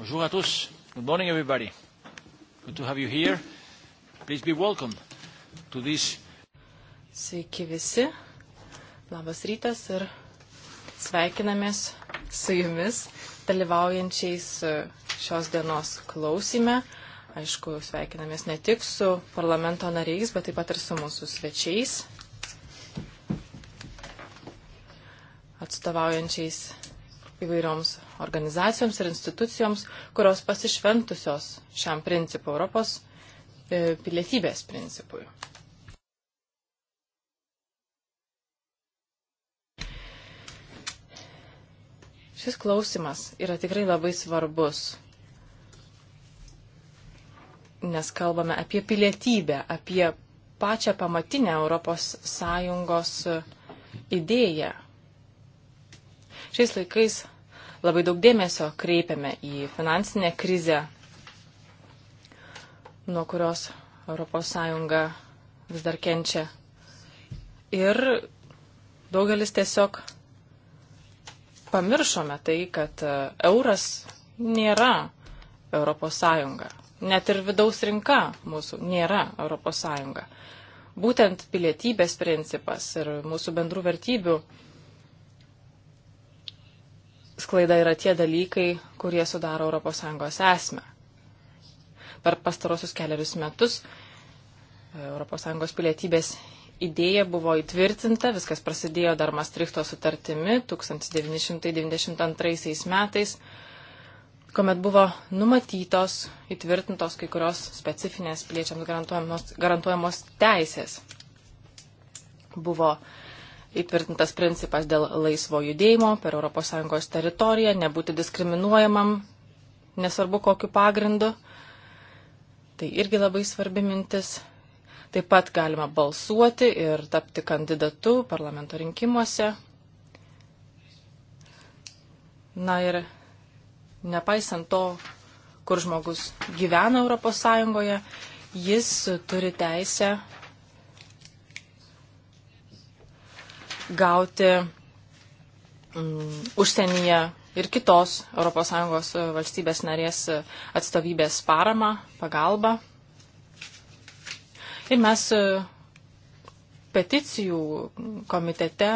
Bonjour à tous. Good morning, everybody. Good to have you here. Please be welcome to this. Sveiki visi. Labas rytas ir sveikinamės su jumis dalyvaujančiais e, šios dienos klausime. Aišku, sveikinamės ne tik su parlamento nariais, bet taip pat ir su mūsų svečiais, atstovaujančiais įvairioms organizacijoms ir institucijoms, kurios pasišventusios šiam principu Europos e, pilietybės principui. Šis klausimas yra tikrai labai svarbus, nes kalbame apie pilietybę, apie pačią pamatinę Europos Sąjungos idėją, Šiais laikais labai daug dėmesio kreipiame į finansinę krizę, nuo kurios ES vis dar kenčia. Ir daugelis tiesiog pamiršome tai, kad e, euras nėra ES. Net ir vidaus rinka mūsų nėra ES. Būtent pilietybės principas ir mūsų bendrų vertybių sklaida yra tie dalykai, kurie sudaro ES esmę. Per pastarosius keliarius metus e, ES pilietybės idėja buvo įtvirtinta, viskas prasidėjo dar Mastrichto sutartimi 1992 metais, kuomet buvo numatytos, įtvirtintos kai kurios specifinės piliečiams garantuojamos, garantuojamos teisės. Buvo uh, įtvirtintas principas dėl laisvo judėjimo per ES teritoriją, nebūti diskriminuojamam, nesvarbu kokiu pagrindu. Tai irgi labai svarbi mintis. Taip pat galima balsuoti ir tapti kandidatu parlamento rinkimuose. Na ir nepaisant to, kur žmogus gyvena ES, jis turi teisę gauti mm, užsienyje ir kitos ES e, valstybės narės e, atstovybės paramą, pagalbą. Ir mes e, peticijų komitete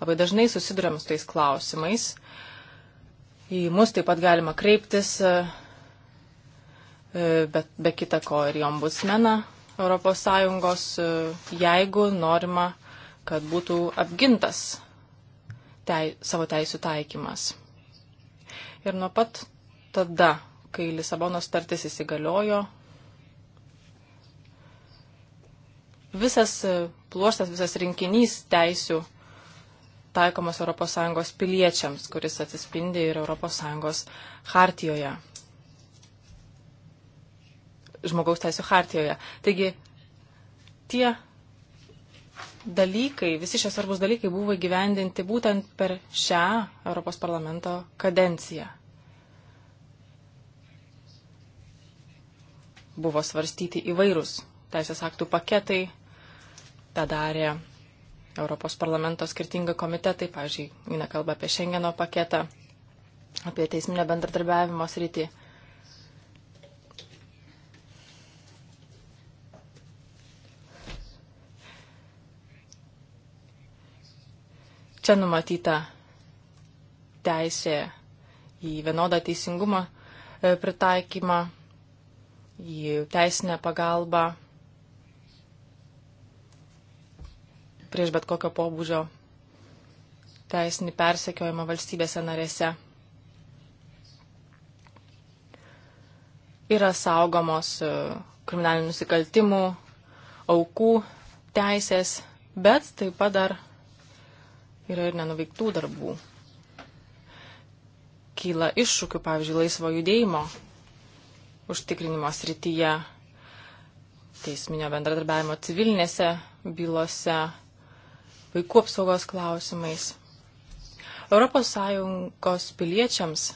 labai dažnai susidurėm su tais klausimais. Į mus taip pat galima kreiptis, bet be kita ko ir į ombudsmeną ES, jeigu norima kad būtų apgintas tei, savo teisų taikymas. Ir nuo pat tada, kai Lisabonos startis įsigaliojo, visas pluoštas, visas rinkinys teisių taikomas ES piliečiams, kuris atsispindi ir ES hartijoje. Žmogaus teisų hartijoje. Taigi tie dalykai, visi šie svarbus dalykai buvo gyvendinti būtent per šią Europos parlamento kadenciją. Buvo svarstyti įvairūs teisės aktų paketai, tą darė Europos parlamento skirtingi komitetai, pavyzdžiui, eina kalba apie Schengeno paketą, apie teisminio bendradarbiavimo sritį. Čia numatyta teisė į vienodą teisingumą e, pritaikymą, į teisinę pagalbą prieš bet kokio pobūdžio teisinį persekiojimą valstybėse narėse. Yra saugomos e, kriminalinių nusikaltimų, aukų teisės, bet taip pat dar yra ir nenuveiktų darbų. Kyla iššūkių, pavyzdžiui, laisvo judėjimo užtikrinimo srityje, teisminio bendradarbiavimo civilinėse bylose, vaikų apsaugos klausimais. ES piliečiams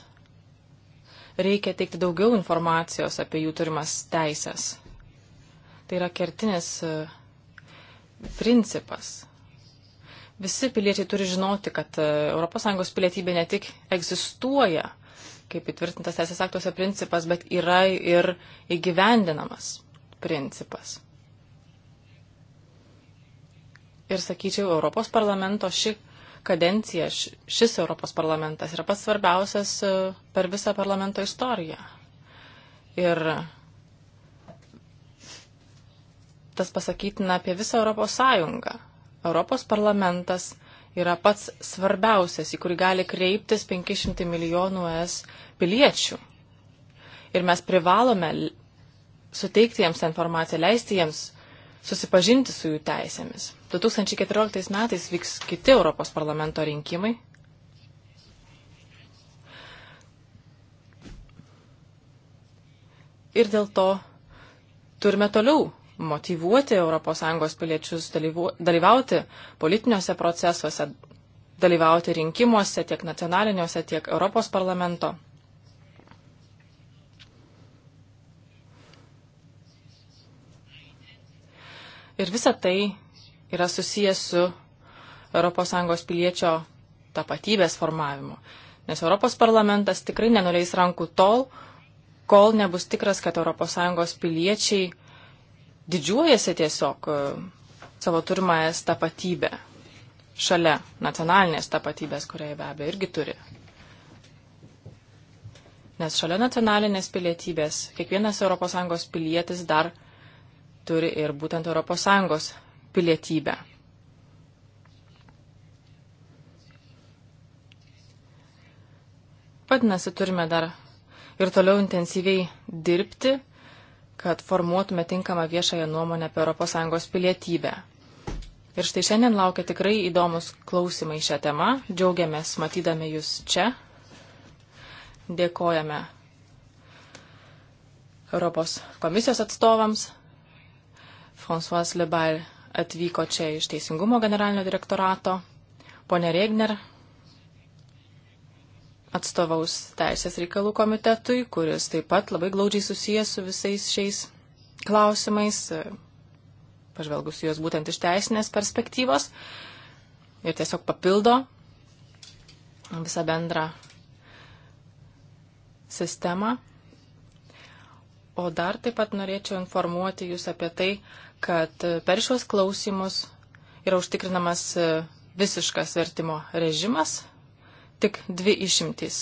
reikia teikti daugiau informacijos apie jų turimas teisės. Tai yra kertinis e, principas Visi piliečiai turi žinoti, kad ES pilietybė ne tik egzistuoja, kaip įtvirtintas teisės aktuose principas, bet yra ir įgyvendinamas principas. Ir sakyčiau, Europos parlamento ši kadencija, šis Europos parlamentas yra pats svarbiausias e, per visą parlamento istoriją. Ir tas pasakytina apie visą Europos Sąjungą. Europos parlamentas yra pats svarbiausias, į kurį gali kreiptis 500 milijonų es piliečių. Ir mes privalome suteikti jiems tą informaciją, leisti jiems susipažinti su jų teisėmis. 2014 metais vyks kiti Europos parlamento rinkimai. Ir dėl to turime toliau motivuoti ES piliečius dalyvauti politiniuose procesuose, dalyvauti rinkimuose tiek nacionaliniuose, tiek Europos parlamento. Ir visa tai yra susijęs su ES piliečio tapatybės formavimu. Nes Europos parlamentas tikrai nenuleis rankų tol, kol nebus tikras, kad ES piliečiai didžiuojasi tiesiog e, savo turimą es tapatybę šalia nacionalinės tapatybės, kuriai be abejo irgi turi. Nes šalia nacionalinės pilietybės kiekvienas ES pilietis dar turi ir būtent ES pilietybę. Vadinasi, turime dar ir toliau intensyviai dirbti kad formuotume tinkamą viešąją nuomonę apie ES pilietybę. Ir štai šiandien laukia tikrai įdomus klausimai šią temą. Džiaugiamės matydami jūs čia. Dėkojame Europos komisijos atstovams. François Lebail atvyko čia iš Teisingumo generalinio direktorato. Pone Regner, atstovaus Teisės reikalų komitetui, kuris taip pat labai glaudžiai susijęs su visais šiais klausimais, pažvelgus juos būtent iš teisinės perspektyvos ir tiesiog papildo visą bendrą sistemą. O dar taip pat norėčiau informuoti Jūs apie tai, kad per šios klausimus yra užtikrinamas visiškas vertimo režimas Tik dvi išimtys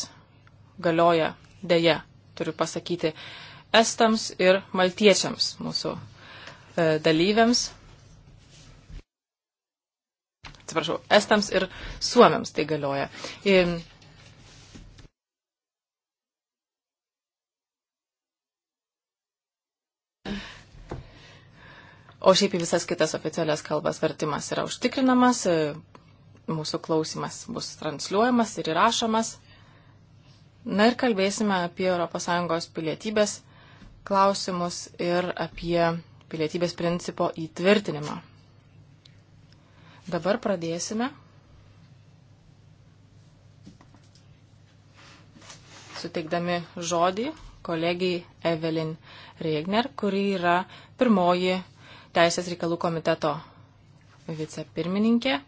galioja dėje, turiu pasakyti, estams ir maltiečiams mūsų e, dalyviams. Atsiprašau, estams ir suomiams tai galioja. Ir e, O šiaip į visas kitas oficialias kalbas vertimas yra užtikrinamas, e, mūsų klausimas bus transliuojamas ir įrašomas. Na ir kalbėsime apie ES pilietybės klausimus ir apie pilietybės principo įtvirtinimą. Dabar pradėsime. Suteikdami žodį kolegijai Evelin Regner, kuri yra pirmoji Teisės reikalų komiteto vicepirmininkė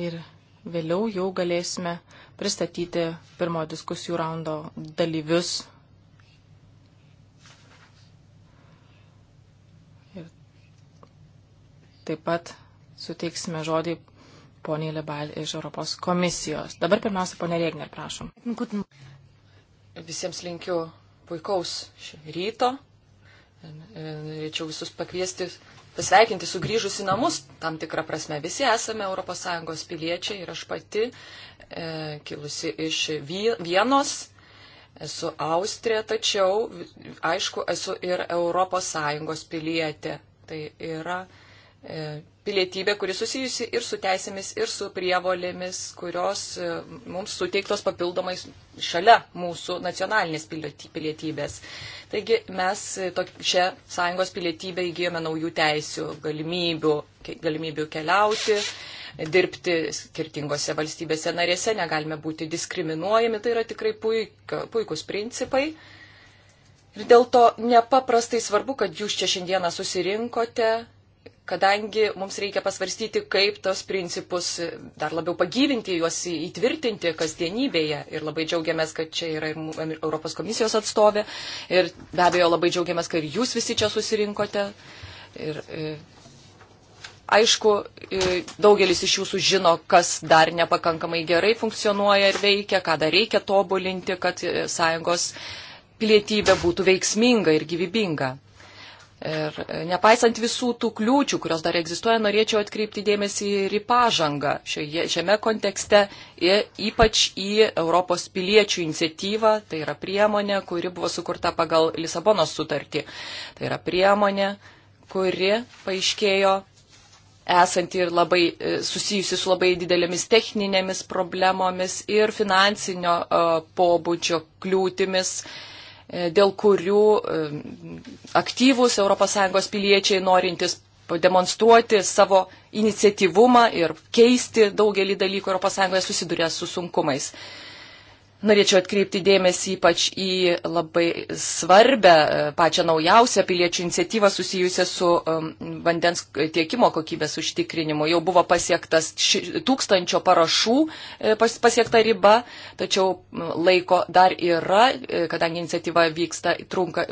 ir vėliau jau galėsime pristatyti pirmo diskusijų raundo dalyvius. Ir taip pat suteiksime žodį poniai Lebal iš Europos komisijos. Dabar pirmiausia, ponė Rėgner, prašom. Visiems linkiu puikaus ryto. Norėčiau visus pakviesti pasveikinti sugrįžus į namus tam tikrą prasme. Visi esame ES piliečiai ir aš pati, e, kilusi iš Vienos, esu Austrija, tačiau aišku, esu ir ES pilietė. Tai yra e, pilietybė, kuri susijusi ir su teisėmis, ir su prievolėmis, kurios e, mums suteiktos papildomai šalia mūsų nacionalinės pilietybės. Taigi mes e, šią sąjungos pilietybę įgyjome naujų teisių, galimybių, galimybių keliauti, dirbti skirtingose valstybėse narėse, negalime būti diskriminuojami, tai yra tikrai puika, puikus principai. Ir dėl to nepaprastai svarbu, kad jūs čia šiandieną susirinkote kadangi mums reikia pasvarstyti, kaip tos principus dar labiau pagyvinti, juos įtvirtinti kasdienybėje. Ir labai džiaugiamės, kad čia yra ir Europos komisijos atstovė. Ir be abejo labai džiaugiamės, kad ir jūs visi čia susirinkote. Ir, e, Aišku, e, daugelis iš jūsų žino, kas dar nepakankamai gerai funkcionuoja ir veikia, ką dar reikia tobulinti, kad e, sąjungos pilietybė būtų veiksminga ir gyvybinga. Ir e, nepaisant visų tų kliūčių, kurios dar egzistuoja, norėčiau atkreipti dėmesį ir į pažangą šioje, šiame kontekste, ir ypač į Europos piliečių iniciatyvą, tai yra priemonė, kuri buvo sukurta pagal Lisabonos sutartį. Tai yra priemonė, kuri paaiškėjo esanti ir labai e, susijusi su labai didelėmis techninėmis problemomis ir finansinio e, pobūdžio kliūtimis. Uh, E, dėl kurių e, aktyvūs ES piliečiai norintys demonstruoti savo iniciatyvumą ir keisti daugelį dalykų ES susiduria su sunkumais. Norėčiau atkreipti dėmesį ypač į labai svarbę, e, pačią naujausią piliečių iniciatyvą susijusią su um, vandens tiekimo kokybės užtikrinimu. Jau buvo pasiektas ši, tūkstančio parašų e, pas, pasiekta riba, tačiau laiko dar yra, e, kadangi iniciatyva vyksta, trunka,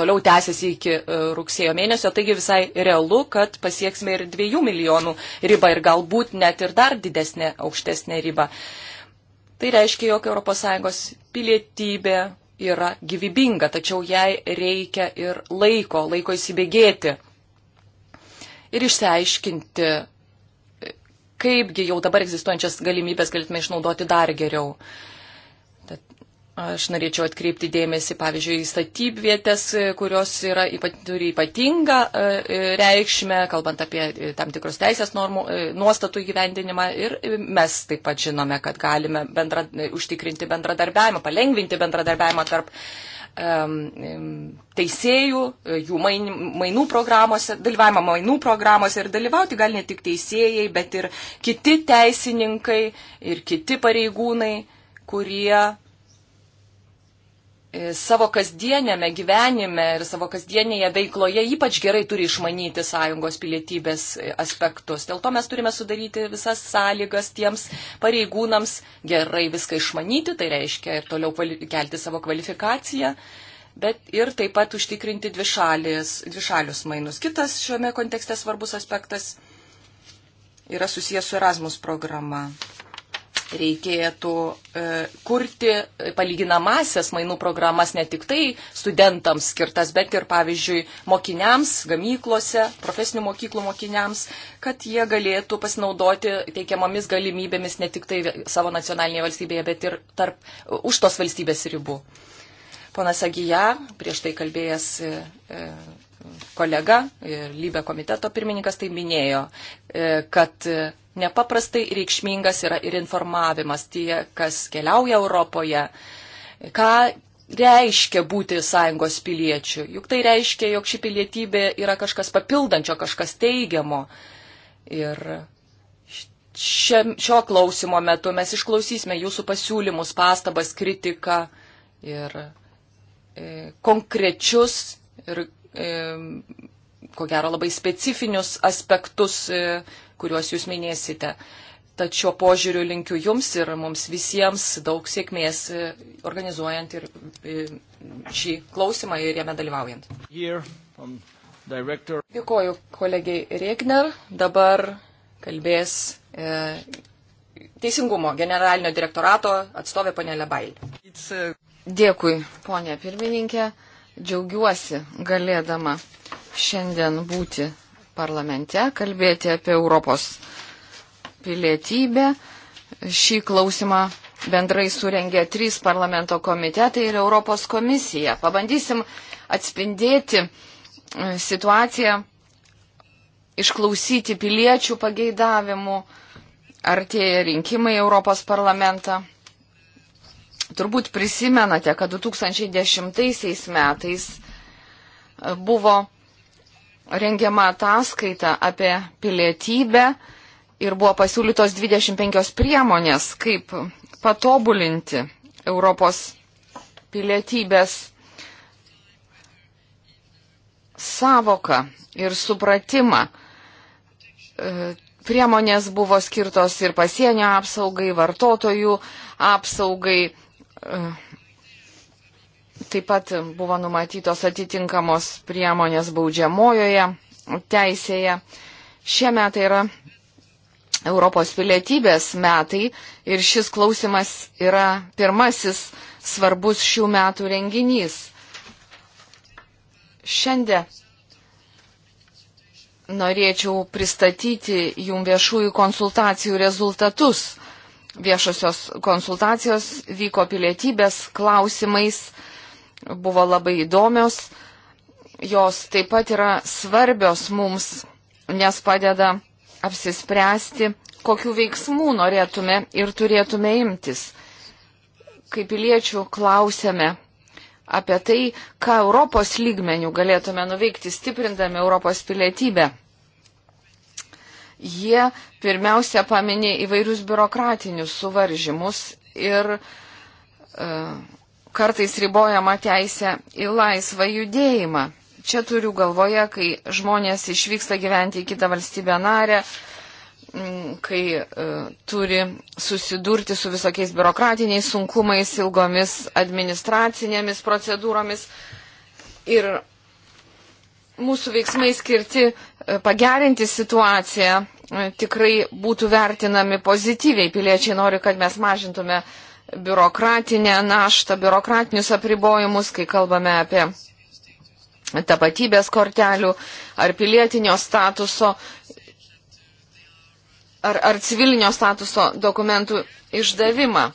toliau tęsiasi iki rugsėjo mėnesio, taigi visai realu, kad pasieksime ir dviejų milijonų ribą ir galbūt net ir dar didesnę, aukštesnę ribą. Uh, Tai reiškia, jog ES pilietybė yra gyvybinga, tačiau jai reikia ir laiko, laiko įsibėgėti ir išsiaiškinti, e, kaipgi jau dabar egzistuojančias galimybės galėtume išnaudoti dar geriau. Aš norėčiau atkreipti dėmesį, pavyzdžiui, į statybvietės, kurios yra, ypat, turi ypatingą e, reikšmę, kalbant apie e, tam tikrus teisės normų, e, nuostatų įgyvendinimą. Ir mes taip pat žinome, kad galime bendra, užtikrinti bendradarbiavimą, palengvinti bendradarbiavimą tarp um, teisėjų, jų main, mainų programuose, dalyvavimą mainų programuose ir dalyvauti gali ne tik teisėjai, bet ir kiti teisininkai ir kiti pareigūnai kurie E, savo kasdienėme gyvenime ir savo kasdienėje veikloje ypač gerai turi išmanyti sąjungos pilietybės e, aspektus. Dėl to mes turime sudaryti visas sąlygas tiems pareigūnams gerai viską išmanyti, tai reiškia ir toliau kelti savo kvalifikaciją, bet ir taip pat užtikrinti dvišalės, dvišalius mainus. Kitas šiame kontekste svarbus aspektas yra susijęs su Erasmus programa reikėtų e, kurti palyginamasias mainų programas ne tik tai studentams skirtas, bet ir, pavyzdžiui, mokiniams, gamyklose, profesinių mokyklų mokiniams, kad jie galėtų pasinaudoti teikiamomis galimybėmis ne tik tai savo nacionalinėje valstybėje, bet ir tarp, už tos valstybės ribų. Ponas Agija, prieš tai kalbėjęs. E, e kolega ir lybė komiteto pirmininkas tai minėjo, e, kad Nepaprastai reikšmingas yra ir informavimas tie, kas keliauja Europoje, ką reiškia būti sąjungos piliečiu. Juk tai reiškia, jog ši pilietybė yra kažkas papildančio, kažkas teigiamo. Ir šio, šio klausimo metu mes išklausysime jūsų pasiūlymus, pastabas, kritiką ir e, konkrečius ir, e, ko gero, labai specifinius aspektus e, kuriuos jūs minėsite. Tačiau požiūriu linkiu jums ir mums visiems daug sėkmės e, organizuojant ir e, šį klausimą ir jame dalyvaujant. Dėkoju kolegiai Regner. Dabar kalbės e, Teisingumo generalinio direktorato atstovė ponė Lebail. E, Dėkui, ponė pirmininkė. Džiaugiuosi galėdama šiandien būti parlamente, kalbėti apie Europos pilietybę. Šį klausimą bendrai surengė trys parlamento komitetai ir Europos komisija. Pabandysim atspindėti e, situaciją, išklausyti piliečių pageidavimų, artėja rinkimai Europos parlamentą. Turbūt prisimenate, kad 2010 metais e, buvo rengiama ataskaita apie pilietybę ir buvo pasiūlytos 25 priemonės, kaip patobulinti Europos pilietybės savoką ir supratimą. E, priemonės buvo skirtos ir pasienio apsaugai, vartotojų apsaugai, e, Taip pat buvo numatytos atitinkamos priemonės baudžiamojoje teisėje. Šie metai yra Europos pilietybės metai ir šis klausimas yra pirmasis svarbus šių metų renginys. Šiandien norėčiau pristatyti jum viešųjų konsultacijų rezultatus. Viešosios konsultacijos vyko pilietybės klausimais buvo labai įdomios. Jos taip pat yra svarbios mums, nes padeda apsispręsti, kokiu veiksmu norėtume ir turėtume imtis. Kaip piliečių klausėme apie tai, ką Europos lygmenių galėtume nuveikti stiprindami Europos pilietybę. Jie pirmiausia paminė įvairius biurokratinius suvaržymus ir uh, kartais ribojama teisė į laisvą judėjimą. Čia turiu galvoje, kai žmonės išvyksta gyventi į kitą valstybę narę, mm, kai e, turi susidurti su visokiais biurokratiniais sunkumais, ilgomis administracinėmis procedūromis. Ir mūsų veiksmai skirti e, pagerinti situaciją e, tikrai būtų vertinami pozityviai. Piliečiai nori, kad mes mažintume uh, biurokratinę naštą, biurokratinius apribojimus, kai kalbame apie tapatybės kortelių ar pilietinio statuso ar, ar civilinio statuso dokumentų išdavimą.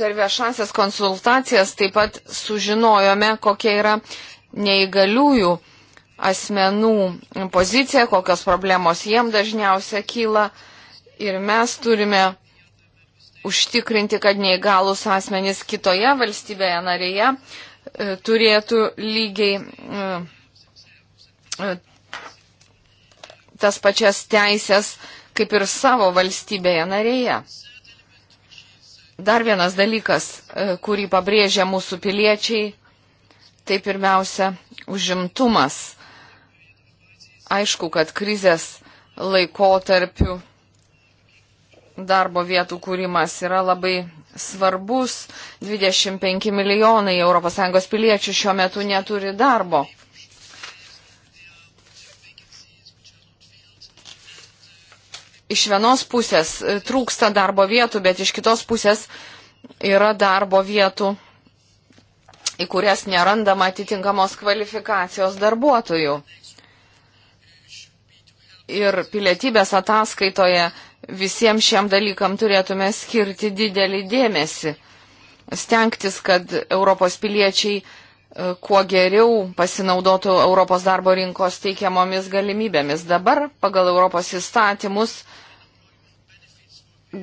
Per viešasias konsultacijas taip pat sužinojome, kokia yra neįgaliųjų asmenų pozicija, kokios problemos jiem dažniausia kyla. Uh, Ir mes turime užtikrinti, kad neįgalus asmenys kitoje valstybėje narėje e, turėtų lygiai e, e, tas pačias teisės kaip ir savo valstybėje narėje. Dar vienas dalykas, kurį pabrėžia mūsų piliečiai, tai pirmiausia užimtumas. Aišku, kad krizės laikotarpiu darbo vietų kūrimas yra labai svarbus. 25 milijonai ES piliečių šiuo metu neturi darbo. Iš vienos pusės trūksta darbo vietų, bet iš kitos pusės yra darbo vietų, į kurias nerandama atitinkamos kvalifikacijos darbuotojų. Ir pilietybės ataskaitoje visiems šiam dalykam turėtume skirti didelį dėmesį. Stengtis, kad Europos piliečiai e, kuo geriau pasinaudotų Europos darbo rinkos teikiamomis galimybėmis. Dabar pagal Europos įstatymus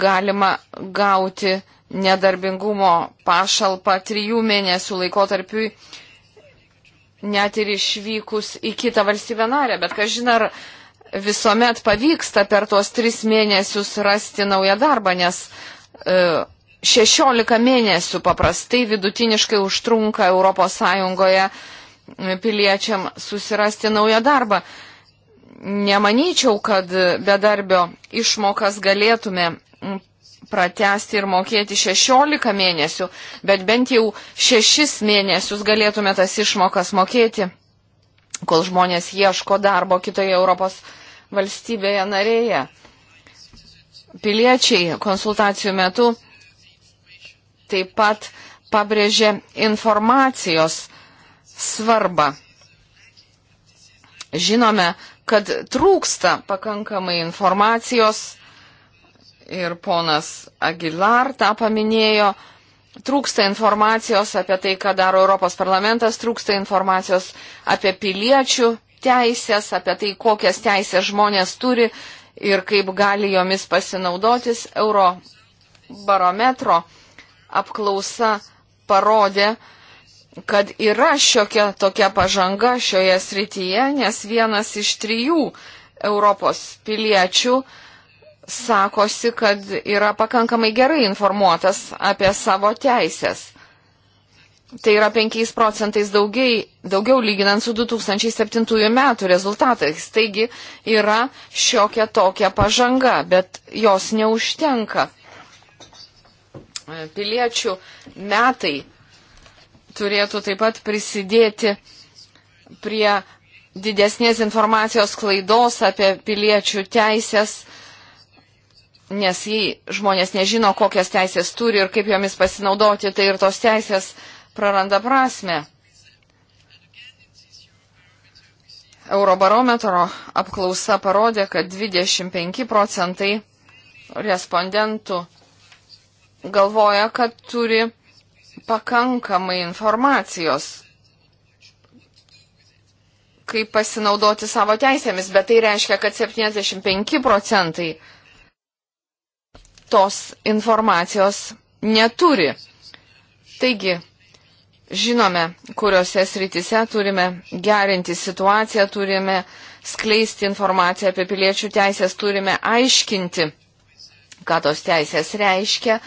galima gauti nedarbingumo pašalpą trijų mėnesių laikotarpiui net ir išvykus į kitą valstybę narę. Bet kažin ar visuomet pavyksta per tuos tris mėnesius rasti naują darbą, nes 16 e, mėnesių paprastai vidutiniškai užtrunka ES piliečiam susirasti naują darbą. Nemanyčiau, kad bedarbio išmokas galėtume pratesti ir mokėti 16 mėnesių, bet bent jau 6 mėnesius galėtume tas išmokas mokėti, kol žmonės ieško darbo kitoje Europos Sąjungoje valstybėje narėje. Piliečiai konsultacijų metu taip pat pabrėžė informacijos svarbą. Žinome, kad trūksta pakankamai informacijos ir ponas Aguilar tą paminėjo. Trūksta informacijos apie tai, ką daro Europos parlamentas, trūksta informacijos apie piliečių teisės, apie tai, kokias teisės žmonės turi ir kaip gali jomis pasinaudotis. Euro barometro apklausa parodė, kad yra šiokia tokia pažanga šioje srityje, nes vienas iš trijų Europos piliečių sakosi, kad yra pakankamai gerai informuotas apie savo teisės. Tai yra 5 procentais daugiai, daugiau lyginant su 2007 metų rezultatais. Taigi yra šiokia tokia pažanga, bet jos neužtenka. Piliečių metai turėtų taip pat prisidėti prie didesnės informacijos klaidos apie piliečių teisės, nes jei žmonės nežino, kokias teisės turi ir kaip jomis pasinaudoti, tai ir tos teisės uh, praranda prasme. Eurobarometro apklausa parodė, kad 25 procentai respondentų galvoja, kad turi pakankamai informacijos, kaip pasinaudoti savo teisėmis, bet tai reiškia, kad 75 procentai tos informacijos neturi. Taigi, žinome, kuriuose srityse turime gerinti situaciją, turime skleisti informaciją apie piliečių teisės, turime aiškinti, ką tos teisės reiškia,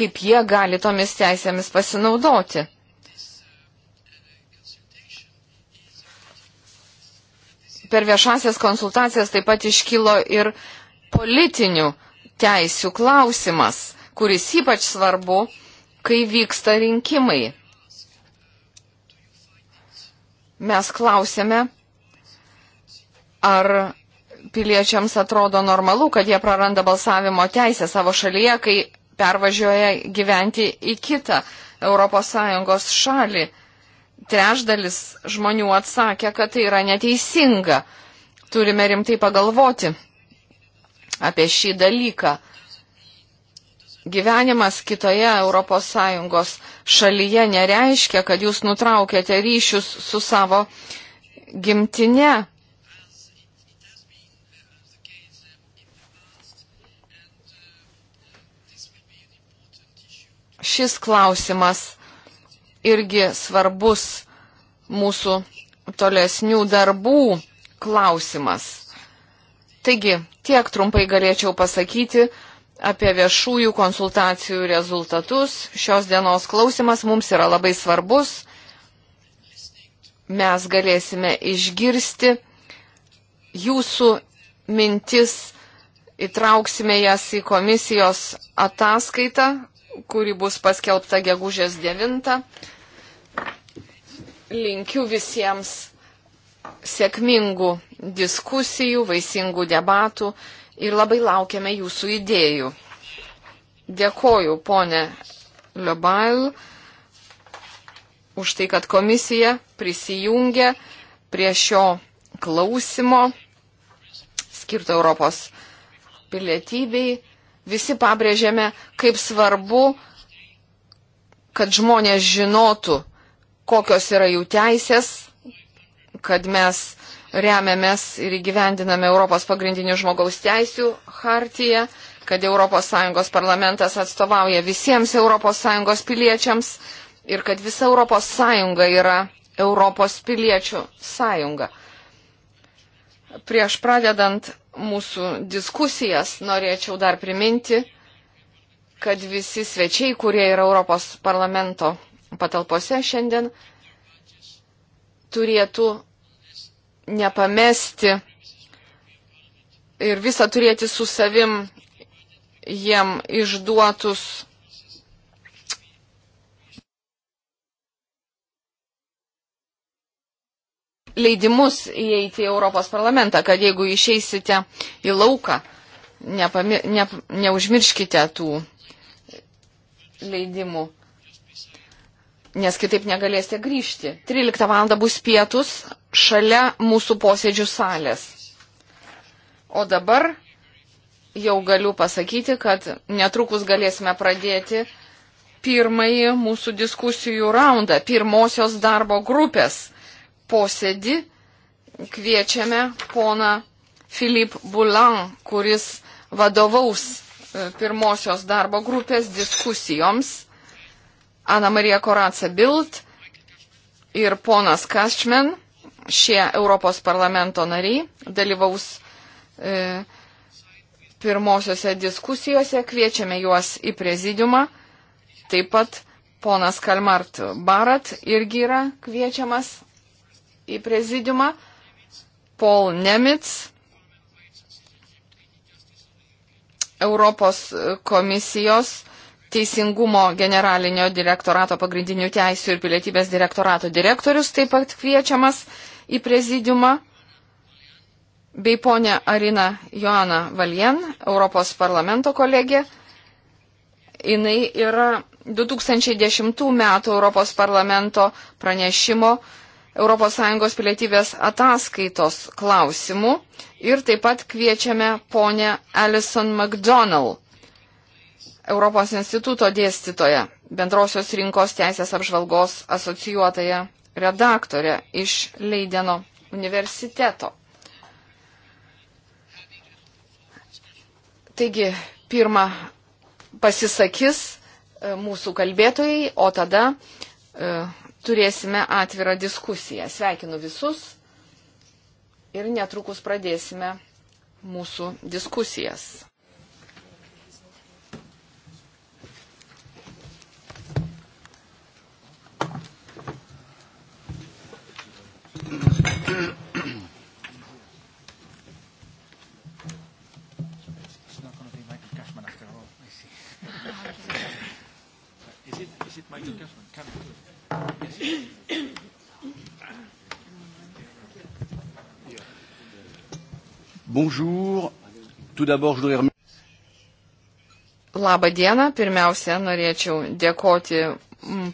kaip jie gali tomis teisėmis pasinaudoti. Per viešasias konsultacijas taip pat iškilo ir politinių teisių klausimas, kuris ypač svarbu, kai vyksta rinkimai mes klausėme, ar piliečiams atrodo normalu, kad jie praranda balsavimo teisę savo šalyje, kai pervažiuoja gyventi į kitą ES šalį. Trešdalis žmonių atsakė, kad tai yra neteisinga. Turime rimtai pagalvoti apie šį dalyką gyvenimas kitoje ES šalyje nereiškia, kad jūs nutraukėte ryšius su savo gimtine. Šis klausimas irgi svarbus mūsų tolesnių darbų klausimas. Taigi, tiek trumpai galėčiau pasakyti, apie viešųjų konsultacijų rezultatus. Šios dienos klausimas mums yra labai svarbus. Mes galėsime išgirsti jūsų mintis, įtrauksime jas į komisijos ataskaitą, kuri bus paskelbta gegužės 9. Linkiu visiems sėkmingų diskusijų, vaisingų debatų ir labai laukiame jūsų idėjų. Dėkoju, ponė Lebail, už tai, kad komisija prisijungė prie šio klausimo skirto Europos pilietybei. Visi pabrėžėme, kaip svarbu, kad žmonės žinotų, kokios yra jų teisės, kad mes remiamės ir įgyvendiname Europos pagrindinių žmogaus teisių hartiją, kad ES parlamentas atstovauja visiems ES piliečiams ir kad visa ES yra Europos piliečių sąjunga. Prieš pradedant mūsų diskusijas norėčiau dar priminti, kad visi svečiai, kurie yra Europos parlamento patalpose šiandien, turėtų nepamesti ir visą turėti su savim jiem išduotus leidimus įeiti į Europos parlamentą, kad jeigu išeisite į lauką, nepami, ne, neužmirškite tų leidimų, nes kitaip negalėsite grįžti. 13 val. bus pietus, šalia mūsų posėdžių salės. O dabar jau galiu pasakyti, kad netrukus galėsime pradėti pirmąjį mūsų diskusijų raundą, pirmosios darbo grupės posėdį. Kviečiame poną Filip Bulan, kuris vadovaus e, pirmosios darbo grupės diskusijoms. Ana Marija Koraca Bild ir ponas Kašmen šie Europos parlamento nariai dalyvaus e, pirmosiose diskusijose, kviečiame juos į prezidiumą. Taip pat ponas Kalmart Barat irgi yra kviečiamas į prezidiumą. Paul Nemitz, Europos komisijos Teisingumo generalinio direktorato pagrindinių teisų ir pilietybės direktorato direktorius taip pat kviečiamas į prezidiumą, bei ponė Arina Joana Valien, Europos parlamento kolegė. Jis yra 2010 m. Europos parlamento pranešimo ES pilietybės ataskaitos klausimų ir taip pat kviečiame ponę Alison McDonald, Europos instituto dėstytoje, bendrosios rinkos teisės apžvalgos asocijuotąją redaktorė iš Leideno universiteto. Taigi, pirmą pasisakys e, mūsų kalbėtojai, o tada e, turėsime atvirą diskusiją. Sveikinu visus ir netrukus pradėsime mūsų diskusijas. Bonjour. Tout d'abord, je voudrais remercier. Labą dieną. Pirmiausia, norėčiau dėkoti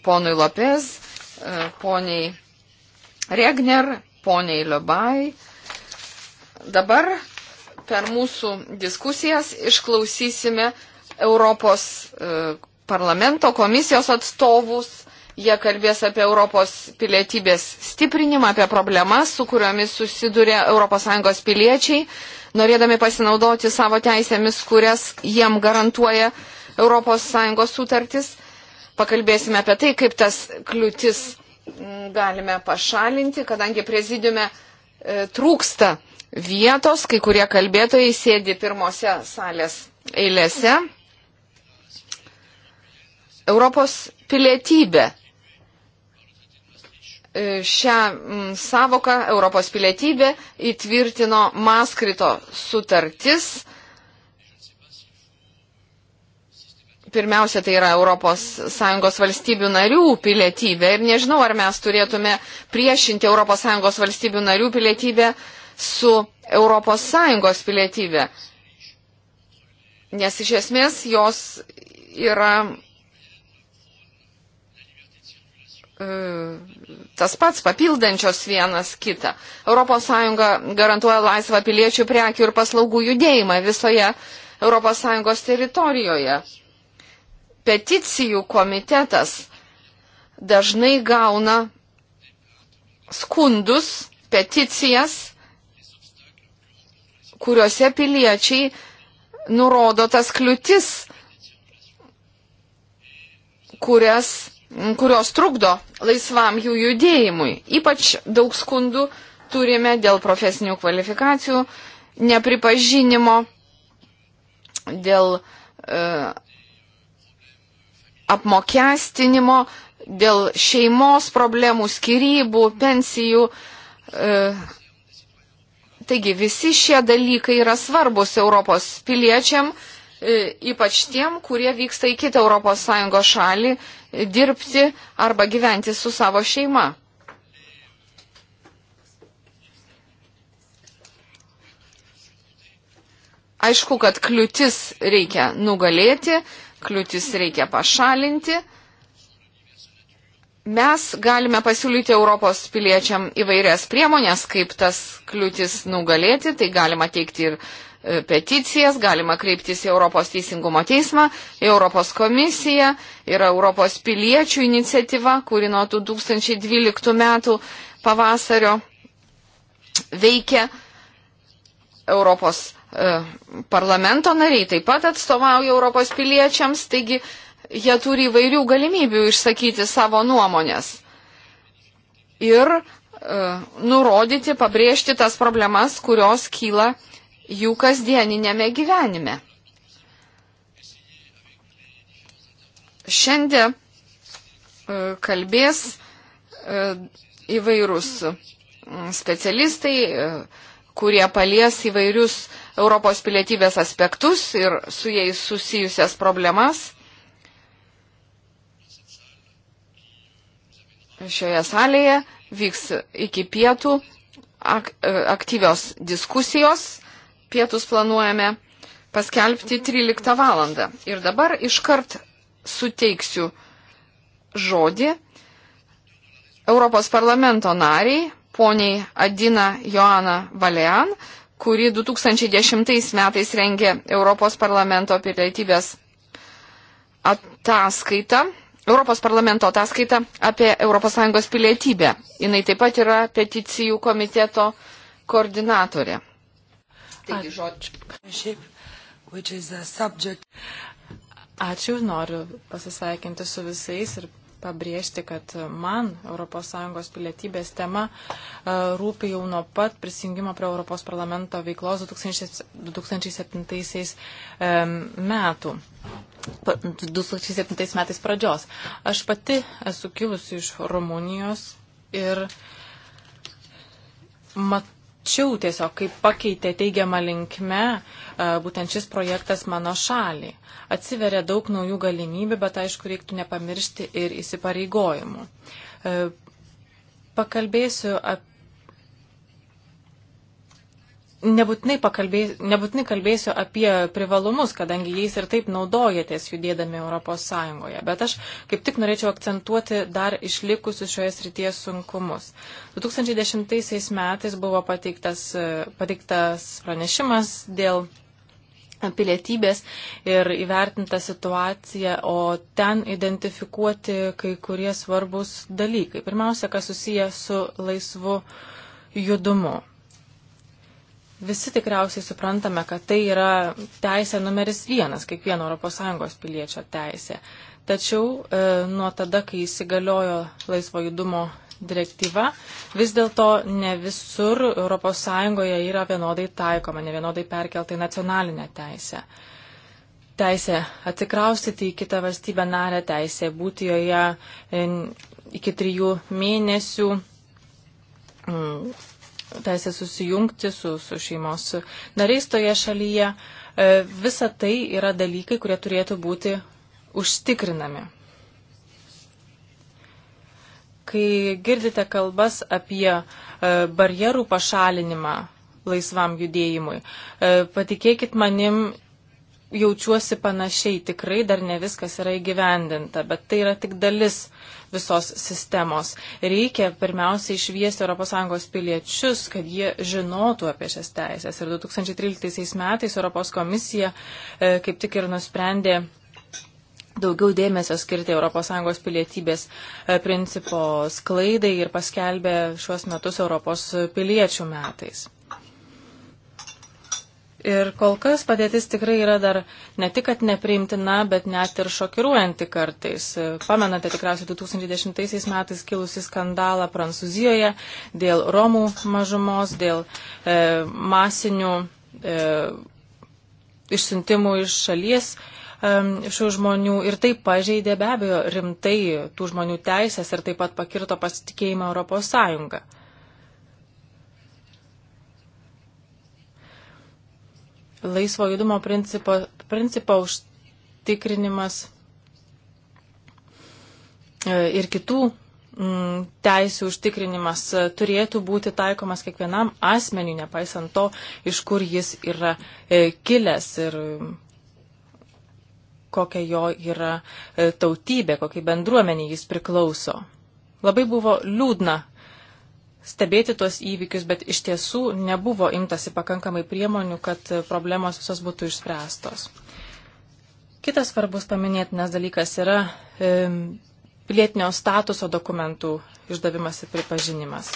ponui Lopez, e, poniai Regner poniai Liobai. Dabar per mūsų diskusijas išklausysime Europos e, parlamento komisijos atstovus. Jie kalbės apie Europos pilietybės stiprinimą, apie problemas, su kuriomis susiduria ES piliečiai, norėdami pasinaudoti savo teisėmis, kurias jiem garantuoja ES sutartis. Pakalbėsime apie tai, kaip tas kliūtis galime pašalinti, kadangi prezidiume e, trūksta vietos, kai kurie kalbėtojai sėdi pirmose salės eilėse. Europos pilietybė. E, šią savoką Europos pilietybė įtvirtino Maskrito sutartis pirmiausia, tai yra ES valstybių narių pilietybė ir nežinau, ar mes turėtume priešinti ES valstybių narių pilietybę su ES pilietybė. Nes iš esmės jos yra e, tas pats papildančios vienas kitą. ES garantuoja laisvą piliečių prekių ir paslaugų judėjimą visoje ES teritorijoje peticijų komitetas dažnai gauna skundus, peticijas, kuriuose piliečiai nurodo tas kliūtis, kurias, kurios trukdo laisvam jų judėjimui. Ypač daug skundų turime dėl profesinių kvalifikacijų, nepripažinimo, dėl e, apmokestinimo, dėl šeimos problemų, skirybų, pensijų. E, taigi visi šie dalykai yra svarbus Europos piliečiam, e, ypač tiem, kurie vyksta į kitą ES šalį e, dirbti arba gyventi su savo šeima. Aišku, kad kliūtis reikia nugalėti, kliūtis reikia pašalinti. Mes galime pasiūlyti Europos piliečiam įvairias priemonės, kaip tas kliūtis nugalėti. Tai galima teikti ir e, peticijas, galima kreiptis į Europos teisingumo teismą, į Europos komisiją, yra Europos piliečių iniciatyva, kuri nuo 2012 metų pavasario veikia Europos E, parlamento nariai taip pat atstovauja Europos piliečiams, taigi jie turi įvairių galimybių išsakyti savo nuomonės ir e, nurodyti, pabrėžti tas problemas, kurios kyla jų kasdieninėme gyvenime. Šiandien e, kalbės e, įvairūs specialistai, e, kurie palies įvairius e, Europos pilietybės aspektus ir su jais susijusias problemas. Šioje salėje vyks iki pietų ak e, aktyvios diskusijos. Pietus planuojame paskelbti 13 valandą. Ir dabar iškart suteiksiu žodį Europos parlamento nariai, poniai Adina Joana Valean, kurį 2010 metais rengė Europos parlamento pilietybės ataskaita. Europos parlamento ataskaita apie ES pilietybę. Jis taip pat yra peticijų komiteto koordinatorė. Taigi, žodžiu. Ačiū, noriu pasisveikinti su visais ir pabrėžti, kad man ES pilietybės tema e, rūpi jau nuo pat prisijungimo prie Europos parlamento veiklos 2007 e, metų. 2007 metais pradžios. Aš pati esu kilusi iš Rumunijos ir matau, mačiau tiesiog, kaip pakeitė teigiamą linkme būtent šis projektas mano šaliai. Atsiveria daug naujų galimybių, bet aišku, reiktų nepamiršti ir įsipareigojimų. E, pakalbėsiu apie Nebūtinai, pakalbės, nebūtinai kalbėsiu apie privalumus, kadangi jais ir taip naudojatės judėdami Europos Sąjungoje, bet aš kaip tik norėčiau akcentuoti dar išlikusius šioje srityje sunkumus. 2010 metais buvo pateiktas, pateiktas pranešimas dėl pilietybės ir įvertinta situacija, o ten identifikuoti kai kurie svarbus dalykai. Pirmiausia, kas susiję su laisvu judumu Visi tikriausiai suprantame, kad tai yra teisė numeris vienas, kiekvieno ES piliečio teisė. Tačiau e, nuo tada, kai įsigaliojo laisvo judumo direktyva, vis dėlto ne visur ES yra vienodai taikoma, ne vienodai perkelta į nacionalinę teisę. Teisė atsikraustyti į kitą valstybę narę, teisė būti joje e, iki trijų mėnesių, teisė susijungti su, su šeimos nariais toje šalyje. E, visa tai yra dalykai, kurie turėtų būti užtikrinami. Kai girdite kalbas apie e, barjerų pašalinimą laisvam judėjimui, e, patikėkit manim, jaučiuosi panašiai, tikrai dar ne viskas yra įgyvendinta, bet tai yra tik dalis visos sistemos. Reikia pirmiausia išviesti ES piliečius, kad jie žinotų apie šias teisės. Ir 2013 metais Europos komisija e, kaip tik ir nusprendė daugiau dėmesio skirti ES pilietybės e, principo sklaidai ir paskelbė šiuos metus Europos piliečių metais. Ir kol kas padėtis tikrai yra dar ne tik, kad nepriimtina, bet net ir šokiruojanti kartais. Pamenate tikriausiai 2010 metais kilusi skandalą Prancūzijoje dėl Romų mažumos, dėl e, masinių e, išsiuntimų iš šalies e, šių žmonių ir tai pažeidė be abejo rimtai tų žmonių teisės ir taip pat pakirto pasitikėjimą Europos Sąjungą. laisvo judumo principo, principo užtikrinimas e, ir kitų mm, teisų užtikrinimas e, turėtų būti taikomas kiekvienam asmeniu, nepaisant to, iš kur jis yra e, kilęs ir mm, kokia jo yra tautybė, kokiai bendruomenė jis priklauso. Labai buvo liūdna stebėti tuos įvykius, bet iš tiesų nebuvo imtasi pakankamai priemonių, kad problemos visos būtų išspręstos. Kitas svarbus paminėtinas dalykas yra e, pilietinio statuso dokumentų išdavimas ir pripažinimas.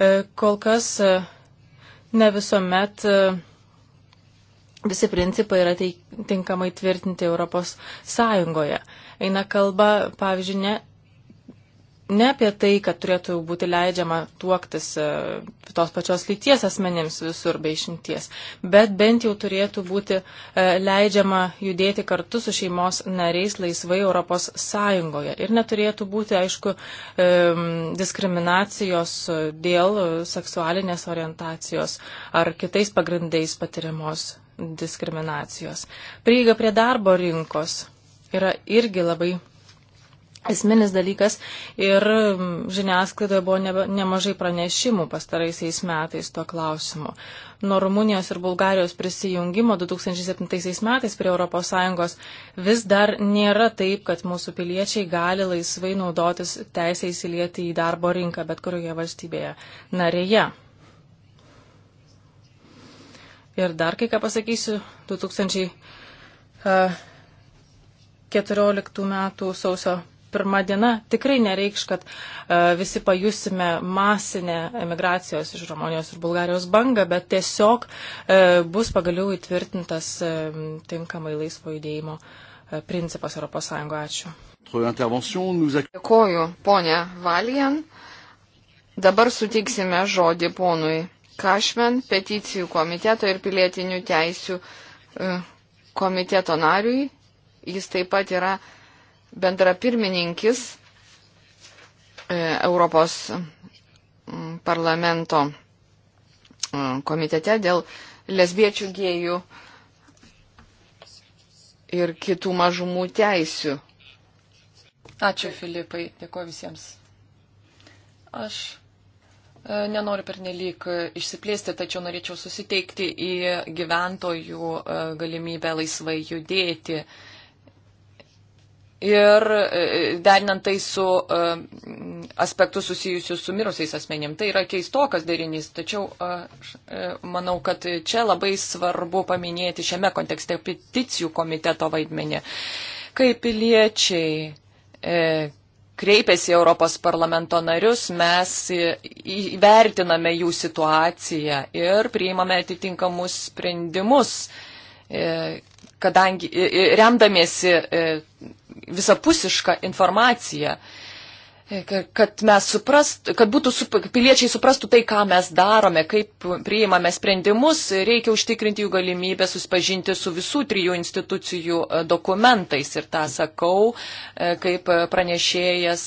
E, kol kas e, ne visuomet. E, visi principai yra tinkamai tvirtinti Europos Sąjungoje. Eina kalba, pavyzdžiui, ne ne apie tai, kad turėtų būti leidžiama tuoktis e, tos pačios lyties asmenims visur be išimties, bet bent jau turėtų būti e, leidžiama judėti kartu su šeimos nariais laisvai Europos Sąjungoje. Ir neturėtų būti, aišku, e, diskriminacijos dėl seksualinės orientacijos ar kitais pagrindais patiriamos diskriminacijos. Prieiga prie darbo rinkos yra irgi labai esminis dalykas ir mm, žiniasklaidoje buvo ne, nemažai pranešimų pastaraisiais metais tuo klausimu. Nuo Rumunijos ir Bulgarijos prisijungimo 2007 metais prie ES vis dar nėra taip, kad mūsų piliečiai gali laisvai naudotis teisę įsilieti į darbo rinką bet kurioje valstybėje narėje. Ir dar kai ką pasakysiu, 2014 metų sausio pirma diena tikrai nereikš, kad uh, visi pajusime masinę emigracijos iš Rumunijos ir Bulgarijos bangą, bet tiesiog uh, bus pagaliau įtvirtintas uh, tinkamai laisvo judėjimo uh, principas ES. Ačiū. Dėkoju, ponė Valijan. Dabar suteiksime žodį ponui Kašmen, peticijų komiteto ir pilietinių teisių komiteto nariui. Jis taip pat yra bendra pirmininkis e, Europos parlamento e, komitete dėl lesbiečių, gėjų ir kitų mažumų teisių. Ačiū, Filipai, dėkuoju visiems. Aš e, Nenoriu pernelyg išsiplėsti, tačiau norėčiau susiteikti į gyventojų galimybę laisvai judėti ir e, derinant tai su e, aspektu susijusiu su mirusiais asmenim. Tai yra keistokas derinys, tačiau aš e, manau, kad čia labai svarbu paminėti šiame kontekste peticijų komiteto vaidmenį. Kai piliečiai kreipiasi Europos parlamento narius, mes įvertiname jų situaciją ir priimame atitinkamus sprendimus kadangi remdamiesi e, visapusišką informaciją, e, kad, suprast, kad būtų, piliečiai suprastų tai, ką mes darome, kaip priimame sprendimus, reikia užtikrinti jų galimybę susipažinti su visų trijų institucijų e, dokumentais. Ir tą sakau, kaip pranešėjas,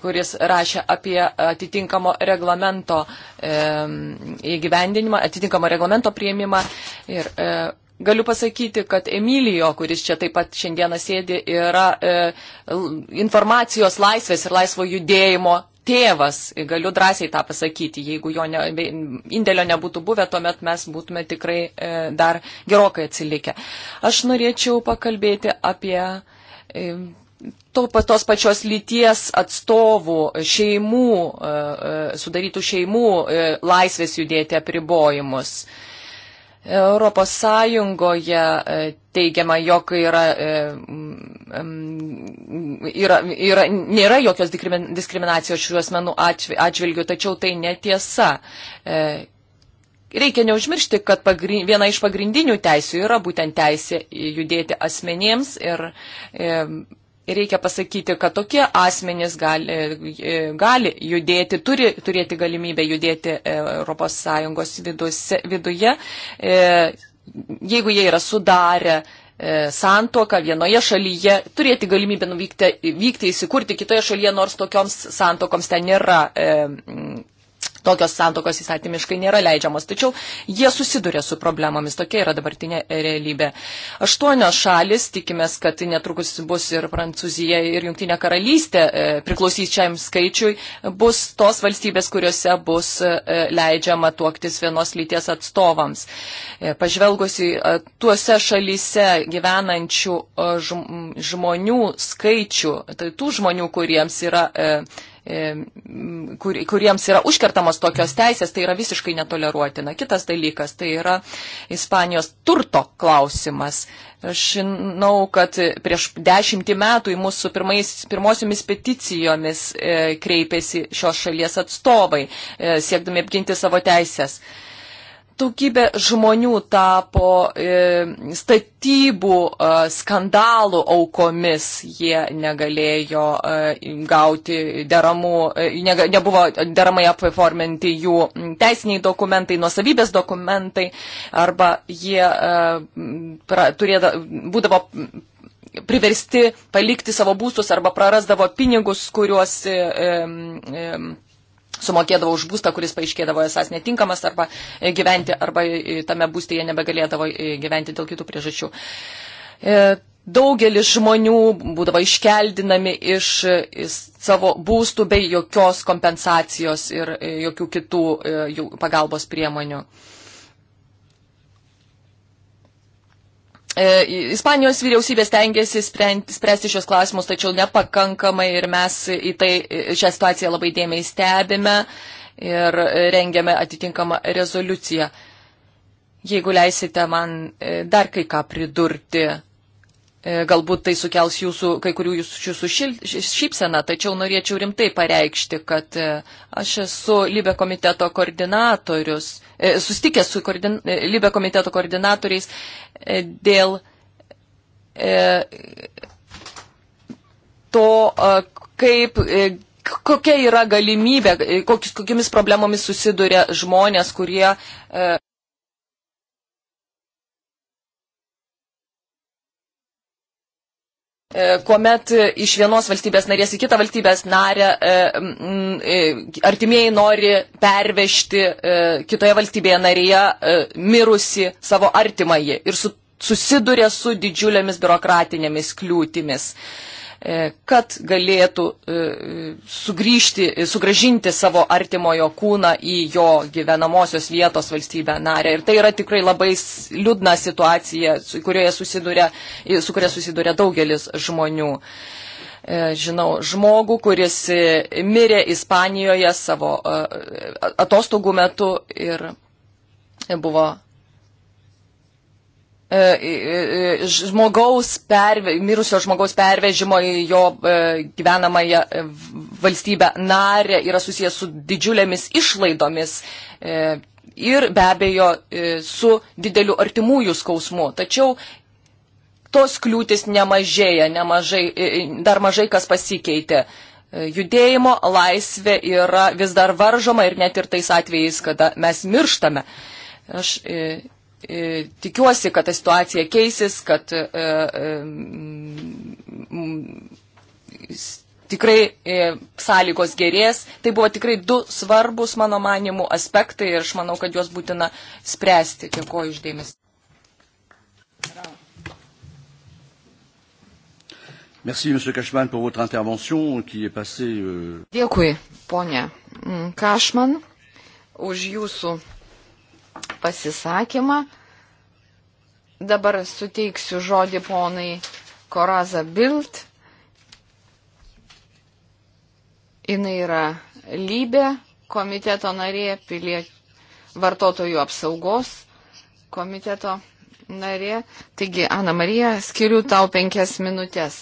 kuris rašė apie atitinkamo reglamento įgyvendinimą, atitinkamo reglamento prieimimą. Ir, Galiu pasakyti, kad Emilijo, kuris čia taip pat šiandieną sėdi, yra e, informacijos laisvės ir laisvo judėjimo tėvas. Galiu drąsiai tą pasakyti. Jeigu jo ne, indėlio nebūtų buvę, tuomet mes būtume tikrai e, dar gerokai atsilikę. Aš norėčiau pakalbėti apie. E, to, tos pačios lyties atstovų, šeimų, e, e, sudarytų šeimų e, laisvės judėti apribojimus. Europos Sąjungoje e, teigiama, jog yra, e, yra, yra, nėra jokios diskriminacijos šių asmenų atžvilgių, tačiau tai netiesa. E, reikia neužmiršti, kad pagri, viena iš pagrindinių teisių yra būtent teisė judėti asmenėms ir, ir reikia pasakyti, kad tokie asmenys gali, e, gali judėti, turi turėti galimybę judėti ES viduse, viduje, e, jeigu jie yra sudarę e, santoką vienoje šalyje, turėti galimybę nuvykti, vykti įsikurti kitoje šalyje, nors tokioms santokoms ten nėra tokios santokos įstatymiškai nėra leidžiamos. Tačiau jie susiduria su problemomis. Tokia yra dabartinė realybė. Aštuonios šalis, tikimės, kad netrukus bus ir Prancūzija, ir Junktinė karalystė e, priklausys šiam skaičiui, bus tos valstybės, kuriuose bus e, leidžiama tuoktis vienos lyties atstovams. E, Pažvelgusi tuose šalyse gyvenančių žmonių skaičių, tai tų žmonių, kuriems yra kur, kuriems yra užkertamos tokios teisės, tai yra visiškai netoleruotina. Kitas dalykas, tai yra Ispanijos turto klausimas. Aš žinau, kad prieš dešimtį metų į mūsų pirmais, pirmosiomis peticijomis e, kreipėsi šios šalies atstovai, e, siekdami apginti savo teisės. E, daugybė žmonių tapo e, statybų e, skandalų aukomis, jie negalėjo e, gauti deramų, e, ne, nebuvo deramai apiforminti jų teisiniai dokumentai, nuosavybės dokumentai, arba jie e, pra, turėda, būdavo priversti palikti savo būstus arba prarasdavo pinigus, kuriuos e, e, sumokėdavo už būstą, kuris paaiškėdavo esas netinkamas arba e, gyventi, arba e, tame būste jie nebegalėdavo e, gyventi dėl kitų priežasčių. Daugelis žmonių būdavo iškeldinami iš savo būstų bei jokios kompensacijos ir jokių kitų pagalbos priemonių. E, Ispanijos vyriausybė stengiasi spręsti šios klausimus, tačiau nepakankamai ir mes į tai šią situaciją labai dėmiai stebime ir rengiame atitinkamą rezoliuciją. Jeigu leisite man e, dar kai ką pridurti, E, galbūt tai sukels jūsų, kai kurių jūsų, jūsų šypseną, tačiau norėčiau rimtai pareikšti, kad e, aš esu Libė komiteto koordinatorius, e, sustikęs su koordin, Libė komiteto koordinatoriais dėl to, kaip kokia yra galimybė, kokiamis problemomis susiduria žmonės, kurie E, kuomet iš vienos valstybės narės į kitą valstybės narę e, e, artimieji nori pervežti kitoje valstybėje narėje mirusi savo artimąjį ir su, susiduria su didžiulėmis biurokratinėmis kliūtimis. E, kad galėtų e, sugrįžti, sugražinti savo artimojo kūną į jo gyvenamosios vietos valstybę narę. Ir tai yra tikrai labai liūdna situacija, su kuria susiduria, su kuria susiduria daugelis žmonių. E, žinau, žmogų, kuris mirė Ispanijoje savo atostogų metu ir buvo E, e, e, žmogaus perve, mirusio žmogaus pervežimo į jo gyvenamąją valstybę narę yra susijęs su didžiulėmis išlaidomis ir be abejo su dideliu artimųjų skausmu. Tačiau tos kliūtis nemažėja, nemažai, dar mažai kas pasikeitė. Judėjimo laisvė yra vis dar varžoma ir net ir tais atvejais, kada mes mirštame. Aš E, tikiuosi, kad ta situacija keisis, kad e, e, tikrai e, sąlygos gerės. Tai buvo tikrai du svarbus, mano manimų, aspektai ir aš manau, kad juos būtina spręsti. Dėkuoju išdėmesi. Merci, M. Kašman, pour votre intervention qui est passée. Euh... Dėkui, ponė Kašman, mm, už jūsų pasisakymą. Dabar suteiksiu žodį ponai Koraza Bild. Jis yra lybė komiteto narė, pilie, vartotojų apsaugos komiteto narė. Taigi, Ana Marija, skiriu tau penkias minutės.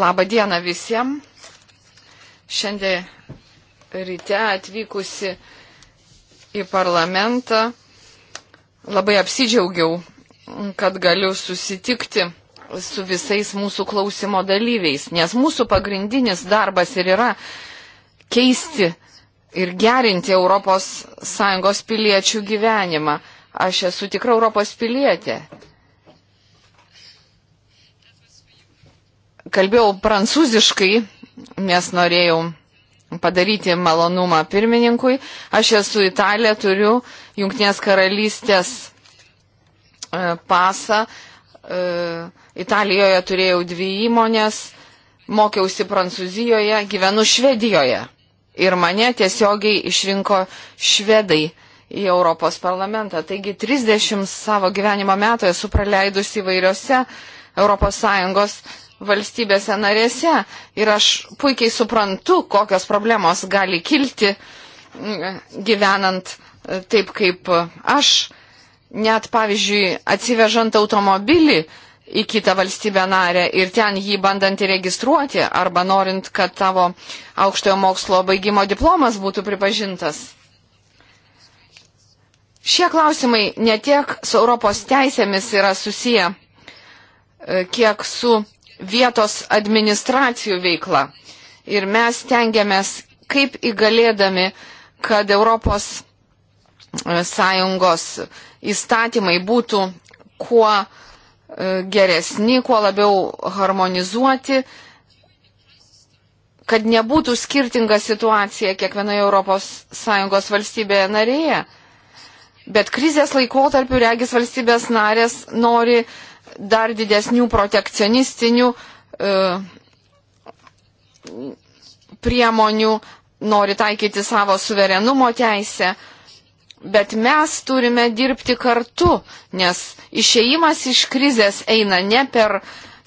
Labą dieną visiems. Šiandien ryte atvykusi į parlamentą. Labai apsidžiaugiau, kad galiu susitikti su visais mūsų klausimo dalyviais, nes mūsų pagrindinis darbas ir yra keisti ir gerinti ES piliečių gyvenimą. Aš esu tikra Europos pilietė. Kalbėjau prancūziškai, nes norėjau padaryti malonumą pirmininkui. Aš esu Italija, turiu Junktinės karalystės e, pasą. E, Italijoje turėjau dvi įmonės, mokiausi Prancūzijoje, gyvenu Švedijoje. Ir mane tiesiogiai išrinko švedai į Europos parlamentą. Taigi 30 savo gyvenimo metų esu praleidusi įvairiose ES valstybėse narėse. Ir aš puikiai suprantu, kokios problemos gali kilti mm, gyvenant e, taip kaip e, aš. Net pavyzdžiui, atsivežant automobilį į kitą valstybę narę ir ten jį bandant įregistruoti arba norint, kad tavo aukštojo mokslo baigimo diplomas būtų pripažintas. Šie klausimai ne tiek su Europos teisėmis yra susiję, e, kiek su vietos administracijų veikla. Ir mes tengiamės, kaip įgalėdami, kad Europos e, Sąjungos įstatymai būtų kuo e, geresni, kuo labiau harmonizuoti, kad nebūtų skirtinga situacija kiekvienoje ES valstybėje narėje. Bet krizės laikotarpiu regis valstybės narės nori dar didesnių protekcionistinių e, priemonių, nori taikyti savo suverenumo teisę. Bet mes turime dirbti kartu, nes išeimas iš krizės eina ne per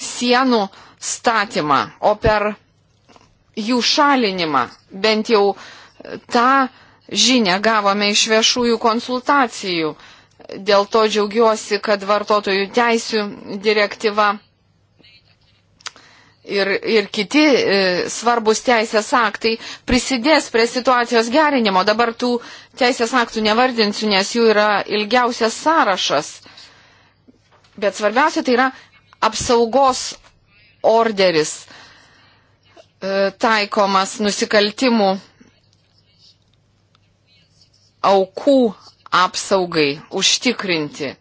sienų statymą, o per jų šalinimą. Bent jau tą žinę gavome iš viešųjų konsultacijų. Dėl to džiaugiuosi, kad vartotojų teisų direktyva ir, ir kiti e, svarbus teisės aktai prisidės prie situacijos gerinimo. Dabar tų teisės aktų nevardinsiu, nes jų yra ilgiausias sąrašas. Bet svarbiausia tai yra apsaugos orderis e, taikomas nusikaltimų aukų apsaugai užtikrinti.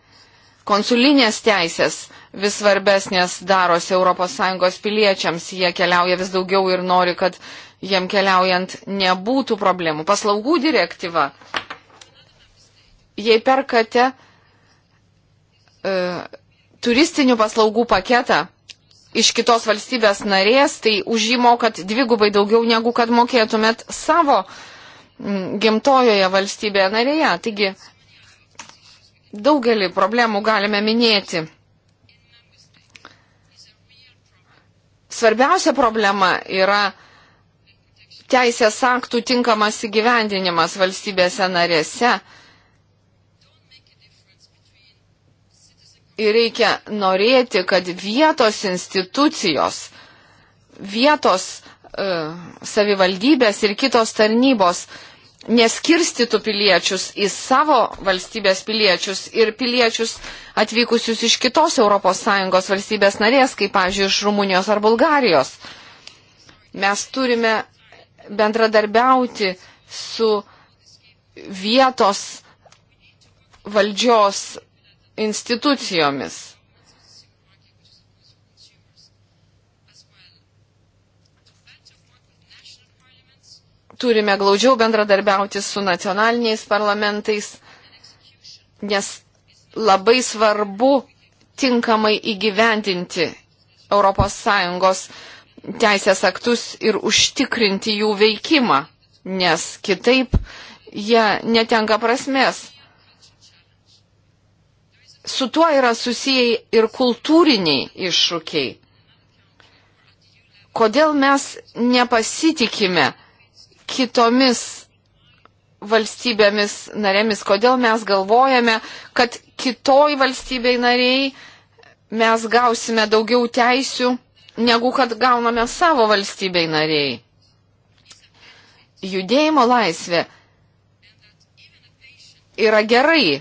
Konsulinės teisės vis svarbesnės darosi ES piliečiams, jie keliauja vis daugiau ir nori, kad jiem keliaujant nebūtų problemų. Paslaugų direktyva. Jei perkate e, turistinių paslaugų paketą iš kitos valstybės narės, tai užimo, kad dvigubai daugiau negu kad mokėtumėt savo e, Mm, gimtojoje valstybėje narėje. Taigi daugelį problemų galime minėti. Svarbiausia problema yra teisės aktų tinkamas įgyvendinimas valstybėse narėse. Ir reikia norėti, kad vietos institucijos, vietos uh, savivaldybės ir kitos tarnybos uh, neskirstytų piliečius į savo valstybės piliečius ir piliečius atvykusius iš kitos ES valstybės narės, kaip, pavyzdžiui, iš Rumunijos ar Bulgarijos. Mes turime bendradarbiauti su vietos valdžios institucijomis. turime glaudžiau bendradarbiauti su nacionaliniais parlamentais, nes labai svarbu tinkamai įgyvendinti ES teisės aktus ir užtikrinti jų veikimą, nes kitaip jie netenka prasmės. Su tuo yra susiję ir kultūriniai iššūkiai. Kodėl mes nepasitikime kitomis valstybėmis narėmis, kodėl mes galvojame, kad kitoj valstybei nariai mes gausime daugiau teisių, negu kad gauname savo valstybei nariai. Judėjimo laisvė yra gerai.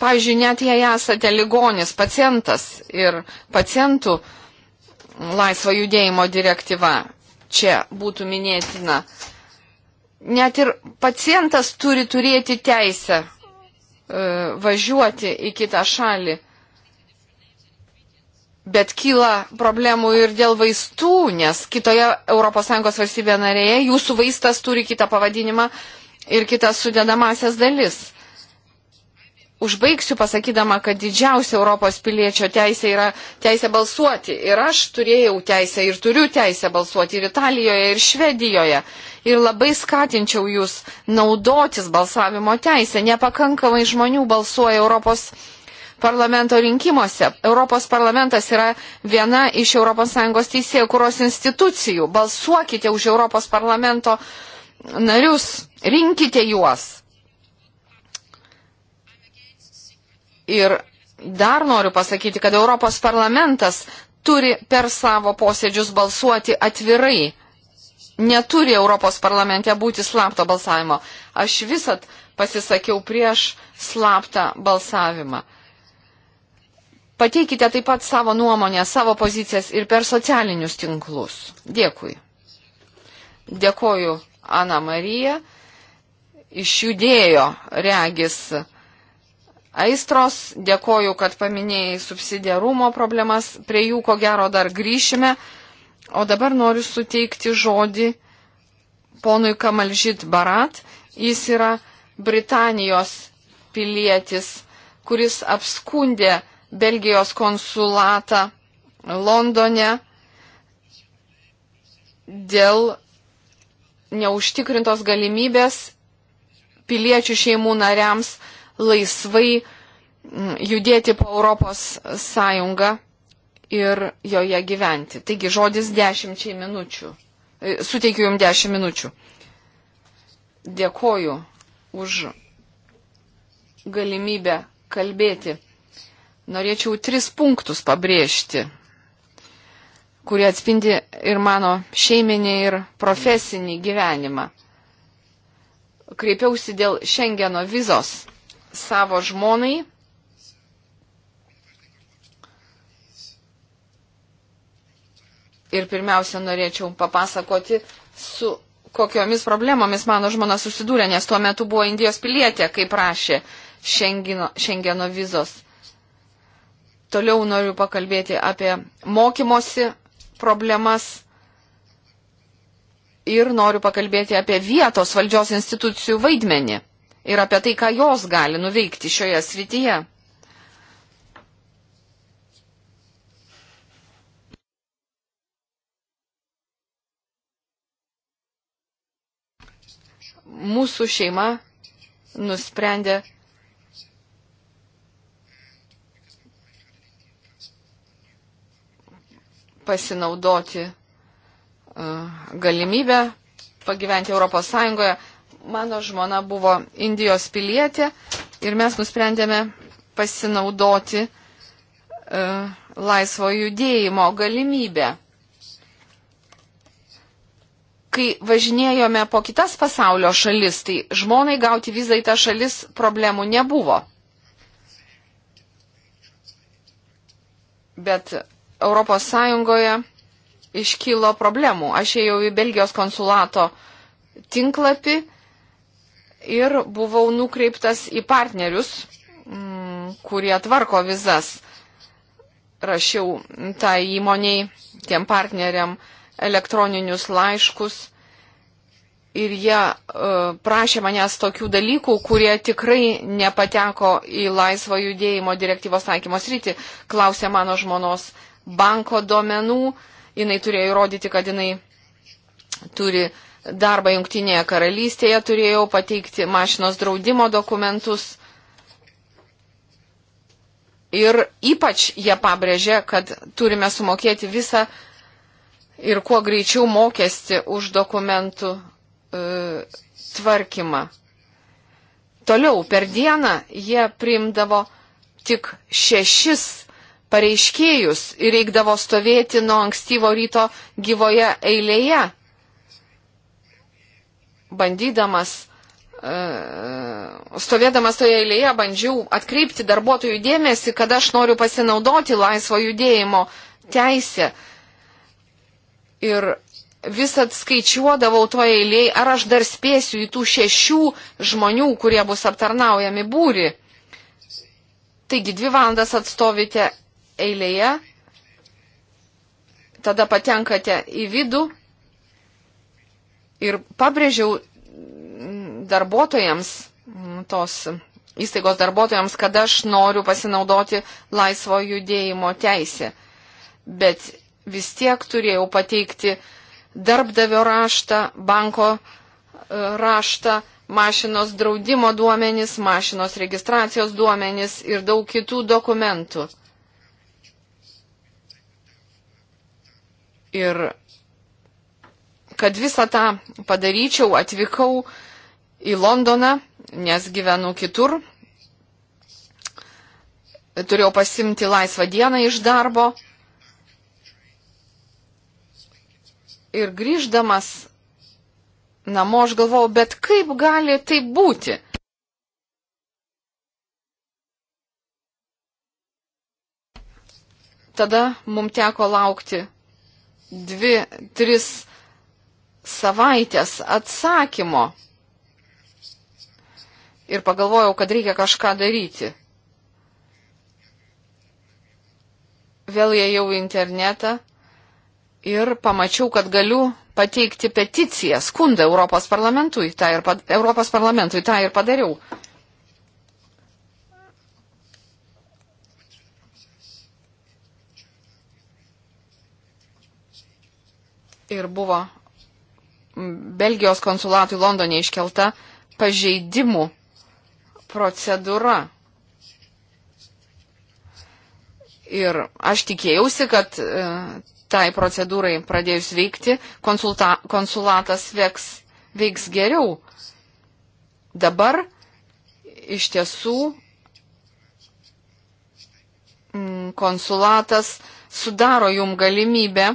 Pavyzdžiui, net jei esate ligonis, pacientas ir pacientų laisvo judėjimo direktyva čia būtų minėtina. Net ir pacientas turi turėti teisę e, važiuoti į kitą šalį. Bet kyla problemų ir dėl vaistų, nes kitoje ES valstybėje narėje jūsų vaistas turi kitą pavadinimą ir kitas sudedamasias dalis užbaigsiu pasakydama, kad didžiausia Europos piliečio teisė yra teisė balsuoti. Ir aš turėjau teisę ir turiu teisę balsuoti ir Italijoje, ir Švedijoje. Ir labai skatinčiau jūs naudotis balsavimo teisę. Nepakankamai žmonių balsuoja Europos parlamento rinkimuose. Europos parlamentas yra viena iš ES teisėjų kuros institucijų. Balsuokite už Europos parlamento narius, rinkite juos Ir dar noriu pasakyti, kad Europos parlamentas turi per savo posėdžius balsuoti atvirai. Neturi Europos parlamente būti slapto balsavimo. Aš visat pasisakiau prieš slaptą balsavimą. Pateikite taip pat savo nuomonę, savo pozicijas ir per socialinius tinklus. Dėkui. Dėkoju Ana Marija. Išjudėjo regis aistros. Dėkoju, kad paminėjai subsidiarumo problemas. Prie jų ko gero dar grįšime. O dabar noriu suteikti žodį ponui Kamalžit Barat. Jis yra Britanijos pilietis, kuris apskundė Belgijos konsulatą Londone dėl neužtikrintos galimybės piliečių šeimų nariams laisvai mm, judėti po Europos Sąjungą ir joje gyventi. Taigi žodis dešimčiai minučių. E, suteikiu jums dešimt minučių. Dėkoju už galimybę kalbėti. Norėčiau tris punktus pabrėžti, kurie atspindi ir mano šeiminį, ir profesinį gyvenimą. Kreipiausi dėl Šengeno vizos savo žmonai. Ir pirmiausia, norėčiau papasakoti, su kokiomis problemomis mano žmona susidūrė, nes tuo metu buvo Indijos pilietė, kaip prašė Šengino, Šengeno vizos. Toliau noriu pakalbėti apie mokymosi problemas ir noriu pakalbėti apie vietos valdžios institucijų vaidmenį ir apie tai, ką jos gali nuveikti šioje srityje. Mūsų šeima nusprendė pasinaudoti uh, galimybę pagyventi Europos Sąjungoje Mano žmona buvo Indijos pilietė ir mes nusprendėme pasinaudoti uh, laisvo judėjimo galimybę. Kai važinėjome po kitas pasaulio šalis, tai žmonai gauti vizą į tą šalis problemų nebuvo. Bet Europos Sąjungoje iškylo problemų. Aš ėjau į Belgijos konsulato tinklapį ir buvau nukreiptas į partnerius, mm, kurie tvarko vizas. Rašiau tą įmoniai, tiem partneriam elektroninius laiškus ir jie e, prašė manęs tokių dalykų, kurie tikrai nepateko į laisvo judėjimo direktyvos taikymos rytį. Klausė mano žmonos banko domenų, jinai turėjo įrodyti, kad jinai turi uh, darbą Junktinėje karalystėje, turėjau pateikti mašinos draudimo dokumentus. Ir ypač jie pabrėžė, kad turime sumokėti visą ir kuo greičiau mokesti už dokumentų e, tvarkymą. Toliau per dieną jie priimdavo tik šešis pareiškėjus ir reikdavo stovėti nuo ankstyvo ryto gyvoje eilėje bandydamas, e, stovėdamas toje eilėje, bandžiau atkreipti darbuotojų dėmesį, kad aš noriu pasinaudoti laisvo judėjimo teisę. Ir vis atskaičiuodavau toje eilėje, ar aš dar spėsiu į tų šešių žmonių, kurie bus aptarnaujami būri. Taigi dvi valandas atstovite eilėje, tada patenkate į vidų ir pabrėžiau darbuotojams, tos įstaigos darbuotojams, kad aš noriu pasinaudoti laisvo judėjimo teisę. Bet vis tiek turėjau pateikti darbdavio raštą, banko e, raštą, mašinos draudimo duomenis, mašinos registracijos duomenis ir daug kitų dokumentų. Ir Kad visą tą padaryčiau, atvykau į Londoną, nes gyvenu kitur. Turėjau pasimti laisvą dieną iš darbo. Ir grįždamas namo aš galvojau, bet kaip gali tai būti? Tada mums teko laukti dvi, tris savaitės atsakymo. Ir pagalvojau, kad reikia kažką daryti. Vėl įėjau į internetą ir pamačiau, kad galiu pateikti peticiją, skundą Europos parlamentui. Ta ir, pad, Europos parlamentui tą ir padariau. ir buvo Belgijos konsulatui Londone iškelta pažeidimų procedūra. Ir aš tikėjausi, kad e, tai procedūrai pradėjus veikti, konsulta, konsulatas veiks, veiks geriau. Dabar iš tiesų mm, konsulatas sudaro jum galimybę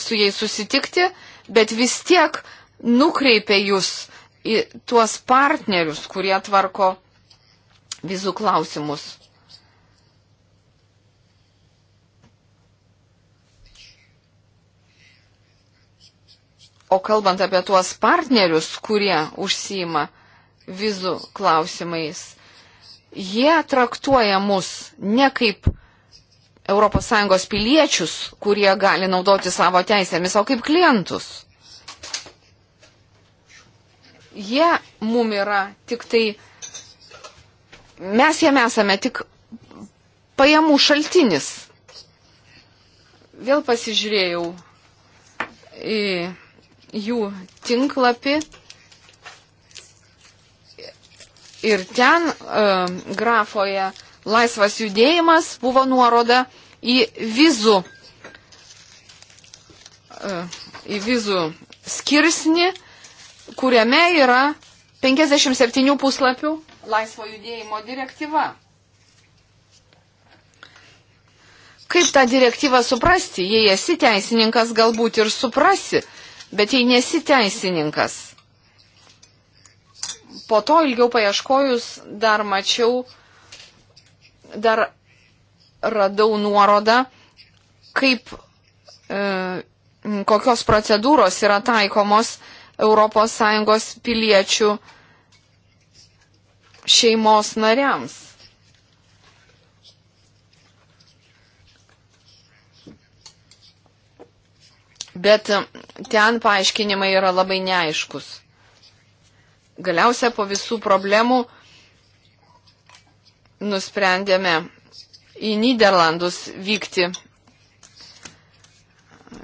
su jais susitikti bet vis tiek nukreipia jūs į tuos partnerius, kurie tvarko vizų klausimus. O kalbant apie tuos partnerius, kurie užsima vizų klausimais, jie traktuoja mus ne kaip ES piliečius, kurie gali naudoti savo teisėmis, o kaip klientus. Jie mum yra tik tai, mes jiem esame tik pajamų šaltinis. Vėl pasižiūrėjau į jų tinklapį ir ten uh, grafoje uh, laisvas judėjimas buvo nuoroda į vizų, e, į vizų skirsnį, kuriame yra 57 puslapių laisvo judėjimo direktyva. Kaip tą direktyvą suprasti? Jei esi teisininkas, galbūt ir suprasi, bet jei nesi teisininkas. Po to ilgiau paieškojus dar mačiau, dar radau nuorodą, kaip, e, kokios procedūros yra taikomos ES piliečių šeimos nariams. Bet ten paaiškinimai yra labai neaiškus. Galiausia, po visų problemų nusprendėme į Niderlandus vykti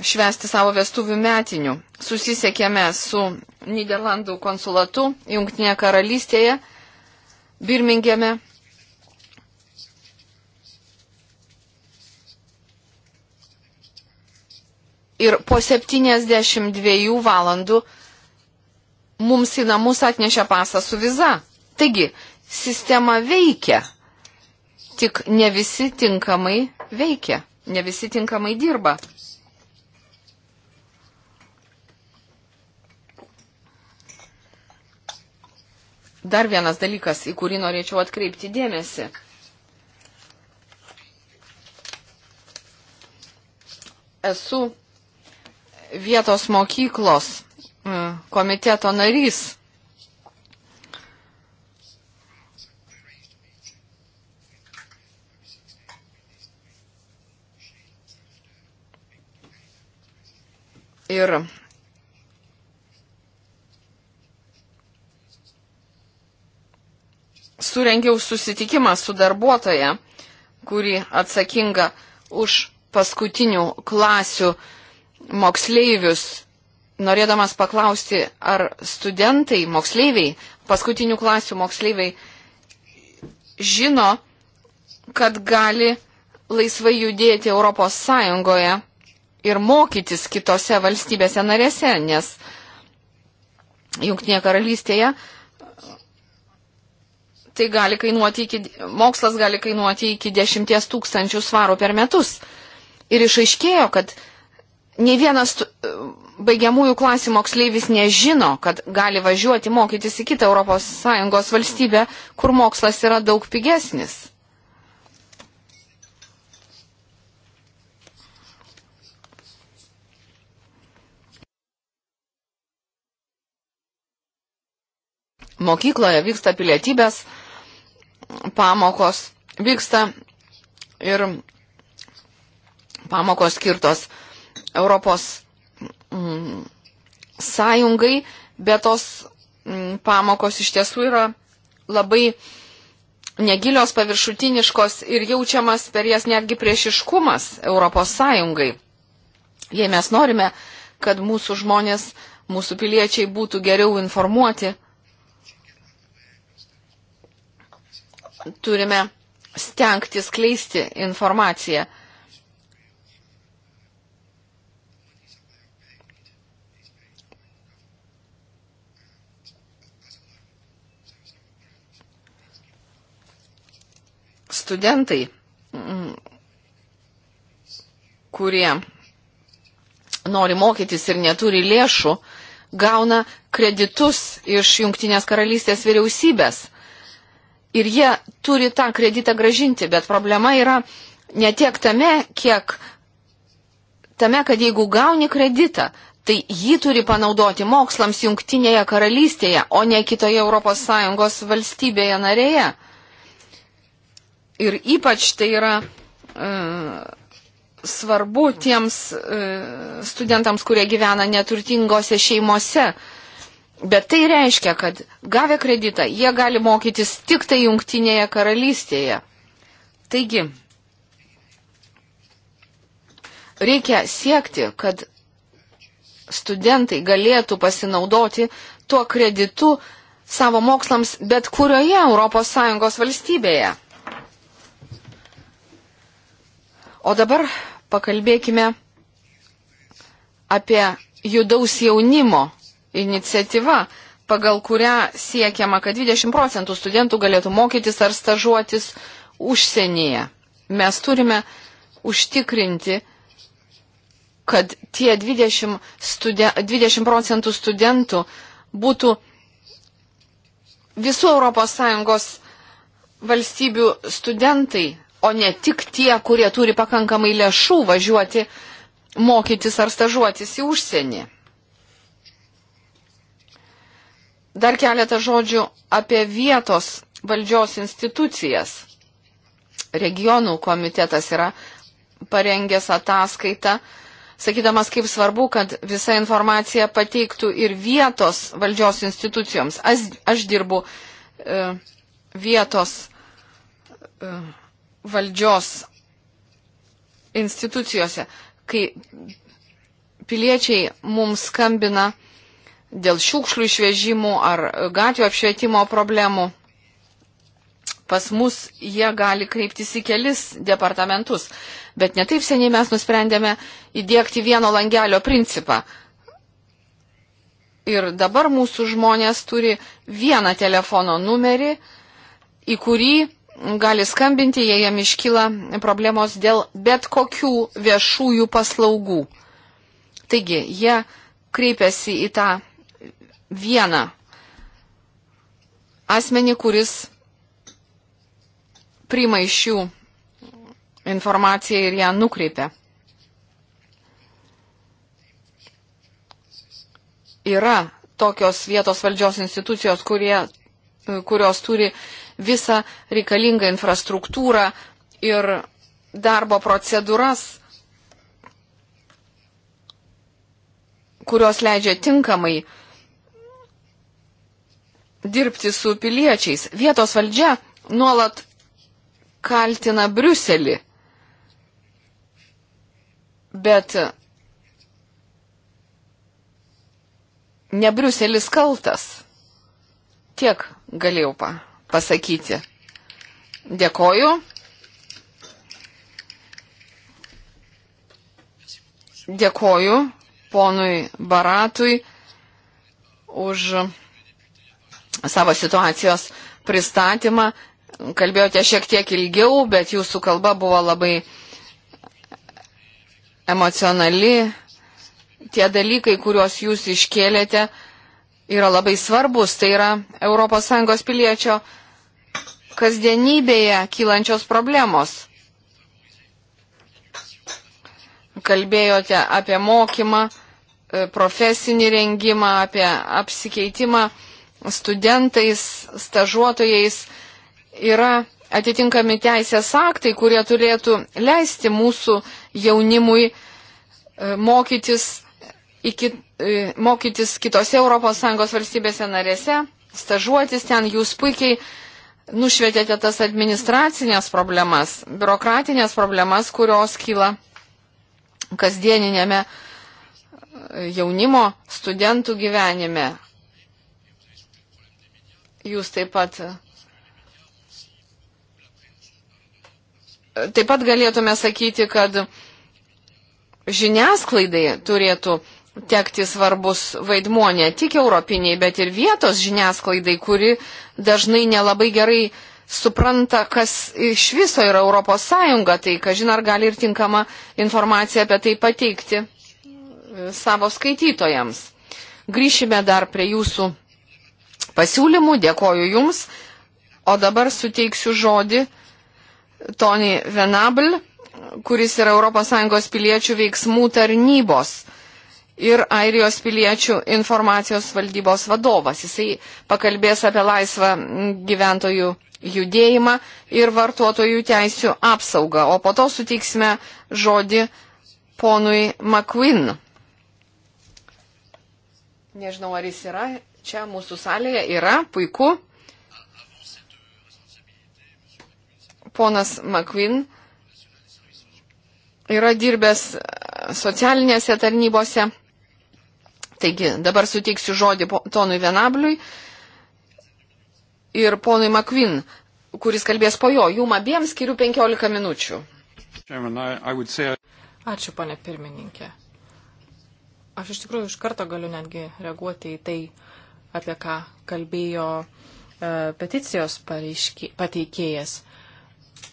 švesti savo vestuvių metinių. Susisiekėme su Niderlandų konsulatu Junktinėje karalystėje, Birmingėme. Ir po 72 valandų mums į namus atnešė pasą su viza. Taigi, sistema veikia tik ne visi tinkamai veikia, ne visi tinkamai dirba. Dar vienas dalykas, į kurį norėčiau atkreipti dėmesį. Esu vietos mokyklos mm, komiteto narys Ir surengiau susitikimą su darbuotoja, kuri atsakinga už paskutinių klasių moksleivius, norėdamas paklausti, ar studentai, moksleiviai, paskutinių klasių moksleiviai žino, kad gali laisvai judėti Europos Sąjungoje ir mokytis kitose valstybėse narėse, nes Junktinėje karalystėje tai gali kainuoti iki, mokslas gali kainuoti iki 10 tūkstančių svarų per metus. Ir išaiškėjo, kad ne vienas e, baigiamųjų klasių moksleivis nežino, kad gali važiuoti mokytis į kitą ES valstybę, kur mokslas yra daug pigesnis. mokykloje vyksta pilietybės pamokos, vyksta ir pamokos skirtos Europos mm, sąjungai, bet tos mm, pamokos iš tiesų yra labai negilios, paviršutiniškos ir jaučiamas per jas netgi priešiškumas Europos sąjungai. Jei mes norime, kad mūsų žmonės, mūsų piliečiai būtų geriau informuoti, turime stengtis kleisti informaciją. Studentai, mm, kurie nori mokytis ir neturi lėšų, gauna kreditus iš Junktinės karalystės vyriausybės ir jie turi tą kreditą gražinti, bet problema yra ne tiek tame, kiek tame, kad jeigu gauni kreditą, tai jį turi panaudoti mokslams jungtinėje karalystėje, o ne kitoje ES valstybėje narėje. Ir ypač tai yra e, svarbu tiems e, studentams, kurie gyvena neturtingose šeimose. E, Bet tai reiškia, kad gavę kreditą, jie gali mokytis tik tai jungtinėje karalystėje. Taigi, reikia siekti, kad studentai galėtų pasinaudoti tuo kreditu savo mokslams bet kurioje ES valstybėje. O dabar pakalbėkime apie judaus jaunimo iniciatyva, pagal kurią siekiama, kad 20 procentų studentų galėtų mokytis ar stažuotis užsienyje. Mes turime užtikrinti, kad tie 20, studen, 20 procentų studentų būtų visų ES valstybių studentai, o ne tik tie, kurie turi pakankamai lėšų važiuoti mokytis ar stažuotis į užsienį. Dar keletą žodžių apie vietos valdžios institucijas. Regionų komitetas yra parengęs ataskaitą, sakydamas, kaip svarbu, kad visa informacija pateiktų ir vietos valdžios institucijoms. Aš, aš dirbu e, vietos e, valdžios institucijose, kai piliečiai mums skambina dėl šiukšlių išvežimų ar gatvių apšvietimo problemų. Pas mus jie gali kreiptis į kelis departamentus, bet netaip seniai mes nusprendėme įdėkti vieno langelio principą. Ir dabar mūsų žmonės turi vieną telefono numerį, į kurį gali skambinti, jei jam iškyla problemos dėl bet kokių viešųjų paslaugų. Taigi, jie kreipiasi į tą vieną asmenį, kuris priima iš jų informaciją ir ją nukreipia. Yra tokios vietos valdžios institucijos, kurie, kurios turi visą reikalingą infrastruktūrą ir darbo procedūras, kurios leidžia tinkamai uh, dirbti su piliečiais. Vietos valdžia nuolat kaltina Briuselį. Bet ne Briuselis kaltas. Tiek galėjau pa pasakyti. Dėkoju. Dėkoju ponui Baratui už savo situacijos pristatymą. Kalbėjote šiek tiek ilgiau, bet jūsų kalba buvo labai emocionali. Tie dalykai, kuriuos jūs iškėlėte, yra labai svarbus. Tai yra ES piliečio kasdienybėje kylančios problemos. Kalbėjote apie mokymą, e, profesinį rengimą, apie apsikeitimą studentais, stažuotojais yra atitinkami teisės aktai, kurie turėtų leisti mūsų jaunimui e, mokytis, iki, e, mokytis kitose ES valstybėse narėse, stažuotis ten, jūs puikiai nušvietėte tas administracinės problemas, biurokratinės problemas, kurios kyla kasdieninėme e, jaunimo studentų gyvenime. Jūs taip pat. Taip pat galėtume sakyti, kad žiniasklaidai turėtų tekti svarbus vaidmuo ne tik europiniai, bet ir vietos žiniasklaidai, kuri dažnai nelabai gerai supranta, kas iš viso yra Europos Sąjunga, tai kažin ar gali ir tinkama informacija apie tai pateikti savo skaitytojams. Grįšime dar prie jūsų pasiūlymų. Dėkoju Jums. O dabar suteiksiu žodį Tony Venabl, kuris yra ES piliečių veiksmų tarnybos ir Airijos piliečių informacijos valdybos vadovas. Jisai pakalbės apie laisvą gyventojų judėjimą ir vartotojų teisių apsaugą. O po to suteiksime žodį ponui McQueen. Nežinau, ar jis yra čia mūsų salėje yra, puiku. Ponas McQueen yra dirbęs socialinėse tarnybose. Taigi dabar suteiksiu žodį Tonui Venabliui ir ponui McQueen, kuris kalbės po jo. Jum abiems skiriu 15 minučių. Ačiū, ponė pirmininkė. Aš iš tikrųjų iš karto galiu netgi reaguoti į tai, apie ką kalbėjo e, peticijos pareiškė, pateikėjas.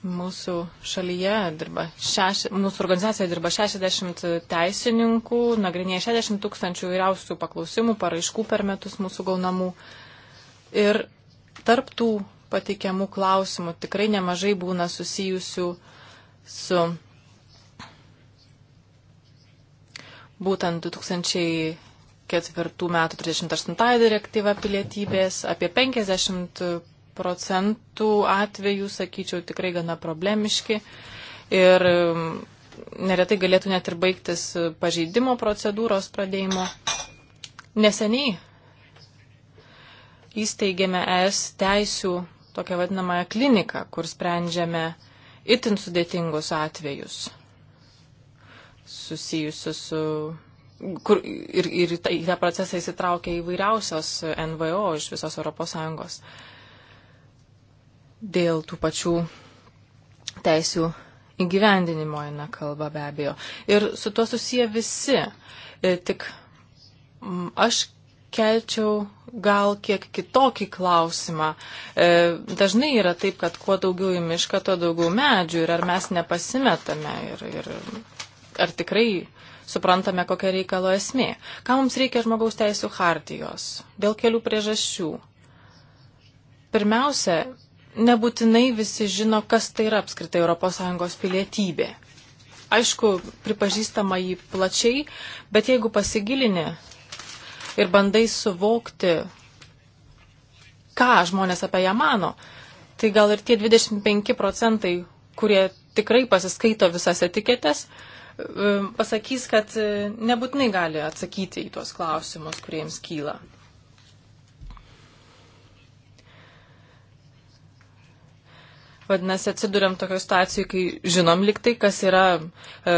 Mūsų šalyje dirba, šeši, mūsų organizacija dirba 60 teisininkų, nagrinėja 60 tūkstančių įvairiausių paklausimų, paraiškų per metus mūsų gaunamų. Ir tarptų pateikiamų klausimų tikrai nemažai būna susijusių su būtent 2000. 2004 metų 38 direktyva pilietybės, apie 50 procentų atvejų, sakyčiau, tikrai gana problemiški ir um, neretai galėtų net ir baigtis pažeidimo procedūros pradėjimo. Neseniai įsteigėme ES teisių tokią vadinamąją kliniką, kur sprendžiame itin sudėtingus atvejus susijusius su kur ir, ir tai, tą procesą įsitraukia įvairiausios NVO iš visos ES dėl tų pačių teisių įgyvendinimo eina kalba be abejo. Ir su tuo susiję visi. E, tik aš kelčiau gal kiek kitokį klausimą. E, dažnai yra taip, kad kuo daugiau į mišką, tuo daugiau medžių ir ar mes nepasimetame ir, ir ar tikrai suprantame, kokia reikalo esmė. Ką mums reikia žmogaus teisų hartijos? Dėl kelių priežasčių. Pirmiausia, nebūtinai visi žino, kas tai yra apskritai ES pilietybė. Aišku, pripažįstama jį plačiai, bet jeigu pasigilini ir bandai suvokti, ką žmonės apie ją mano, tai gal ir tie 25 procentai, kurie tikrai pasiskaito visas etiketes, uh, Um, pasakys, kad uh, nebūtinai gali atsakyti į tuos klausimus, kuriems kyla. Vadinasi, atsidurėm tokio situacijų, kai žinom liktai, kas yra e,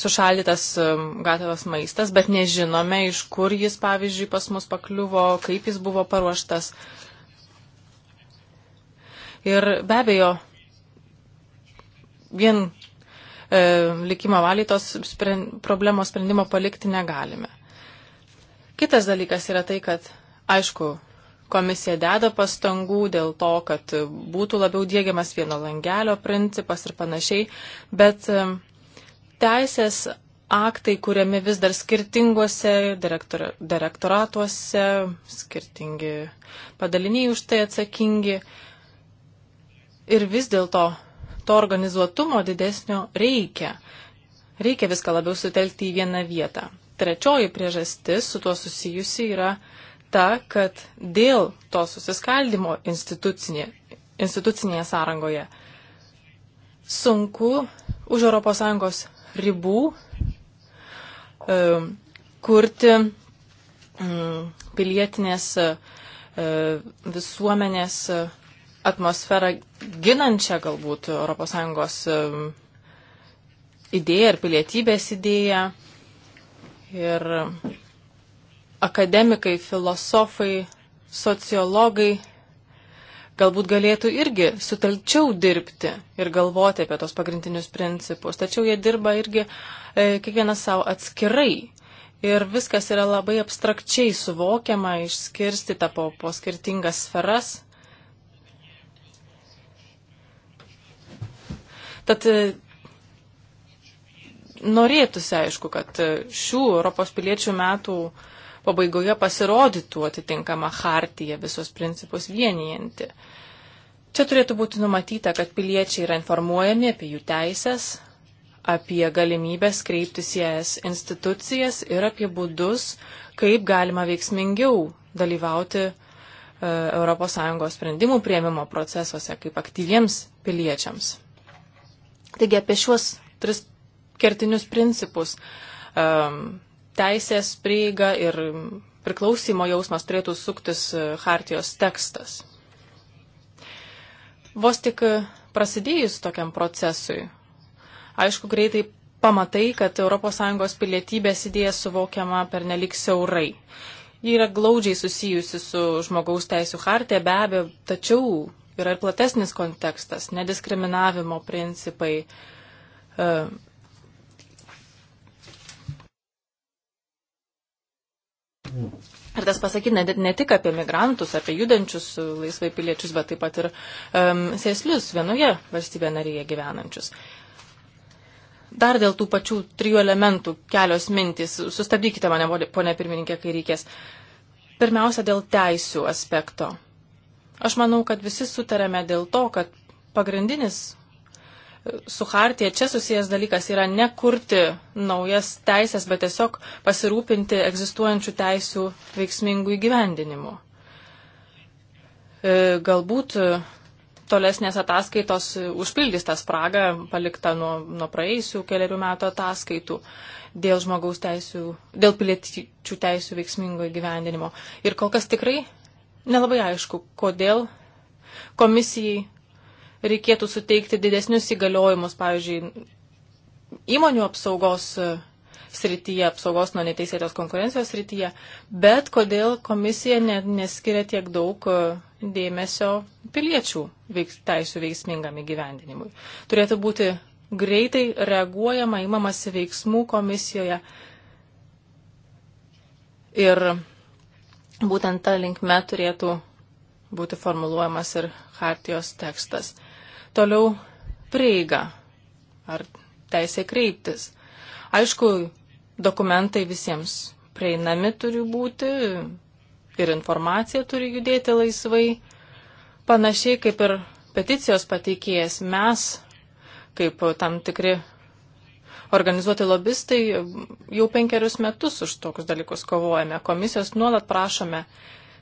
sušaldytas e, gatavas maistas, bet nežinome, iš kur jis, pavyzdžiui, pas mus pakliuvo, kaip jis buvo paruoštas. Ir be abejo, vien E, likimo valiai tos sprend, problemos sprendimo palikti negalime. Kitas dalykas yra tai, kad aišku, komisija deda pastangų dėl to, kad būtų labiau dėgiamas vieno langelio principas ir panašiai, bet e, teisės aktai, kuriami vis dar skirtinguose direktor, direktoratuose, skirtingi padaliniai už tai atsakingi. Ir vis dėlto to organizuotumo didesnio reikia. Reikia viską labiau sutelkti į vieną vietą. Trečioji priežastis su tuo susijusi yra ta, kad dėl to susiskaldimo institucinė, institucinėje sąrangoje sunku už ES ribų e, kurti m, mm, pilietinės e, visuomenės e, atmosferą ginančią galbūt ES idėją ir pilietybės idėją. Ir akademikai, filosofai, sociologai galbūt galėtų irgi sutelčiau dirbti ir galvoti apie tos pagrindinius principus. Tačiau jie dirba irgi e, kiekvienas savo atskirai. Ir viskas yra labai abstrakčiai suvokiama, išskirstita po, po skirtingas sferas. Tad e, norėtųsi, aišku, kad e, šių Europos piliečių metų pabaigoje pasirodytų atitinkama hartija visos principus vienijanti. Čia turėtų būti numatyta, kad piliečiai yra informuojami apie jų teisės, apie galimybės kreiptis į ES institucijas ir apie būdus, kaip galima veiksmingiau dalyvauti ES sprendimų prieimimo procesuose kaip aktyviems piliečiams. Taigi apie šiuos tris kertinius principus ehm, teisės prieiga ir priklausimo jausmas turėtų suktis e, Hartijos tekstas. Vos tik e, prasidėjus tokiam procesui, aišku, greitai pamatai, kad ES pilietybės idėja suvokiama per nelik siaurai. Ji yra glaudžiai susijusi su žmogaus teisų hartė, be abejo, tačiau yra ir platesnis kontekstas, nediskriminavimo principai. E, ir tas pasakyti ne, ne tik apie migrantus, apie judančius laisvai piliečius, bet taip pat ir um, sėslius vienoje valstybėje narėje gyvenančius. Dar dėl tų pačių trijų elementų kelios mintys. Sustabdykite mane, ponė pirmininkė, kai reikės. Pirmiausia, dėl teisų aspekto. Uh, Aš manau, kad visi sutarėme dėl to, kad pagrindinis e, su Hartija čia susijęs dalykas yra ne kurti naujas teisės, bet tiesiog pasirūpinti egzistuojančių teisių veiksmingų įgyvendinimu. E, galbūt e, tolesnės ataskaitos užpildys tą spragą paliktą nuo, nuo praeisių keliarių metų ataskaitų dėl žmogaus teisų, dėl piliečių teisų veiksmingo įgyvendinimo. Ir kol kas tikrai Nelabai aišku, kodėl komisijai reikėtų suteikti didesnius įgaliojimus, pavyzdžiui, įmonių apsaugos e, srityje, apsaugos nuo neteisėtos konkurencijos srityje, bet kodėl komisija net neskiria tiek daug e, dėmesio piliečių veiks, teisų veiksmingam įgyvendinimui. Turėtų būti greitai reaguojama, imamasi veiksmų komisijoje ir Būtent ta linkme turėtų būti formuluojamas ir hartijos tekstas. Toliau prieiga ar teisė kreiptis. Aišku, dokumentai visiems prieinami turi būti ir informacija turi judėti laisvai. Panašiai kaip ir peticijos pateikėjas mes, kaip tam tikri organizuoti lobistai, jau penkerius metus už tokius dalykus kovojame. Komisijos nuolat prašome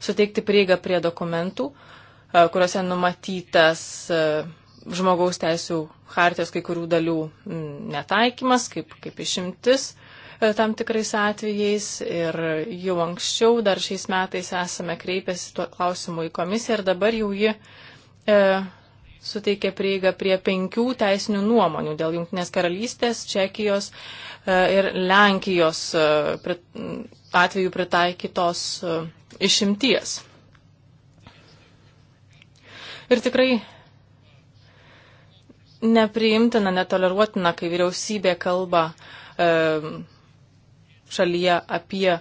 suteikti prieigą prie dokumentų, e, kuriuose numatytas e, žmogaus teisų hartijos kai kurių dalių netaikymas, kaip, kaip išimtis e, tam tikrais atvejais ir jau anksčiau dar šiais metais esame kreipęsi tuo klausimu į komisiją ir dabar jau ji e, suteikė prieigą prie penkių teisinių nuomonių dėl Junktinės karalystės, Čekijos e, ir Lenkijos e, atveju pritaikytos e, išimties. Ir tikrai nepriimtina, netoleruotina, kai vyriausybė kalba šalyje apie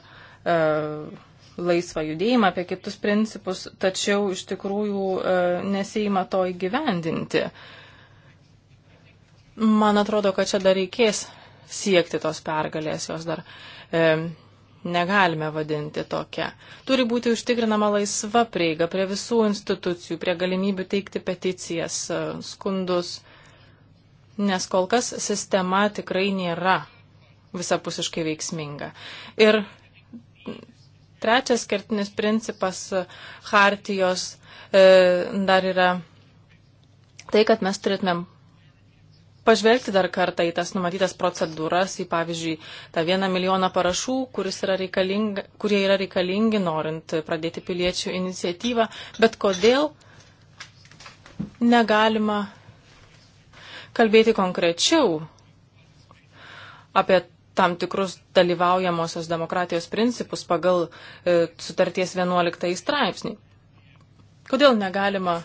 laisvą judėjimą, apie kitus principus, tačiau iš tikrųjų e, nesieima to įgyvendinti. Man atrodo, kad čia dar reikės siekti tos pergalės, jos dar e, negalime vadinti tokia. Turi būti užtikrinama laisva prieiga prie visų institucijų, prie galimybių teikti peticijas, e, skundus, nes kol kas sistema tikrai nėra visapusiškai veiksminga. Ir Trečias kertinis principas hartijos e, dar yra tai, kad mes turėtumėm pažvelgti dar kartą į tas numatytas procedūras, į pavyzdžiui tą vieną milijoną parašų, yra kurie yra reikalingi norint pradėti piliečių iniciatyvą, bet kodėl negalima kalbėti konkrečiau apie tam tikrus dalyvaujamosios demokratijos principus pagal e, sutarties 11 straipsnį. Kodėl negalima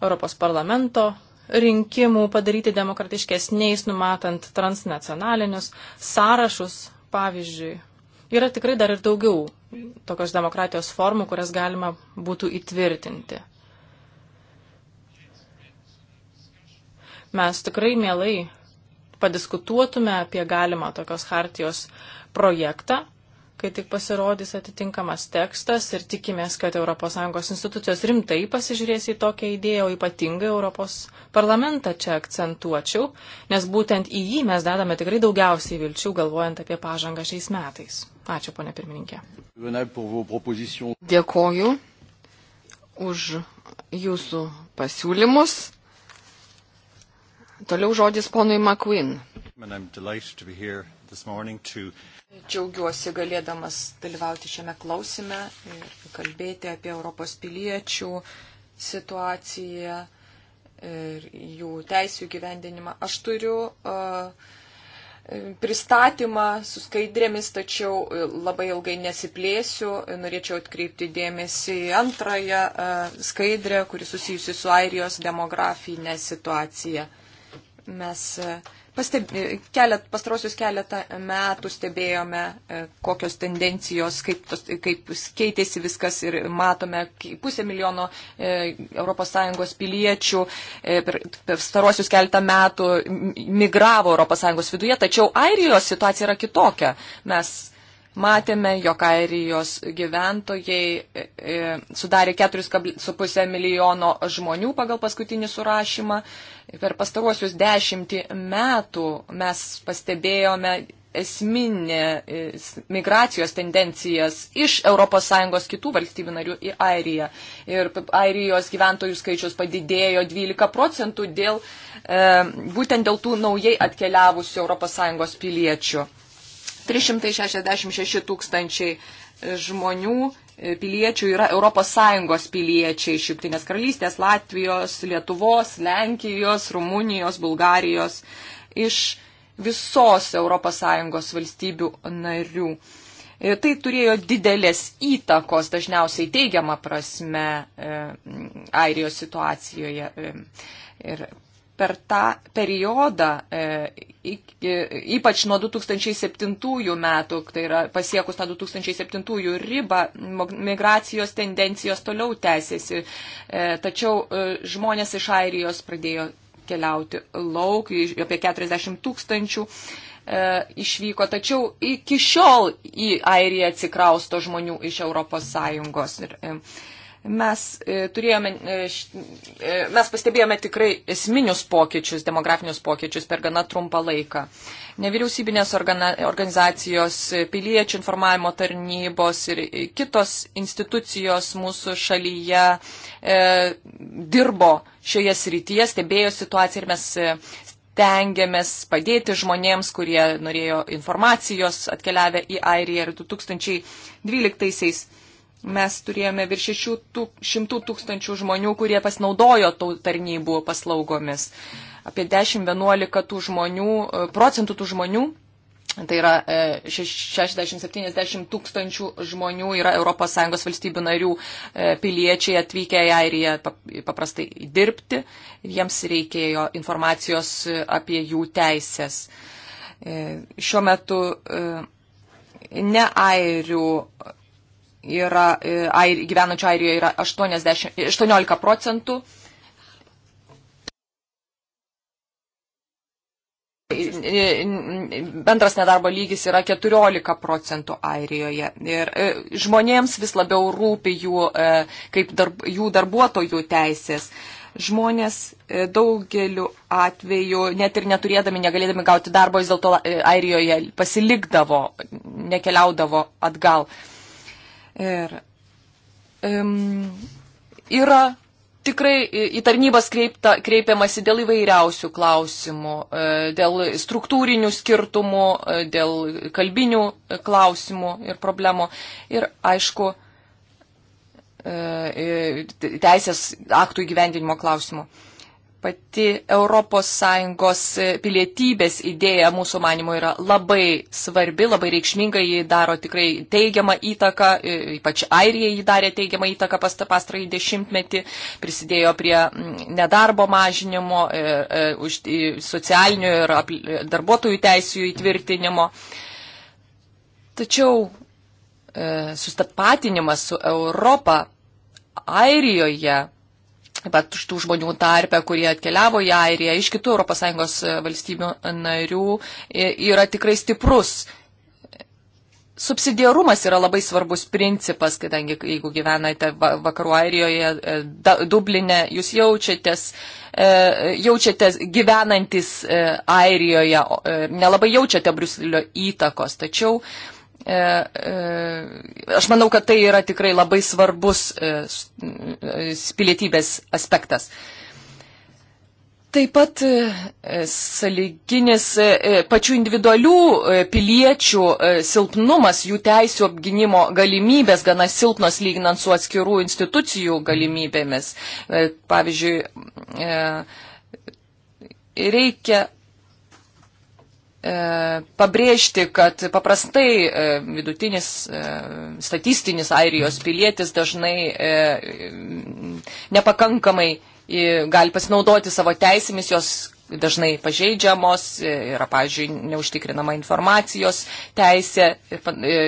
Europos parlamento rinkimų padaryti demokratiškesniais, numatant transnacionalinius sąrašus, pavyzdžiui. Yra tikrai dar ir daugiau tokios demokratijos formų, kurias galima būtų įtvirtinti. Mes tikrai mielai padiskutuotume apie galimą tokios hartijos projektą, kai tik pasirodys atitinkamas tekstas ir tikimės, kad ES institucijos rimtai pasižiūrės į tokią idėją, o ypatingai Europos parlamentą čia akcentuočiau, nes būtent į jį mes dedame tikrai daugiausiai vilčių, galvojant apie pažangą šiais metais. Ačiū, ponė pirmininkė. Dėkoju už jūsų pasiūlymus. Toliau žodis ponui McQueen. Džiaugiuosi galėdamas dalyvauti šiame klausime ir kalbėti apie Europos piliečių situaciją ir jų teisų gyvendinimą. Aš turiu uh, pristatymą su skaidrėmis, tačiau e, labai ilgai nesiplėsiu. Norėčiau atkreipti dėmesį į antrąją skaidrę, kuri susijusi su Airijos demografinė situacija. Mes e, pasteb... E, kelet, pastrosius keletą metų stebėjome, e, kokios tendencijos, kaip, tos, kaip keitėsi viskas ir matome pusę milijono ES piliečių per pastarosius keletą metų migravo ES viduje, tačiau Airijos situacija yra kitokia. Mes Matėme, jog airijos gyventojai e, e, sudarė 4,5 milijono žmonių pagal paskutinį surašymą. Per pastaruosius dešimtį metų mes pastebėjome esminės e, migracijos tendencijas iš ES kitų valstybių narių į Airiją. Ir Airijos gyventojų skaičius padidėjo 12 procentų dėl, būtent dėl tų naujai atkeliavusių ES piliečių. 366 tūkstančiai e, žmonių e, piliečių yra ES piliečiai iš Junktinės tai karalystės, Latvijos, Lietuvos, Lenkijos, Rumunijos, Bulgarijos, iš visos ES valstybių narių. E, tai turėjo didelės įtakos, dažniausiai teigiamą prasme, Airijos situacijoje. Ir per tą periodą, e, ypač nuo 2007 metų, tai yra pasiekus tą 2007 ribą, migracijos tendencijos toliau tęsiasi. E, tačiau e, žmonės iš Airijos pradėjo keliauti lauk, apie 40 tūkstančių išvyko, tačiau iki šiol į Airiją atsikrausto žmonių iš Europos Sąjungos. Ir, Mes, e, turėjome, e, e, mes pastebėjome tikrai esminius pokyčius, demografinius pokyčius per gana trumpą laiką. Nevyriausybinės organizacijos, piliečių informavimo tarnybos ir kitos institucijos mūsų šalyje e, dirbo šioje srityje, stebėjo situaciją ir mes tengiamės padėti žmonėms, kurie norėjo informacijos atkeliavę į Airiją ir 2012. -aisiais Mes turėjome virš 600 tūkstančių žmonių, kurie pasinaudojo tų tarnybų paslaugomis. Apie 10-11 tų žmonių, e, procentų tų žmonių, tai yra 60-70 e, tūkstančių žmonių yra ES valstybių narių e, piliečiai atvykę į Airiją paprastai dirbti. Jiems reikėjo informacijos apie jų teisės. Šiuo metu ne airių yra, e, air, gyvenančių Airijoje yra 80, 18 procentų. E, e, bendras nedarbo lygis yra 14 procentų Airijoje. Ir žmonėms vis labiau rūpi jų, kaip darb, jų darbuotojų teisės žmonės daugeliu atveju, net ir neturėdami, negalėdami gauti darbo, vis dėlto Airijoje pasilikdavo, nekeliaudavo atgal. Uh, Ir um, yra tikrai į tarnybas kreipta, kreipiamasi dėl įvairiausių klausimų, e, dėl struktūrinių skirtumų, e, dėl kalbinių klausimų ir problemų. Ir aišku, e, teisės aktų įgyvendinimo klausimų pati ES pilietybės idėja mūsų manimo yra labai svarbi, labai reikšminga, ji daro tikrai teigiamą įtaką, e, ypač Airija jį darė teigiamą įtaką pastarąjį dešimtmetį, prisidėjo prie nedarbo mažinimo, e, e, socialinių ir darbuotojų teisų įtvirtinimo. Tačiau sustatpatinimas su Europą Airijoje taip pat tų žmonių tarpe, kurie atkeliavo į Airiją iš kitų ES e, valstybių narių, yra tikrai stiprus. Subsidiarumas yra labai svarbus principas, kadangi jeigu gyvenate vakarų Airijoje, e, Dublinė, jūs jaučiatės, e, jaučiatės gyvenantis Airijoje, nelabai jaučiate Bruselio įtakos, tačiau uh, E, e, aš manau, kad tai yra tikrai labai svarbus e, pilietybės aspektas. Taip pat saliginis pačių individualių piliečių silpnumas, jų teisų apginimo galimybės gana silpnos lyginant su atskirų institucijų galimybėmis. Pavyzdžiui, reikia E, pabrėžti, kad paprastai e, vidutinis e, statistinis Airijos pilietis dažnai nepakankamai gali pasinaudoti savo teisėmis, jos dažnai pažeidžiamos, yra, pavyzdžiui, neužtikrinama informacijos teisė,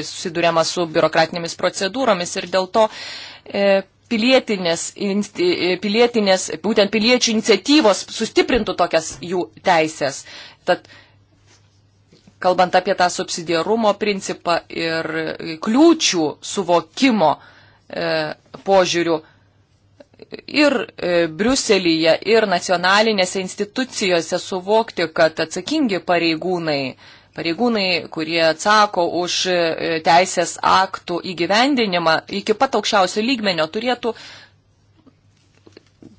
susidūrėma su biurokratinėmis procedūromis ir dėl to pilietinės, pilietinės būtent piliečių iniciatyvos sustiprintų tokias jų teisės. Tad kalbant apie tą subsidiarumo principą ir kliūčių suvokimo e, požiūrių ir e, Briuselyje, ir nacionalinėse institucijose suvokti, kad atsakingi pareigūnai, pareigūnai, kurie atsako už e, teisės aktų įgyvendinimą iki pat aukščiausio lygmenio, turėtų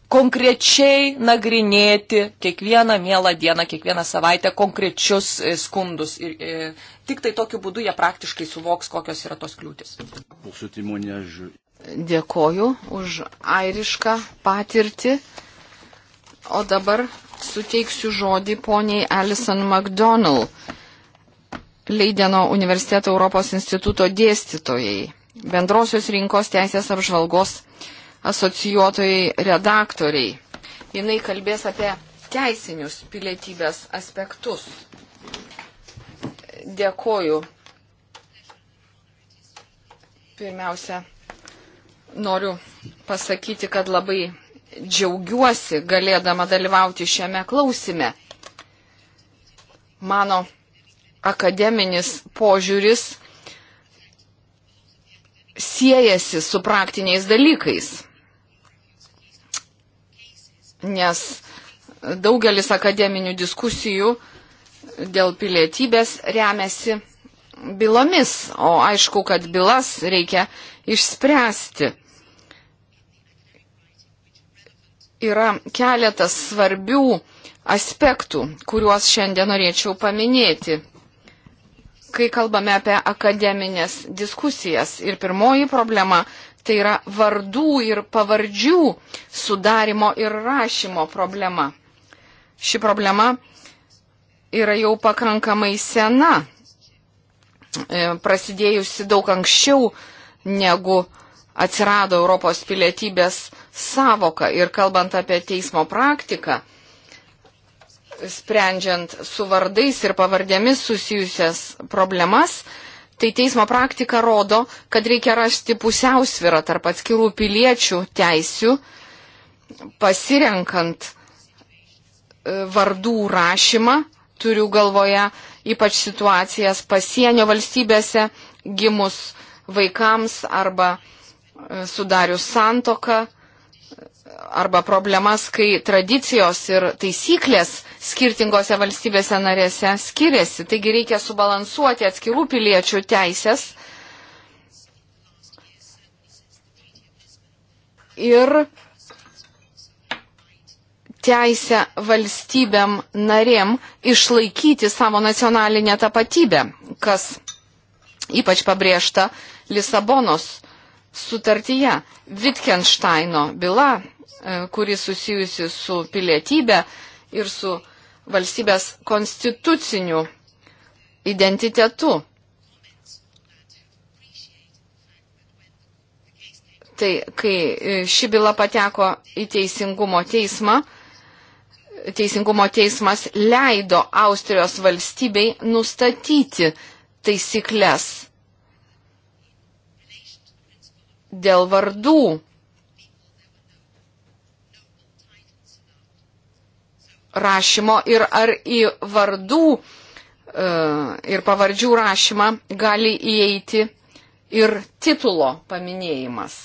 konkrečiai nagrinėti kiekvieną mielą dieną, kiekvieną savaitę konkrečius e, skundus. Ir, ir e, tik tai tokiu būdu jie praktiškai suvoks, kokios yra tos kliūtis. Dėkoju už airišką patirtį. O dabar suteiksiu žodį poniai Alison McDonald, Leideno universiteto Europos instituto dėstytojai, bendrosios rinkos teisės apžvalgos asocijuotojai redaktoriai. Jis kalbės apie teisinius pilietybės aspektus. Dėkoju. Pirmiausia, noriu pasakyti, kad labai džiaugiuosi galėdama dalyvauti šiame klausime. Mano akademinis požiūris siejasi su praktiniais dalykais nes daugelis akademinių diskusijų dėl pilietybės remiasi bylomis, o aišku, kad bylas reikia išspręsti. Yra keletas svarbių aspektų, kuriuos šiandien norėčiau paminėti, kai kalbame apie akademinės diskusijas. Ir pirmoji problema, Tai yra vardų ir pavardžių sudarimo ir rašymo problema. Ši problema yra jau pakankamai sena, e, prasidėjusi daug anksčiau negu atsirado Europos pilietybės savoka. Ir kalbant apie teismo praktiką, sprendžiant su vardais ir pavardėmis susijusias problemas, tai teismo praktika rodo, kad reikia rasti pusiausvirą tarp atskirų piliečių teisių, pasirenkant e, vardų rašymą, turiu galvoje ypač situacijas pasienio valstybėse, gimus vaikams arba e, sudarius santoką, e, arba problemas, kai tradicijos ir taisyklės skirtingose valstybėse narėse skiriasi. Taigi reikia subalansuoti atskirų piliečių teisės ir teisę valstybėm narėm išlaikyti savo nacionalinę tapatybę, kas ypač pabrėžta Lisabonos sutartyje. Wittgensteino byla, e, kuri susijusi su pilietybė ir su valstybės konstituciniu identitetu. Tai kai e, ši byla pateko į teisingumo teismą, teisingumo teismas leido Austrijos valstybei nustatyti taisyklės dėl vardų rašymo ir ar į vardų e, ir pavardžių rašymą gali įeiti ir titulo paminėjimas.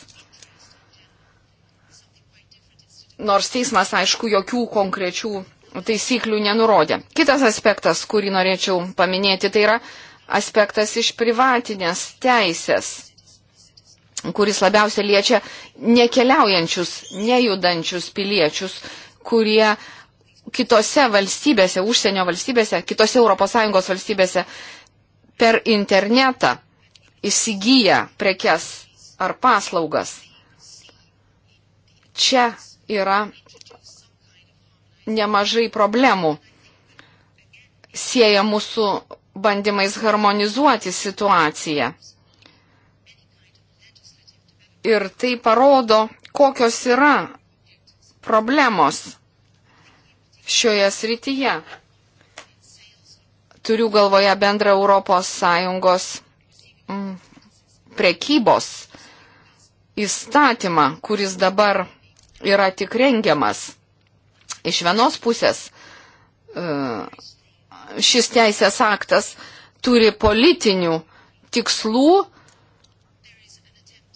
Nors teismas, aišku, jokių konkrečių taisyklių nenurodė. Kitas aspektas, kurį norėčiau paminėti, tai yra aspektas iš privatinės teisės, kuris labiausiai liečia nekeliaujančius, nejudančius piliečius, kurie kitose valstybėse, užsienio valstybėse, kitose ES valstybėse per internetą įsigyja prekes ar paslaugas. Čia yra nemažai problemų sieja mūsų bandymais harmonizuoti situaciją. Ir tai parodo, kokios yra problemos šioje srityje. Turiu galvoje bendrą Europos Sąjungos mm, prekybos įstatymą, kuris dabar yra tik rengiamas. Iš vienos pusės e, šis teisės aktas turi politinių tikslų,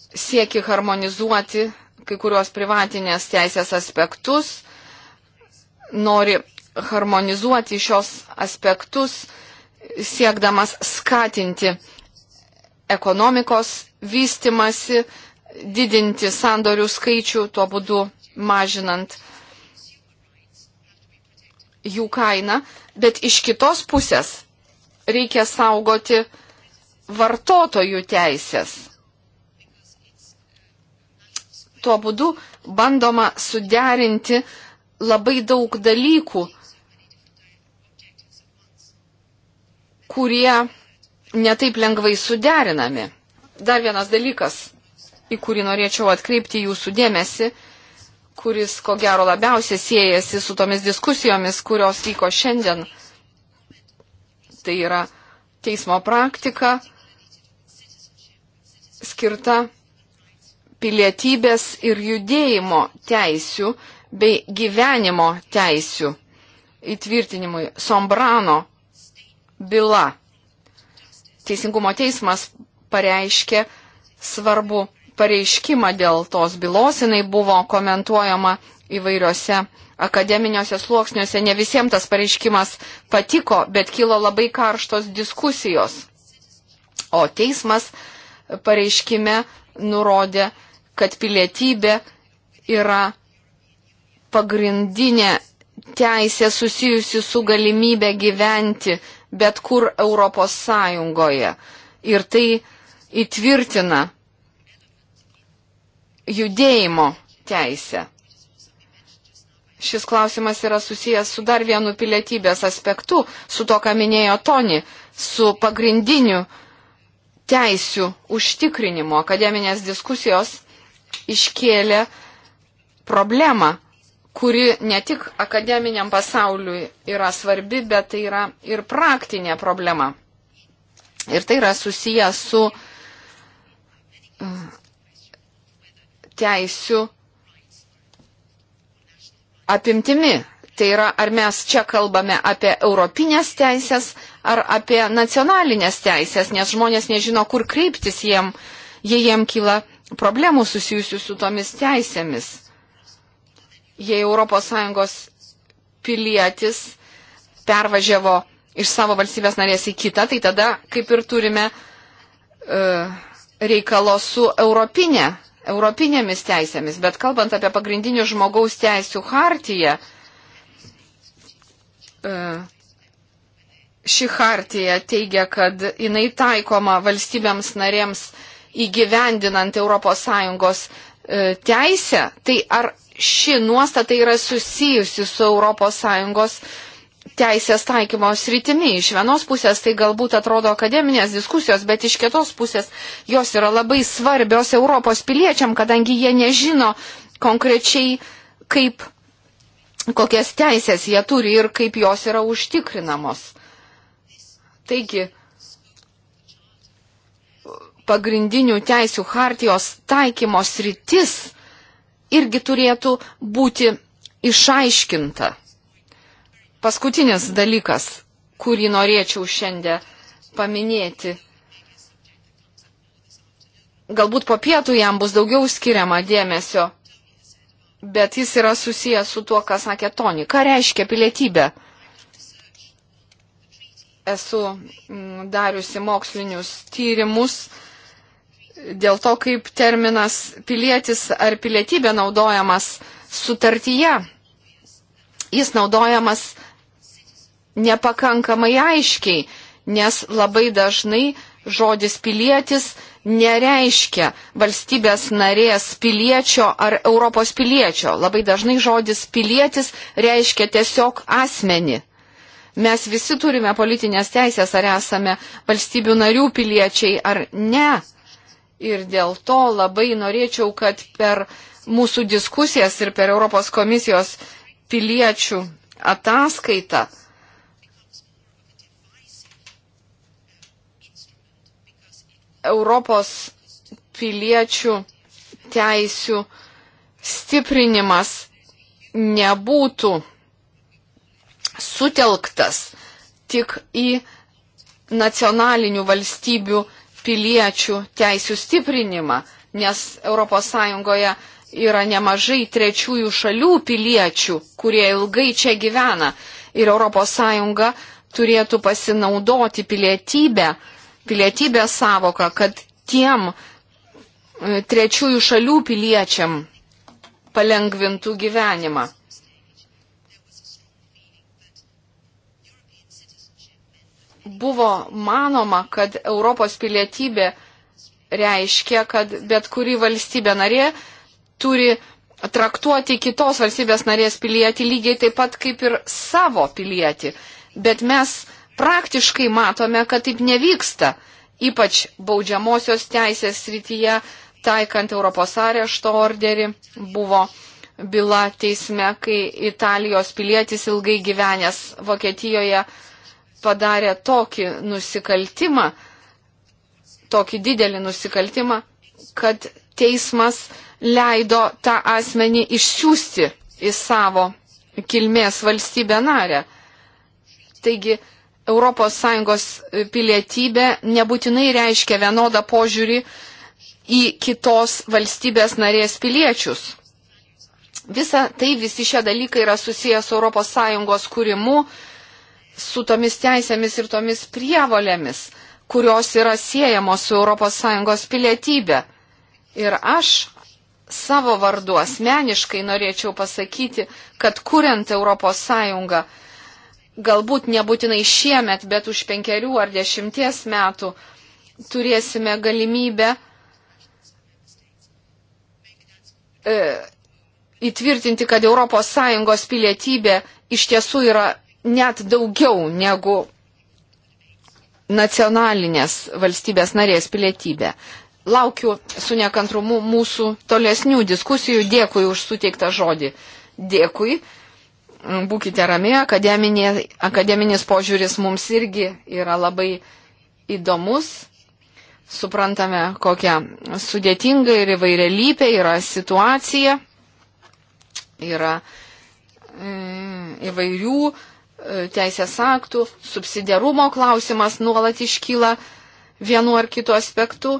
sieki harmonizuoti kai kurios privatinės teisės aspektus, nori harmonizuoti šios aspektus, siekdamas skatinti ekonomikos vystimasi, didinti sandorių skaičių, tuo būdu mažinant jų kainą. Bet iš kitos pusės reikia saugoti vartotojų teisės. Tuo būdu bandoma suderinti uh, labai daug dalykų, kurie netaip lengvai suderinami. Dar vienas dalykas, į kurį norėčiau atkreipti jūsų dėmesį, kuris ko gero labiausiai siejasi su tomis diskusijomis, kurios vyko šiandien. Tai yra teismo praktika skirta pilietybės ir judėjimo teisių bei gyvenimo teisių įtvirtinimui Sombrano byla. Teisingumo teismas pareiškė svarbu pareiškimą dėl tos bylos, jinai buvo komentuojama įvairiose akademiniuose sluoksniuose, ne visiems tas pareiškimas patiko, bet kilo labai karštos diskusijos. O teismas pareiškime nurodė, kad pilietybė yra pagrindinė teisė susijusi su galimybė gyventi bet kur Europos Sąjungoje. Ir tai įtvirtina judėjimo teisę. Šis klausimas yra susijęs su dar vienu pilietybės aspektu, su to, ką minėjo Toni, su pagrindiniu teisių užtikrinimu. Akademinės diskusijos iškėlė problemą kuri ne tik akademiniam pasauliui yra svarbi, bet tai yra ir praktinė problema. Ir tai yra susiję su e, teisių apimtimi. Tai yra, ar mes čia kalbame apie europinės teisės ar apie nacionalinės teisės, nes žmonės nežino, kur kreiptis jiem, jei jiem kyla problemų susijusių su tomis teisėmis jei ES pilietis pervažiavo iš savo valstybės narės į kitą, tai tada kaip ir turime uh, reikalo su europinė, europinėmis teisėmis. Bet kalbant apie pagrindinių žmogaus teisų hartiją, uh, ši hartija teigia, kad jinai taikoma valstybėms narėms įgyvendinant ES e, teisę, tai ar ši nuostata yra susijusi su ES teisės taikymo sritimi. Iš vienos pusės tai galbūt atrodo akademinės diskusijos, bet iš kitos pusės jos yra labai svarbios Europos piliečiam, kadangi jie nežino konkrečiai, kaip, kokias teisės jie turi ir kaip jos yra užtikrinamos. Taigi, pagrindinių teisių hartijos taikymos rytis irgi turėtų būti išaiškinta. Paskutinis dalykas, kurį norėčiau šiandien paminėti. Galbūt po pietų jam bus daugiau skiriama dėmesio, bet jis yra susijęs su tuo, ką sakė Toni. Ką reiškia pilietybė? Esu mm, dariusi mokslinius tyrimus dėl to, kaip terminas pilietis ar pilietybė naudojamas sutartyje. Jis naudojamas nepakankamai aiškiai, nes labai dažnai žodis pilietis nereiškia valstybės narės piliečio ar Europos piliečio. Labai dažnai žodis pilietis reiškia tiesiog asmenį. Mes visi turime politinės teisės, ar esame valstybių narių piliečiai ar ne. Ir dėl to labai norėčiau, kad per mūsų diskusijas ir per Europos komisijos piliečių ataskaitą Europos piliečių teisių stiprinimas nebūtų sutelktas tik į nacionalinių valstybių piliečių teisių stiprinimą, nes ES yra nemažai trečiųjų šalių piliečių, kurie ilgai čia gyvena ir ES turėtų pasinaudoti pilietybę, pilietybę savoką, kad tiem e, trečiųjų šalių piliečiam palengvintų gyvenimą. buvo manoma, kad Europos pilietybė reiškia, kad bet kuri valstybė narė turi traktuoti kitos valstybės narės pilietį lygiai taip pat kaip ir savo pilietį. Bet mes praktiškai matome, kad taip nevyksta, ypač baudžiamosios teisės srityje, taikant Europos arešto orderį, buvo byla teisme, kai Italijos pilietis ilgai gyvenęs Vokietijoje padarę tokį nusikaltimą, tokį didelį nusikaltimą, kad teismas leido tą asmenį išsiųsti į savo kilmės valstybę narę. Taigi ES pilietybė nebūtinai reiškia vienodą požiūrį į kitos valstybės narės piliečius. Visa tai, visi šie dalykai yra susijęs su ES kūrimu, su tomis teisėmis ir tomis prievolėmis, kurios yra siejamos su ES pilietybė. Ir aš savo vardu asmeniškai norėčiau pasakyti, kad kuriant ES, galbūt nebūtinai šiemet, bet už penkerių ar dešimties metų turėsime galimybę e, įtvirtinti, kad ES pilietybė iš tiesų yra net daugiau negu nacionalinės valstybės narės pilietybė. Laukiu su nekantrumu mūsų tolesnių diskusijų. Dėkui už suteiktą žodį. Dėkui. Būkite rami, akademinė, akademinis požiūris mums irgi yra labai įdomus. Suprantame, kokia sudėtinga ir įvairialypė yra situacija. Yra mm, įvairių teisės aktų, subsidiarumo klausimas nuolat iškyla vienu ar kitu aspektu.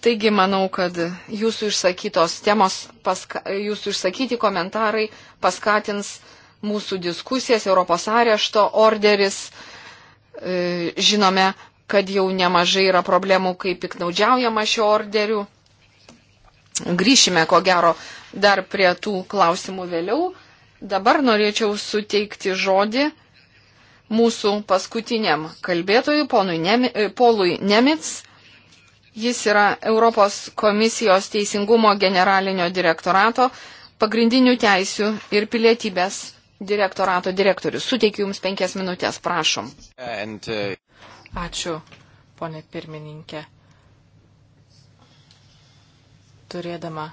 Taigi manau, kad jūsų išsakytos temos, paska, jūsų išsakyti komentarai paskatins mūsų diskusijas, Europos arešto orderis. E, žinome, kad jau nemažai yra problemų, kaip piknaudžiaujama šio orderiu grįšime, ko gero, dar prie tų klausimų vėliau. Dabar norėčiau suteikti žodį mūsų paskutiniam kalbėtojui, Nemi, e, Polui Nemits. Jis yra Europos komisijos teisingumo generalinio direktorato, pagrindinių teisių ir pilietybės direktorato direktorius. Suteikiu Jums penkias minutės, prašom. And, uh... Ačiū, ponė pirmininkė turėdama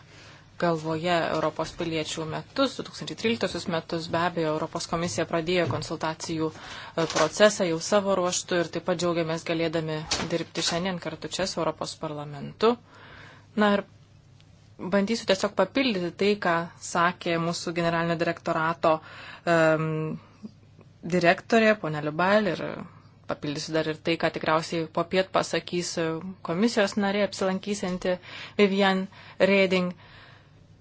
galvoje Europos piliečių metus, 2013 metus, be abejo, Europos komisija pradėjo konsultacijų e, procesą jau savo ruoštų ir taip pat džiaugiamės galėdami dirbti šiandien kartu čia su Europos parlamentu. Na ir bandysiu tiesiog papildyti tai, ką sakė mūsų generalinio direktorato um, direktorė, ponė Liubail, ir papildysiu dar ir tai, ką tikriausiai po piet pasakys komisijos narė apsilankysinti Vivian. Uh, Reding.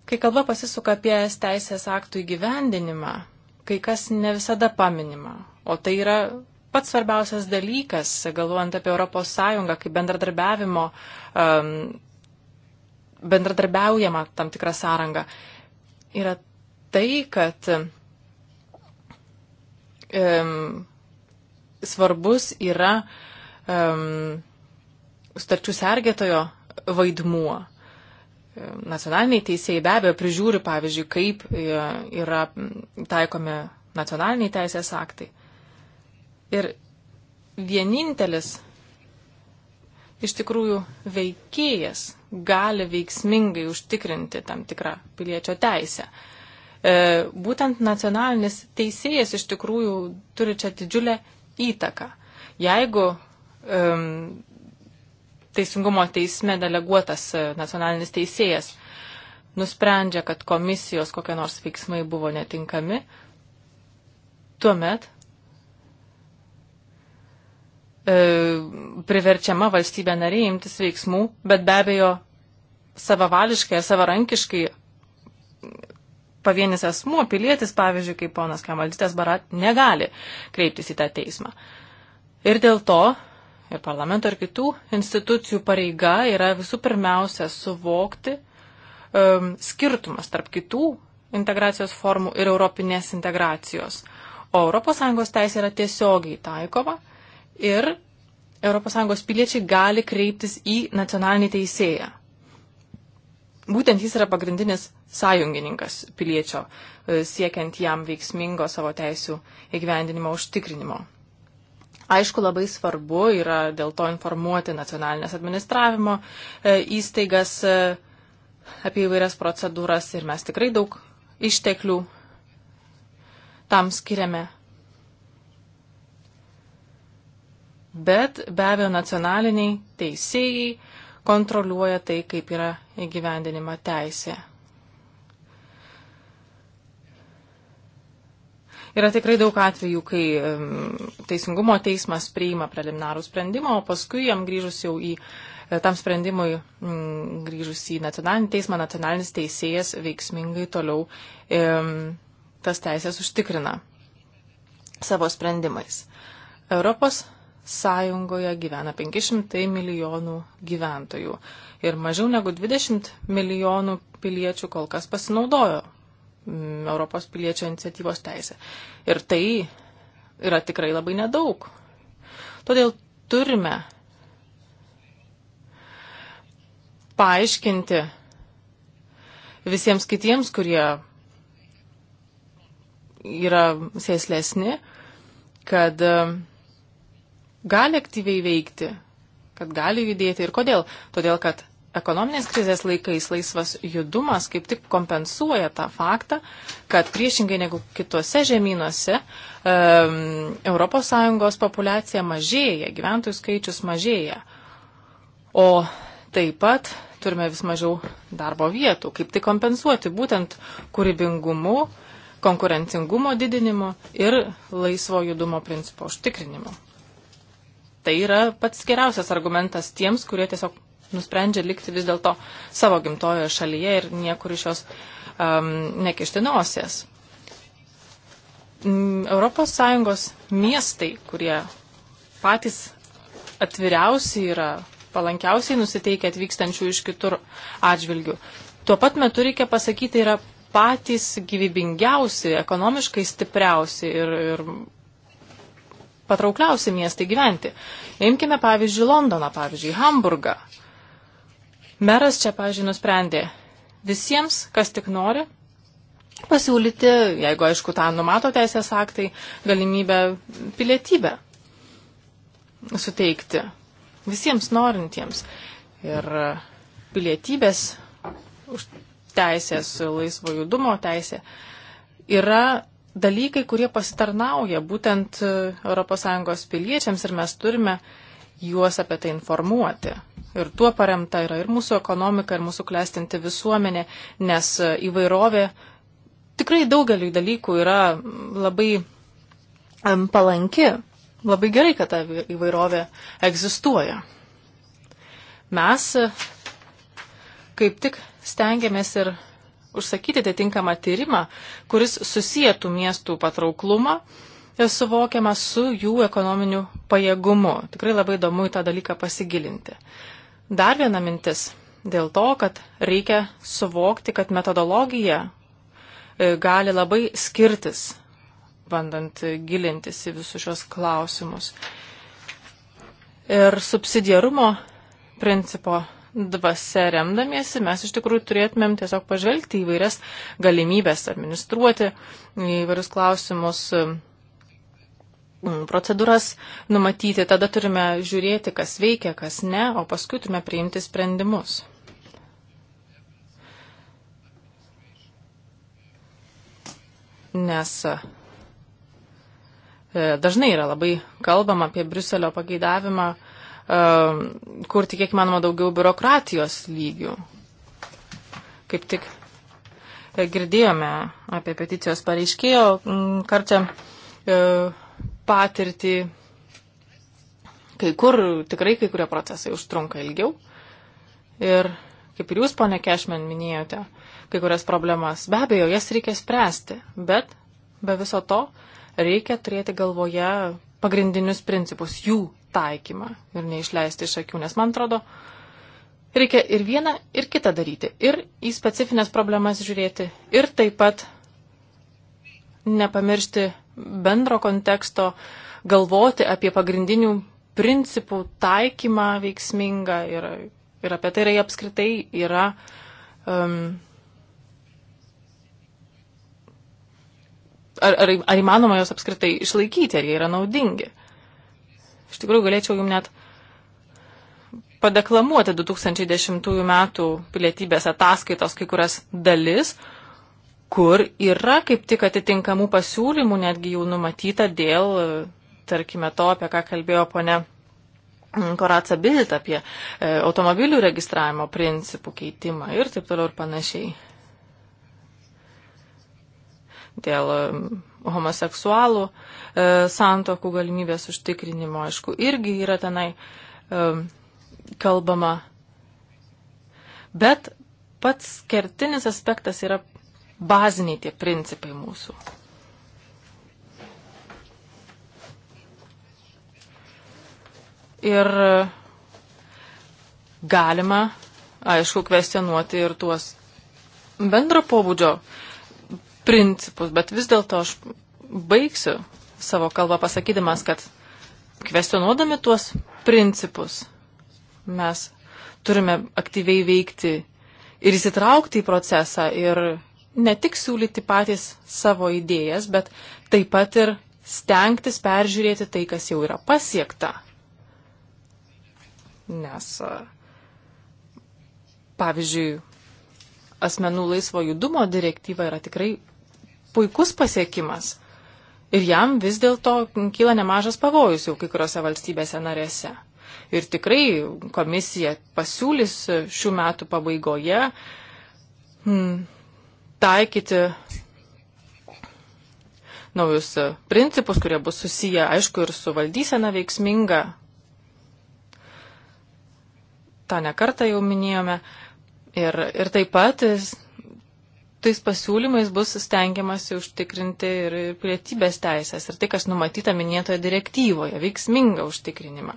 Kai kalba pasisuka apie es teisės aktų įgyvendinimą, kai kas ne visada paminima, o tai yra pats svarbiausias dalykas, galvojant apie ES kaip bendradarbiavimo, um, bendradarbiaujama tam tikrą sąrangą, yra tai, kad um, svarbus yra um, starčių sergėtojo vaidmuo nacionaliniai teisėjai be abejo prižiūri, pavyzdžiui, kaip e, yra taikomi nacionaliniai teisės aktai. Ir vienintelis iš tikrųjų veikėjas gali veiksmingai užtikrinti tam tikrą piliečio teisę. E, būtent nacionalinis teisėjas iš tikrųjų turi čia didžiulę įtaką. Jeigu um, teisingumo teisme deleguotas e, nacionalinis teisėjas nusprendžia, kad komisijos kokie nors veiksmai buvo netinkami, tuomet e, priverčiama valstybė nariai imtis veiksmų, bet be abejo savavališkai ar savarankiškai pavienis asmuo, pilietis, pavyzdžiui, kaip ponas Kamaldytas Barat, negali kreiptis į tą teismą. Ir dėl to ir parlamento ir kitų institucijų pareiga yra visų pirmiausia suvokti um, skirtumas tarp kitų integracijos formų ir europinės integracijos. O ES teisė yra tiesiogiai taikoma ir ES piliečiai gali kreiptis į nacionalinį teisėją. Būtent jis yra pagrindinis sąjungininkas piliečio, e, siekiant jam veiksmingo savo teisų įgyvendinimo užtikrinimo. Aišku, labai svarbu yra dėl to informuoti nacionalinės administravimo e, įstaigas e, apie įvairias procedūras ir mes tikrai daug išteklių tam skiriame. Bet be abejo nacionaliniai teisėjai kontroliuoja tai, kaip yra įgyvendinima teisė. Yra tikrai daug atvejų, kai teisingumo teismas priima preliminarų sprendimą, o paskui jam grįžus jau į e, tam sprendimui m, grįžus į nacionalinį teismą, nacionalinis teisėjas veiksmingai toliau e, tas teisės užtikrina savo sprendimais. Europos Sąjungoje gyvena 500 milijonų gyventojų ir mažiau negu 20 milijonų piliečių kol kas pasinaudojo Mm, Europos piliečio iniciatyvos teisę. Ir tai yra tikrai labai nedaug. Todėl turime paaiškinti visiems kitiems, kurie yra sėslesni, kad e, gali aktyviai veikti, kad gali judėti ir kodėl. Todėl, kad ekonominės krizės laikais laisvas judumas kaip tik kompensuoja tą faktą, kad priešingai negu kitose žemynuose um, ES populiacija mažėja, gyventojų skaičius mažėja. O taip pat turime vis mažiau darbo vietų, kaip tai kompensuoti būtent kūrybingumu, konkurencingumo didinimu ir laisvo judumo principo užtikrinimu. Tai yra pats geriausias argumentas tiems, kurie tiesiog nusprendžia likti vis dėlto savo gimtojoje šalyje ir niekur iš jos um, nekišti nosies. Mm, Europos Sąjungos miestai, kurie patys atviriausi yra, palankiausiai nusiteikia atvykstančių iš kitur atžvilgių. Tuo pat metu reikia pasakyti, yra patys gyvybingiausi, ekonomiškai stipriausi ir, ir patraukliausi miestai gyventi. Imkime pavyzdžiui Londoną, pavyzdžiui Hamburgą. Meras čia, pažiūrėjau, nusprendė visiems, kas tik nori, pasiūlyti, jeigu aišku, tą numato teisės aktai, galimybę pilietybę suteikti visiems norintiems. Ir pilietybės teisės, laisvo judumo teisė yra dalykai, kurie pasitarnauja būtent ES piliečiams ir mes turime uh, juos apie tai informuoti. Ir tuo paremta yra ir mūsų ekonomika, ir mūsų klestinti visuomenė, nes e, įvairovė tikrai daugeliu dalykų yra labai palanki. Labai gerai, kad ta įvairovė egzistuoja. Mes e, kaip tik stengiamės ir užsakyti atitinkamą tyrimą, kuris susijėtų miestų patrauklumą suvokiama su jų ekonominiu pajėgumu. Tikrai labai įdomu į tą dalyką pasigilinti. Dar viena mintis dėl to, kad reikia suvokti, kad metodologija e, gali labai skirtis, bandant gilintis į visus šios klausimus. Ir subsidiarumo principo dvasia remdamiesi mes iš tikrųjų turėtumėm tiesiog pažvelgti į vairias galimybės administruoti, į vairius klausimus Mm, procedūras numatyti, tada turime žiūrėti, kas veikia, kas ne, o paskui turime priimti sprendimus. Nes e, dažnai yra labai kalbama apie Briuselio pageidavimą e, kurti kiek manoma daugiau biurokratijos lygių. Kaip tik e, girdėjome apie peticijos pareiškėjo kartą patirtį. Kai kur, tikrai kai kurie procesai užtrunka ilgiau. Ir kaip ir jūs, ponė Kešmen, minėjote, kai kurias problemas. Be abejo, jas reikia spręsti, bet be viso to reikia turėti galvoje pagrindinius principus, jų taikymą ir neišleisti iš akių, nes man atrodo, reikia ir vieną, ir kitą daryti. Ir į specifines problemas žiūrėti, ir taip pat nepamiršti bendro konteksto, galvoti apie pagrindinių principų taikymą veiksmingą ir, ir apie tai, ar apskritai yra um, ar, ar, ar įmanoma jos apskritai išlaikyti, ar jie yra naudingi. Iš tikrųjų, galėčiau jums net padeklamuoti 2010 metų pilietybės ataskaitos kai kurias dalis, kur yra kaip tik atitinkamų pasiūlymų, netgi jau numatyta dėl, tarkime, to, apie ką kalbėjo ponė Koraca Bilit, apie e, automobilių registravimo principų keitimą ir taip toliau ir panašiai. Dėl e, homoseksualų e, santokų galimybės užtikrinimo, aišku, irgi yra tenai kalbama. Bet pats kertinis aspektas yra baziniai tie principai mūsų. Ir galima, aišku, kvestionuoti ir tuos bendro pobūdžio principus, bet vis dėlto aš baigsiu savo kalbą pasakydamas, kad kvestionuodami tuos principus mes turime aktyviai veikti ir įsitraukti į procesą ir ne tik siūlyti patys savo idėjas, bet taip pat ir stengtis peržiūrėti tai, kas jau yra pasiekta. Nes, pavyzdžiui, asmenų laisvo judumo direktyva yra tikrai puikus pasiekimas. Ir jam vis dėlto kyla nemažas pavojus jau kai kuriuose valstybėse narėse. Ir tikrai komisija pasiūlys šių metų pabaigoje hmm, taikyti naujus principus, kurie bus susiję, aišku, ir su valdysena veiksminga. Ta nekartą jau minėjome. Ir, ir taip pat tais pasiūlymais bus stengiamasi užtikrinti ir pilietybės teisės ir tai, kas numatyta minėtoje direktyvoje, veiksmingą užtikrinimą.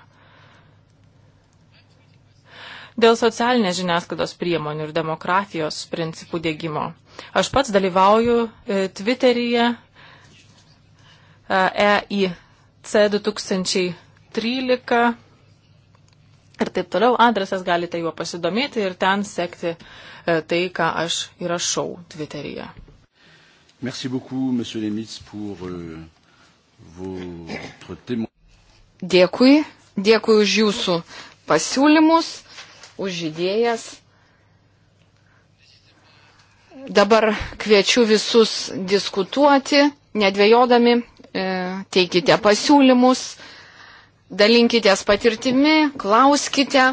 Dėl socialinės žiniasklaidos priemonių ir demokratijos principų dėgymo. Aš pats dalyvauju e, Twitteryje EIC e 2013 ir taip toliau. Adresas galite juo pasidomėti ir ten sekti e, tai, ką aš įrašau Twitteryje. Merci beaucoup, monsieur Lemitz, pour euh, votre témoignage. Dėkui, dėkui už jūsų pasiūlymus užžydėjęs. Dabar kviečiu visus diskutuoti, nedvėjodami, e, teikite pasiūlymus, dalinkitės patirtimi, klauskite,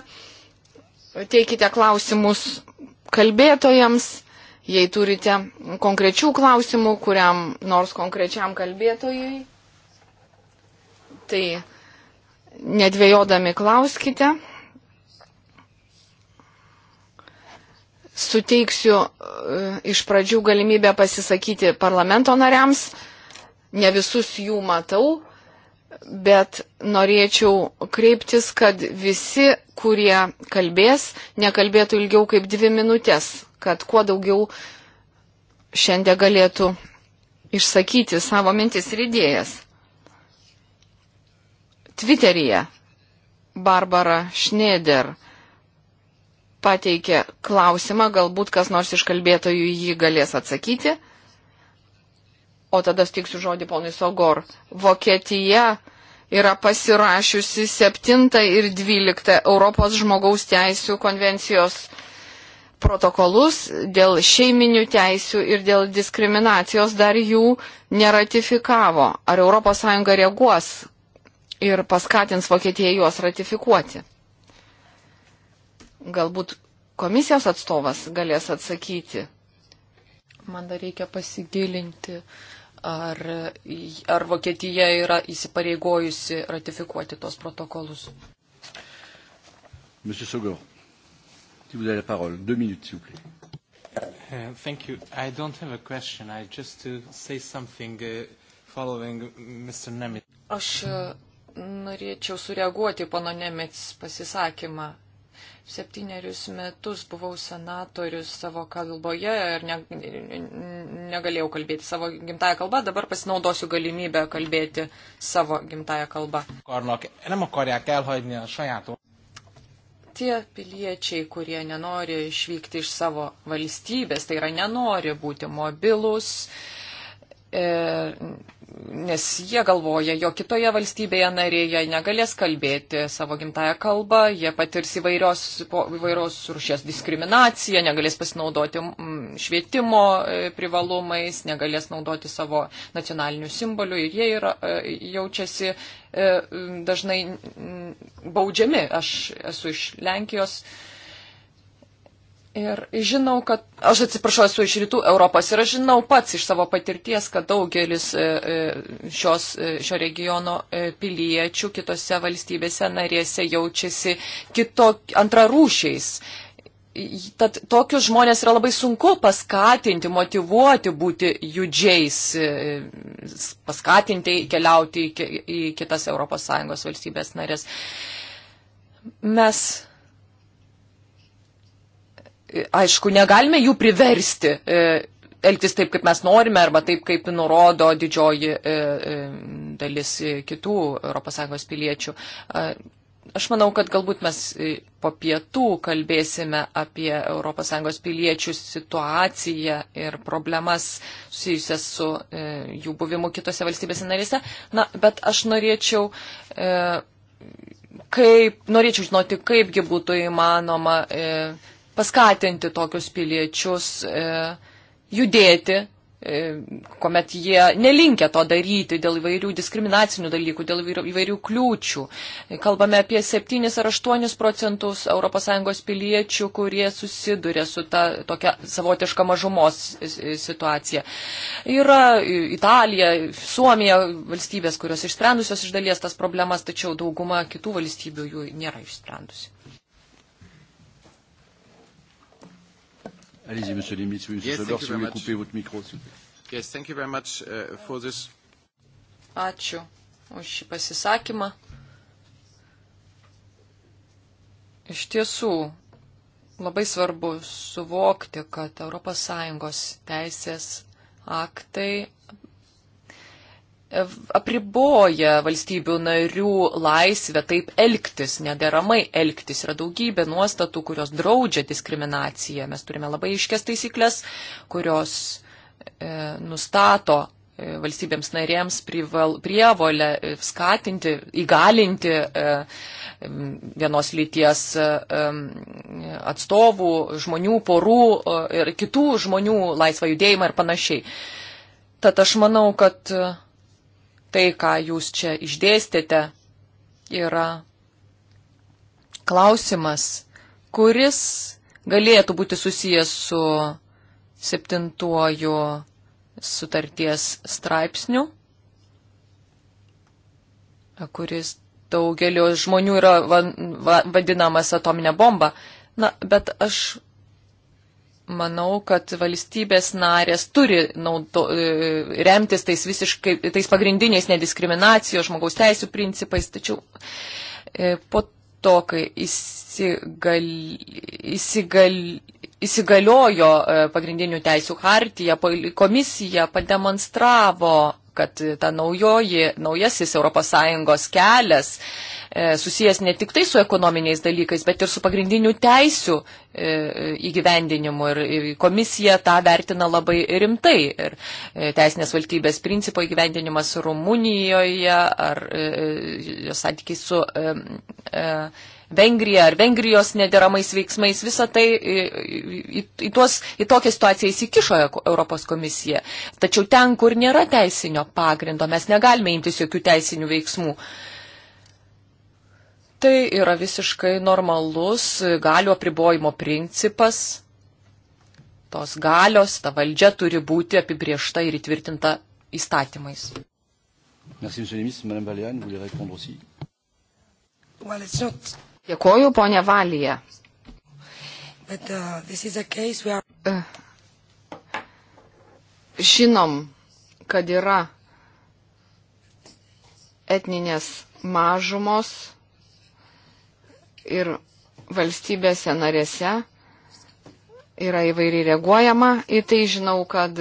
teikite klausimus kalbėtojams. Jei turite konkrečių klausimų, kuriam nors konkrečiam kalbėtojui, tai nedvėjodami klauskite. suteiksiu e, iš pradžių galimybę pasisakyti parlamento nariams. Ne visus jų matau, bet norėčiau kreiptis, kad visi, kurie kalbės, nekalbėtų ilgiau kaip dvi minutės, kad kuo daugiau šiandien galėtų išsakyti savo mintis ir idėjas. Twitteryje Barbara Schneider pateikė klausimą, galbūt kas nors iš kalbėtojų jį galės atsakyti. O tada stiksiu žodį ponui Sogor. Vokietija yra pasirašiusi 7 ir 12 Europos žmogaus teisų konvencijos protokolus dėl šeiminių teisių ir dėl diskriminacijos dar jų neratifikavo. Ar ES reaguos ir paskatins Vokietiją juos ratifikuoti? Galbūt komisijos atstovas galės atsakyti. Man dar reikia pasigilinti, ar, ar Vokietija yra įsipareigojusi ratifikuoti tos protokolus. Monsieur Sogor, si vous avez la parole, deux minutes, s'il vous plaît. Uh, thank you. I don't have a question. I just to uh, say something uh, following Mr. Nemitz. Aš uh, norėčiau sureaguoti pano Nemits pasisakymą septynerius metus buvau senatorius savo kalboje ir ne, negalėjau kalbėti savo gimtają kalbą, dabar pasinaudosiu galimybę kalbėti savo gimtają kalbą. Tie piliečiai, kurie nenori išvykti iš savo valstybės, tai yra nenori būti mobilus, uh, E, nes jie galvoja, jo kitoje valstybėje narėje negalės kalbėti savo gimtają kalbą, jie patirs įvairios, įvairios rušės diskriminaciją, negalės pasinaudoti mm, švietimo e, privalumais, negalės naudoti savo nacionalinių simbolių ir jie yra, e, jaučiasi dažnai baudžiami. Aš esu iš Lenkijos Ir žinau, kad, aš atsiprašau, esu iš rytų Europos ir aš žinau pats iš savo patirties, kad daugelis e, e, šios, e, šio regiono piliečių kitose valstybėse narėse jaučiasi kitok, antrarūšiais. Tad tokius žmonės yra labai sunku paskatinti, motivuoti būti judžiais, paskatinti keliauti į kitas ES valstybės narės. Mes aišku, negalime jų priversti e, elgtis taip, kaip mes norime, arba taip, kaip nurodo didžioji e, e, dalis kitų ES piliečių. Aš manau, kad galbūt mes po pietų kalbėsime apie ES piliečių situaciją ir problemas susijusias su e, jų buvimu kitose valstybėse narėse. Na, bet aš norėčiau. E, Kaip, norėčiau žinoti, kaipgi būtų įmanoma e, paskatinti tokius piliečius e, judėti, e, kuomet jie nelinkia to daryti dėl įvairių diskriminacinių dalykų, dėl įvairių kliūčių. Kalbame apie 7 ar 8 procentus ES piliečių, kurie susiduria su ta tokia savotiška mažumos situacija. Yra Italija, Suomija valstybės, kurios išsprendusios iš dalies tas problemas, tačiau dauguma kitų valstybių jų nėra išsprendusi. Allez-y, Monsieur Limits, Monsieur yes, Sodor, si vous voulez couper votre micro, s'il vous plaît. Yes, thank you very much uh, for this. Ačiū už šį pasisakymą. Iš tiesų, labai svarbu suvokti, kad ES teisės aktai apriboja valstybių narių laisvę taip elgtis, nederamai elgtis. Yra daugybė nuostatų, kurios draudžia diskriminaciją. Mes turime labai iškės taisyklės, kurios e, nustato e, valstybėms narėms prival, prievolę e, skatinti, įgalinti e, vienos lyties atstovų, žmonių, porų ir kitų žmonių laisvą judėjimą ir panašiai. Tad aš manau, kad Tai, ką jūs čia išdėstėte, yra klausimas, kuris galėtų būti susijęs su septintuoju sutarties straipsniu, kuris daugelio žmonių yra vadinamas atominė bomba. Na, bet aš manau, kad valstybės narės turi naudo, e, remtis tais visiškai, tais pagrindiniais nediskriminacijos, žmogaus teisų principais, tačiau e, po to, kai įsigal, įsigal, įsigaliojo e, pagrindinių teisų hartija, komisija pademonstravo kad ta naujoji, naujasis ES kelias e, susijęs ne tik tai su ekonominiais dalykais, bet ir su pagrindinių teisių e, įgyvendinimu. Ir, ir komisija tą vertina labai rimtai. Ir e, teisinės valstybės principo įgyvendinimas Rumunijoje ar e, e jos santykiai su. E, e, Vengrija ar Vengrijos nederamais veiksmais, visą tai į, į, į, tuos, į tokią situaciją įsikišo Europos komisija. Tačiau ten, kur nėra teisinio pagrindo, mes negalime imtis jokių teisinių veiksmų. Tai yra visiškai normalus galių apribojimo principas. Tos galios, ta valdžia turi būti apibriešta ir įtvirtinta įstatymais. Merci, Monsieur le Ministre. Madame Valéane, vous voulez répondre aussi Well, it's not Dėkoju, ponė Valija. But, uh, where... uh, žinom, kad yra etninės mažumos ir valstybėse narėse yra įvairiai reaguojama. Į tai žinau, kad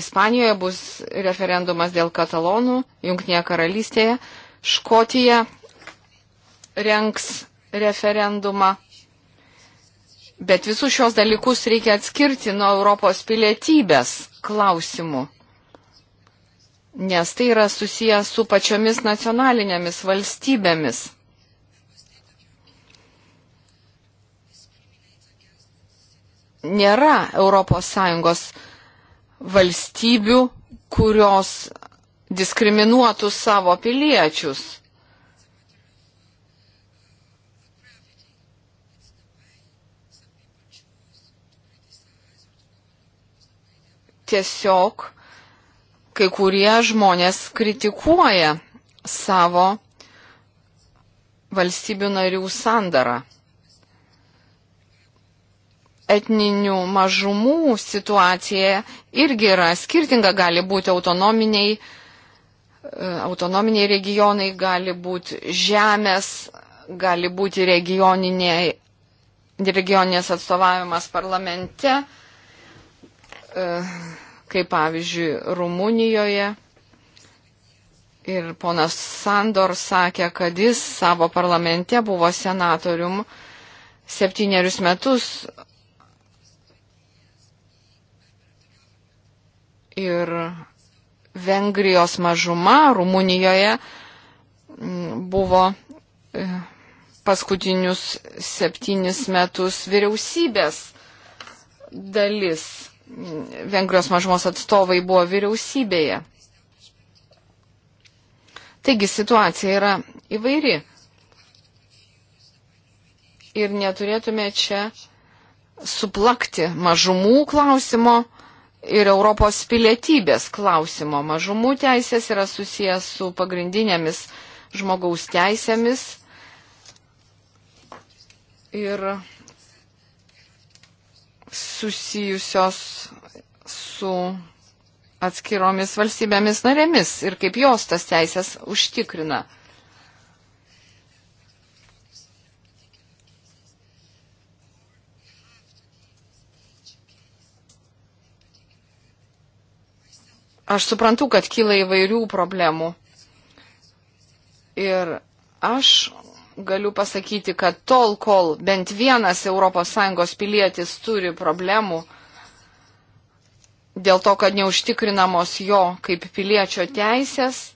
Ispanijoje bus referendumas dėl katalonų, Junktinėje karalystėje, Škotija renks referendumą. Bet visus šios dalykus reikia atskirti nuo Europos pilietybės klausimų, nes tai yra susijęs su pačiomis nacionalinėmis valstybėmis. Nėra ES valstybių, kurios diskriminuotų savo piliečius. tiesiog kai kurie žmonės kritikuoja savo valstybių narių sandarą. Etninių mažumų situacija irgi yra skirtinga, gali būti autonominiai, e, autonominiai regionai, gali būti žemės, gali būti regioniniai, regioninės atstovavimas parlamente e, kaip pavyzdžiui Rumunijoje. Ir ponas Sandor sakė, kad jis savo parlamente buvo senatorium septynerius metus. Ir Vengrijos mažuma Rumunijoje mm, buvo e, paskutinius septynis metus vyriausybės dalis. Vengrijos mažumos atstovai buvo vyriausybėje. Taigi situacija yra įvairi. Ir neturėtume čia suplakti mažumų klausimo ir Europos pilietybės klausimo. Mažumų teisės yra susijęs su pagrindinėmis žmogaus teisėmis. Ir susijusios su atskiromis valstybėmis narėmis ir kaip jos tas teisės užtikrina. Aš suprantu, kad kyla įvairių problemų. Ir aš galiu pasakyti, kad tol, kol bent vienas ES pilietis turi problemų dėl to, kad neužtikrinamos jo kaip piliečio teisės,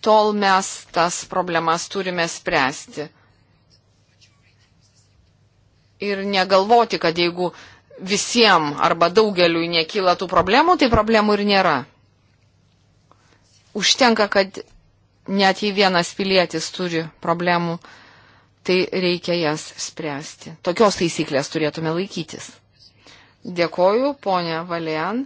tol mes tas problemas turime spręsti. Ir negalvoti, kad jeigu visiems arba daugeliu nekyla tų problemų, tai problemų ir nėra. Užtenka, kad net jei vienas pilietis turi problemų, tai reikia jas spręsti. Tokios taisyklės turėtume laikytis. Dėkoju, ponė Valian.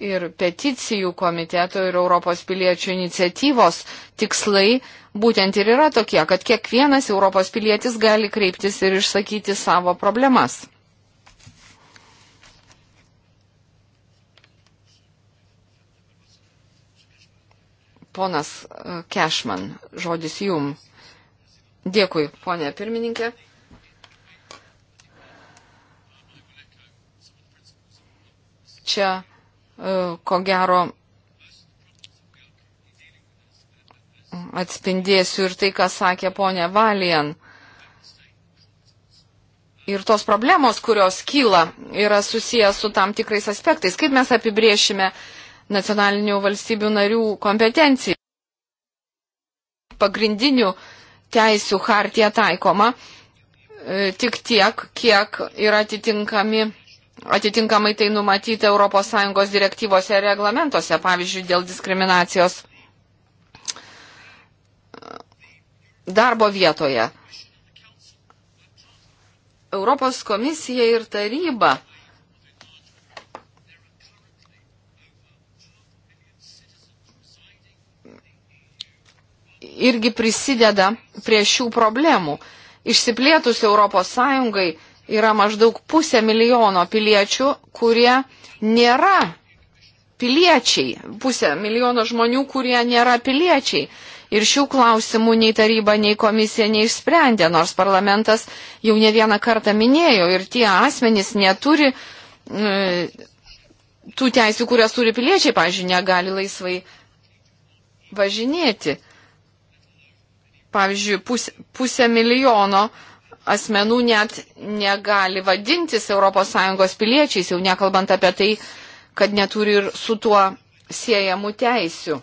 Ir peticijų komiteto ir Europos piliečių iniciatyvos tikslai būtent ir yra tokie, kad kiekvienas Europos pilietis gali kreiptis ir išsakyti savo problemas. Ponas Kešman, žodis jum. Dėkui, ponė pirmininkė. Čia, e, ko gero, atspindėsiu ir tai, ką sakė ponė Valijan. Ir tos problemos, kurios kyla, yra susijęs su tam tikrais aspektais. Kaip mes apibriešime uh, nacionalinių valstybių narių kompetencijų. Pagrindinių teisių hartija taikoma e, tik tiek, kiek yra atitinkami, atitinkamai tai numatyti ES direktyvose ir reglamentuose, pavyzdžiui, dėl diskriminacijos darbo vietoje. Europos komisija ir taryba irgi prisideda prie šių problemų. Išsiplėtus Europos Sąjungai yra maždaug pusė milijono piliečių, kurie nėra piliečiai, pusė milijono žmonių, kurie nėra piliečiai. Ir šių klausimų nei taryba, nei komisija neišsprendė, nors parlamentas jau ne vieną kartą minėjo ir tie asmenys neturi e, tų teisių, kurias turi piliečiai, pažiūrėjau, negali laisvai važinėti pavyzdžiui, pusę, pusę milijono asmenų net negali vadintis ES piliečiais, jau nekalbant apie tai, kad neturi ir su tuo siejamų teisių.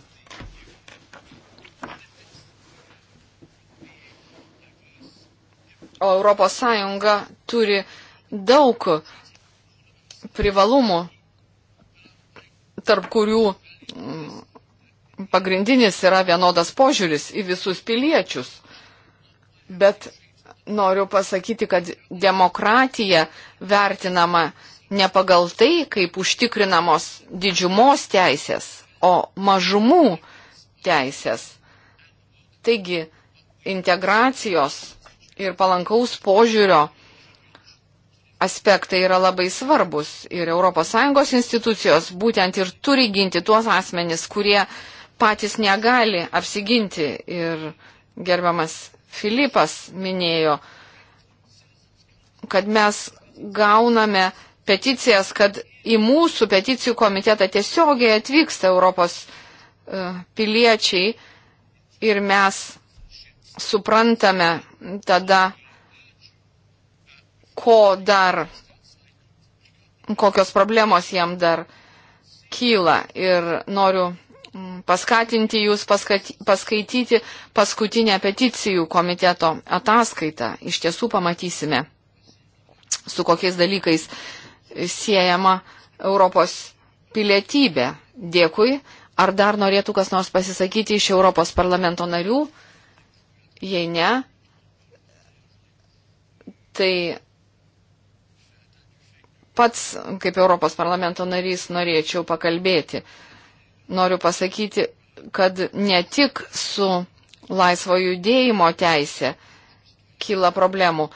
O ES turi daug privalumų, tarp kurių pagrindinis yra vienodas požiūris į visus piliečius. Bet noriu pasakyti, kad demokratija vertinama ne pagal tai, kaip užtikrinamos didžiumos teisės, o mažumų teisės. Taigi, integracijos ir palankaus požiūrio aspektai yra labai svarbus ir ES institucijos būtent ir turi ginti tuos asmenis, kurie uh, patys negali apsiginti. Ir gerbiamas Filipas minėjo, kad mes gauname peticijas, kad į mūsų peticijų komitetą tiesiogiai atvyksta Europos e, piliečiai ir mes suprantame tada, ko dar, kokios problemos jam dar kyla. Ir noriu Mm, paskatinti jūs paskaityti paskutinę peticijų komiteto ataskaitą. Iš tiesų pamatysime, su kokiais dalykais siejama Europos pilietybė. Dėkui. Ar dar norėtų kas nors pasisakyti iš Europos parlamento narių? Jei ne, tai pats kaip Europos parlamento narys norėčiau pakalbėti noriu pasakyti, kad ne tik su laisvo judėjimo teisė kyla problemų,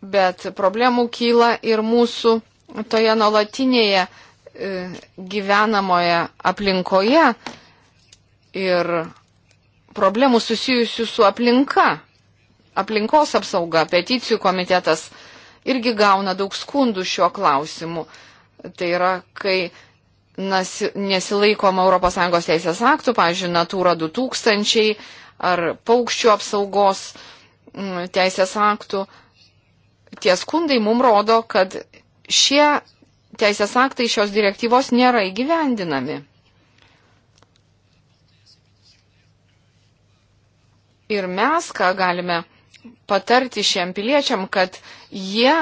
bet problemų kyla ir mūsų toje nuolatinėje e, gyvenamoje aplinkoje ir problemų susijusių su aplinka, aplinkos apsauga, peticijų komitetas irgi gauna daug skundų šiuo klausimu. Tai yra, kai nesilaikoma ES teisės aktų, pavyzdžiui, Natūra 2000 ar paukščių apsaugos mm, teisės aktų. Tie skundai mums rodo, kad šie teisės aktai šios direktyvos nėra įgyvendinami. Ir mes ką galime patarti šiem piliečiam, kad jie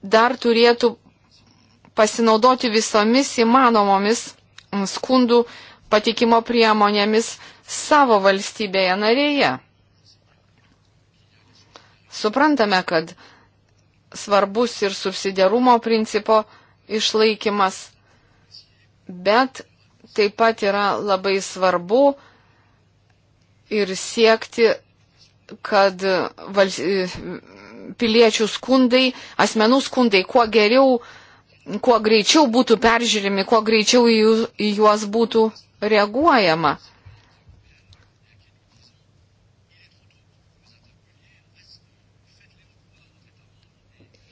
dar turėtų pasinaudoti visomis įmanomomis skundų patikimo priemonėmis savo valstybėje narėje. Suprantame, kad svarbus ir subsidiarumo principo išlaikymas, bet taip pat yra labai svarbu ir siekti, kad vals... piliečių skundai, asmenų skundai kuo geriau uh, kuo greičiau būtų peržiūrimi, kuo greičiau į, jų, į juos būtų reaguojama.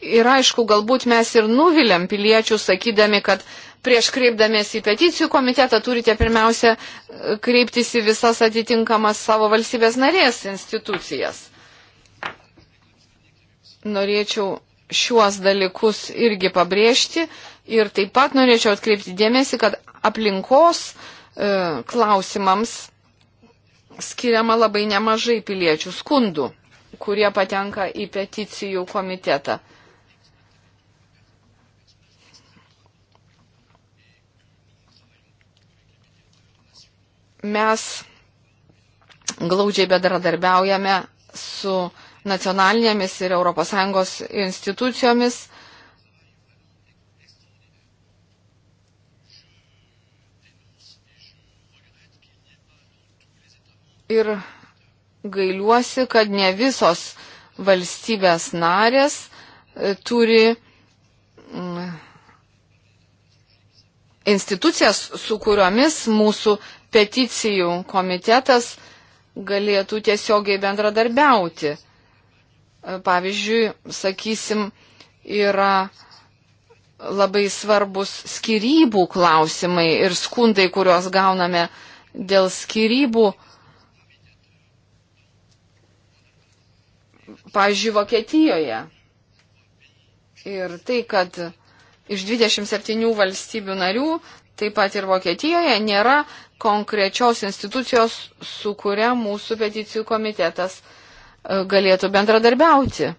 Ir aišku, galbūt mes ir nuviliam piliečių, sakydami, kad prieš kreipdamės į peticijų komitetą turite pirmiausia e, kreiptis į visas atitinkamas savo valstybės narės institucijas. Norėčiau šiuos dalykus irgi pabrėžti ir taip pat norėčiau atkreipti dėmesį, kad aplinkos e, klausimams skiriama labai nemažai piliečių skundų, kurie patenka į peticijų komitetą. Mes glaudžiai bedradarbiaujame su nacionalinėmis ir ES institucijomis. Ir gailiuosi, kad ne visos valstybės narės e, turi mm, institucijas, su kuriomis mūsų peticijų komitetas galėtų tiesiogiai bendradarbiauti pavyzdžiui, sakysim, yra labai svarbus skirybų klausimai ir skundai, kuriuos gauname dėl skirybų. Pavyzdžiui, Vokietijoje. Ir tai, kad iš 27 valstybių narių, taip pat ir Vokietijoje, nėra konkrečios institucijos, su kuria mūsų peticijų komitetas uh, galėtų bendradarbiauti.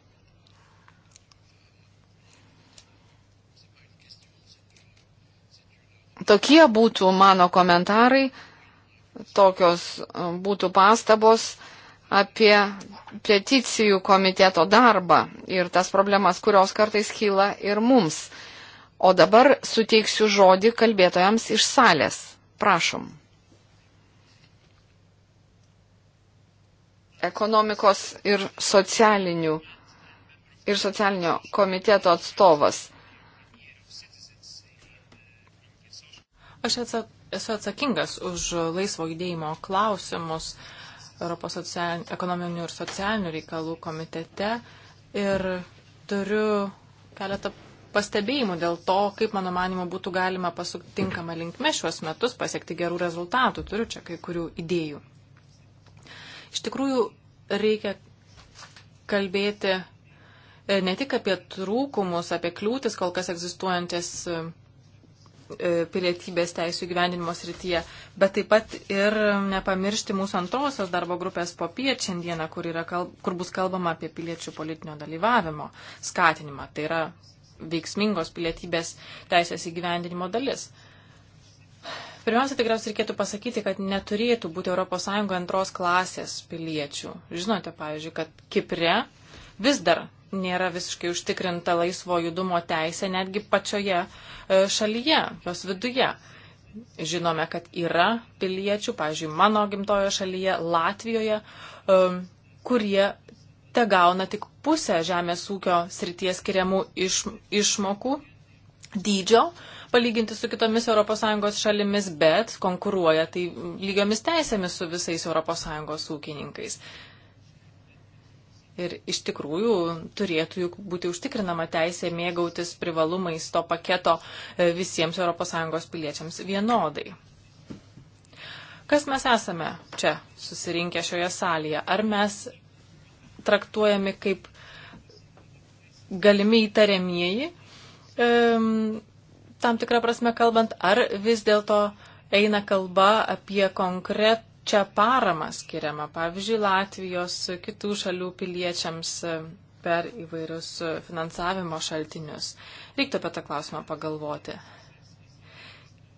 Tokie būtų mano komentarai, tokios e, būtų pastabos apie peticijų komiteto darbą ir tas problemas, kurios kartais kyla ir mums. O dabar suteiksiu žodį kalbėtojams iš salės. Prašom. ekonomikos ir, ir socialinio komiteto atstovas. Aš atsak, esu atsakingas už laisvo judėjimo klausimus Europos socialin, ekonominių ir socialinių reikalų komitete ir turiu keletą pastebėjimų dėl to, kaip mano manimo būtų galima pasukti tinkamą linkme šiuos metus, pasiekti gerų rezultatų. Turiu čia kai kurių idėjų. Iš tikrųjų, reikia kalbėti e, ne tik apie trūkumus, apie kliūtis kol kas egzistuojantis e, e, pilietybės teisų gyvendinimo srityje, bet taip pat ir nepamiršti mūsų antrosios darbo grupės popiet šiandieną, kur, kalb, kur bus kalbama apie piliečių politinio dalyvavimo skatinimą. Tai yra veiksmingos pilietybės teisės įgyvendinimo dalis. Pirmiausia, tikriausiai reikėtų pasakyti, kad neturėtų būti ES antros klasės piliečių. Žinote, pavyzdžiui, kad Kipre vis dar nėra visiškai užtikrinta laisvo judumo teisė netgi pačioje e, šalyje, jos viduje. Žinome, kad yra piliečių, pavyzdžiui, mano gimtojo šalyje, Latvijoje, e, kurie te gauna tik pusę žemės ūkio srities skiriamų iš, išmokų dydžio, palyginti su kitomis ES šalimis, bet konkuruoja tai lygiomis teisėmis su visais ES ūkininkais. Ir iš tikrųjų turėtų juk būti užtikrinama teisė mėgautis privalumais to paketo e, visiems ES piliečiams vienodai. Kas mes esame čia susirinkę šioje salėje? Ar mes traktuojami kaip galimi įtariamieji, um, tam tikrą prasme kalbant, ar vis dėlto eina kalba apie konkrečią paramą skiriamą, pavyzdžiui, Latvijos kitų šalių piliečiams e, per įvairius finansavimo šaltinius. Reiktų apie tą klausimą pagalvoti.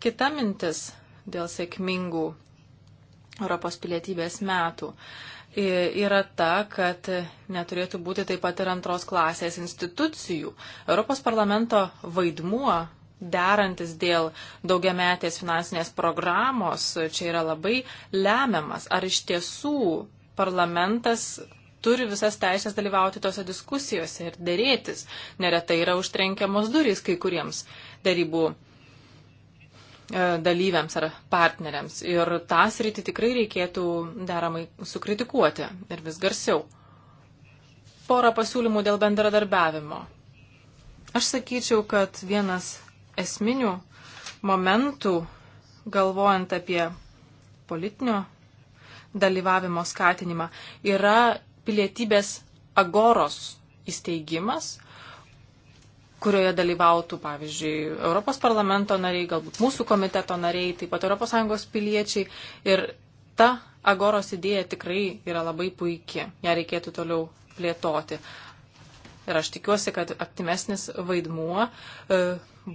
Kita mintis dėl sėkmingų Europos pilietybės metų e, yra ta, kad neturėtų būti taip pat ir antros klasės institucijų. Europos parlamento vaidmuo derantis dėl daugiametės finansinės programos čia yra labai lemiamas. Ar iš tiesų parlamentas turi visas teisės dalyvauti tose diskusijose ir dėrėtis. Neretai yra užtrenkiamos durys kai kuriems darybų e, dalyviams ar partneriams. Ir tą sritį tikrai reikėtų deramai sukritikuoti ir vis garsiau. Porą pasiūlymų dėl bendradarbiavimo. Aš sakyčiau, kad vienas esminių momentų, galvojant apie politinio dalyvavimo skatinimą, yra pilietybės agoros įsteigimas, kurioje dalyvautų, pavyzdžiui, Europos parlamento nariai, galbūt mūsų komiteto nariai, taip pat ES piliečiai. Ir ta agoros idėja tikrai yra labai puikia, ją reikėtų toliau plėtoti. Ir aš tikiuosi, kad aktyvesnis vaidmuo e,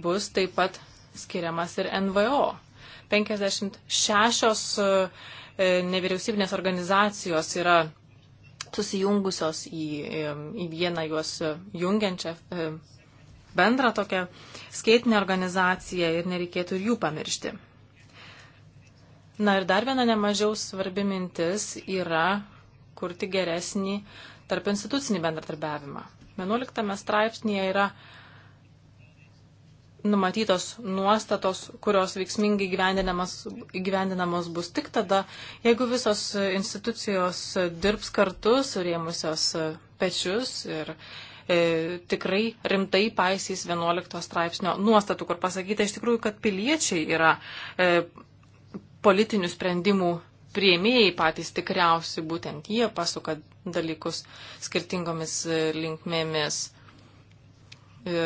bus taip pat skiriamas ir NVO. 56 e, nevyriausybinės organizacijos yra susijungusios į, e, į vieną juos jungiančią bendrą tokią skaitinę organizaciją ir nereikėtų ir jų pamiršti. Na ir dar viena nemažiau svarbi mintis yra kurti geresnį tarp institucinį bendradarbiavimą. 11 straipsnėje yra numatytos nuostatos, kurios veiksmingai gyvendinamos bus tik tada, jeigu visos institucijos dirbs kartu, surėmusios pečius ir e, tikrai rimtai paisys 11 straipsnio nuostatų, kur pasakyta iš tikrųjų, kad piliečiai yra e, politinių sprendimų prieimėjai patys tikriausi, būtent jie pasuka dalykus skirtingomis e, linkmėmis. E,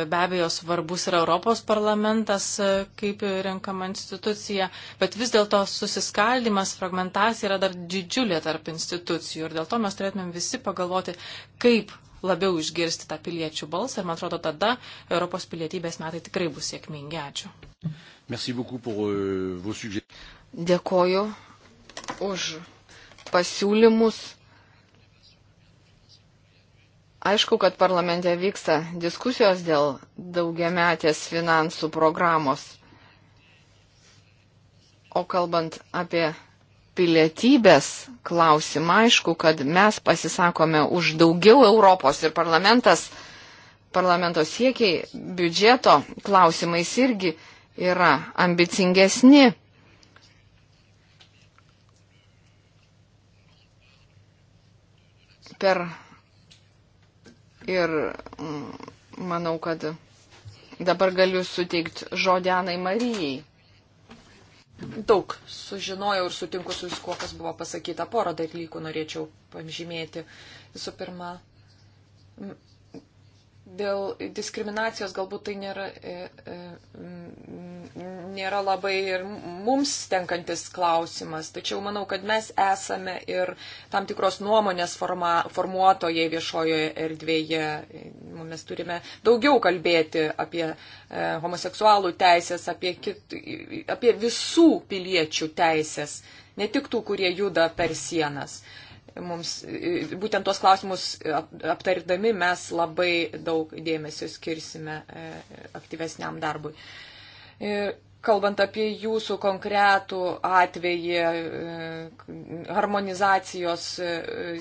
be abejo, svarbus yra Europos parlamentas e, kaip renkama institucija, bet vis dėlto susiskaldimas, fragmentacija yra dar didžiulė tarp institucijų ir dėl to mes turėtumėm visi pagalvoti, kaip labiau išgirsti tą piliečių balsą ir man atrodo tada Europos pilietybės metai tikrai bus sėkmingi. Ačiū. Euh, Dėkoju už pasiūlymus. Aišku, kad parlamente vyksta diskusijos dėl daugiametės finansų programos. O kalbant apie pilietybės klausimą, aišku, kad mes pasisakome už daugiau Europos ir parlamentas, parlamento siekiai biudžeto klausimais irgi yra ambicingesni. per. Ir mm, manau, kad dabar galiu suteikti žodėnai Marijai. Daug sužinojau ir sutinku su viskuo, kas buvo pasakyta. Porą dalykų norėčiau pažymėti. Visų pirma, dėl diskriminacijos galbūt tai nėra, e, e, nėra labai ir mums tenkantis klausimas, tačiau manau, kad mes esame ir tam tikros nuomonės forma, formuotojai viešojoje erdvėje. Mes turime daugiau kalbėti apie e, homoseksualų teisės, apie, kit, apie visų piliečių teisės, ne tik tų, kurie juda per sienas mums, būtent tuos klausimus aptardami mes labai daug dėmesio skirsime e, aktyvesniam darbui. Ir e, kalbant apie jūsų konkretų atvejį, e, harmonizacijos e,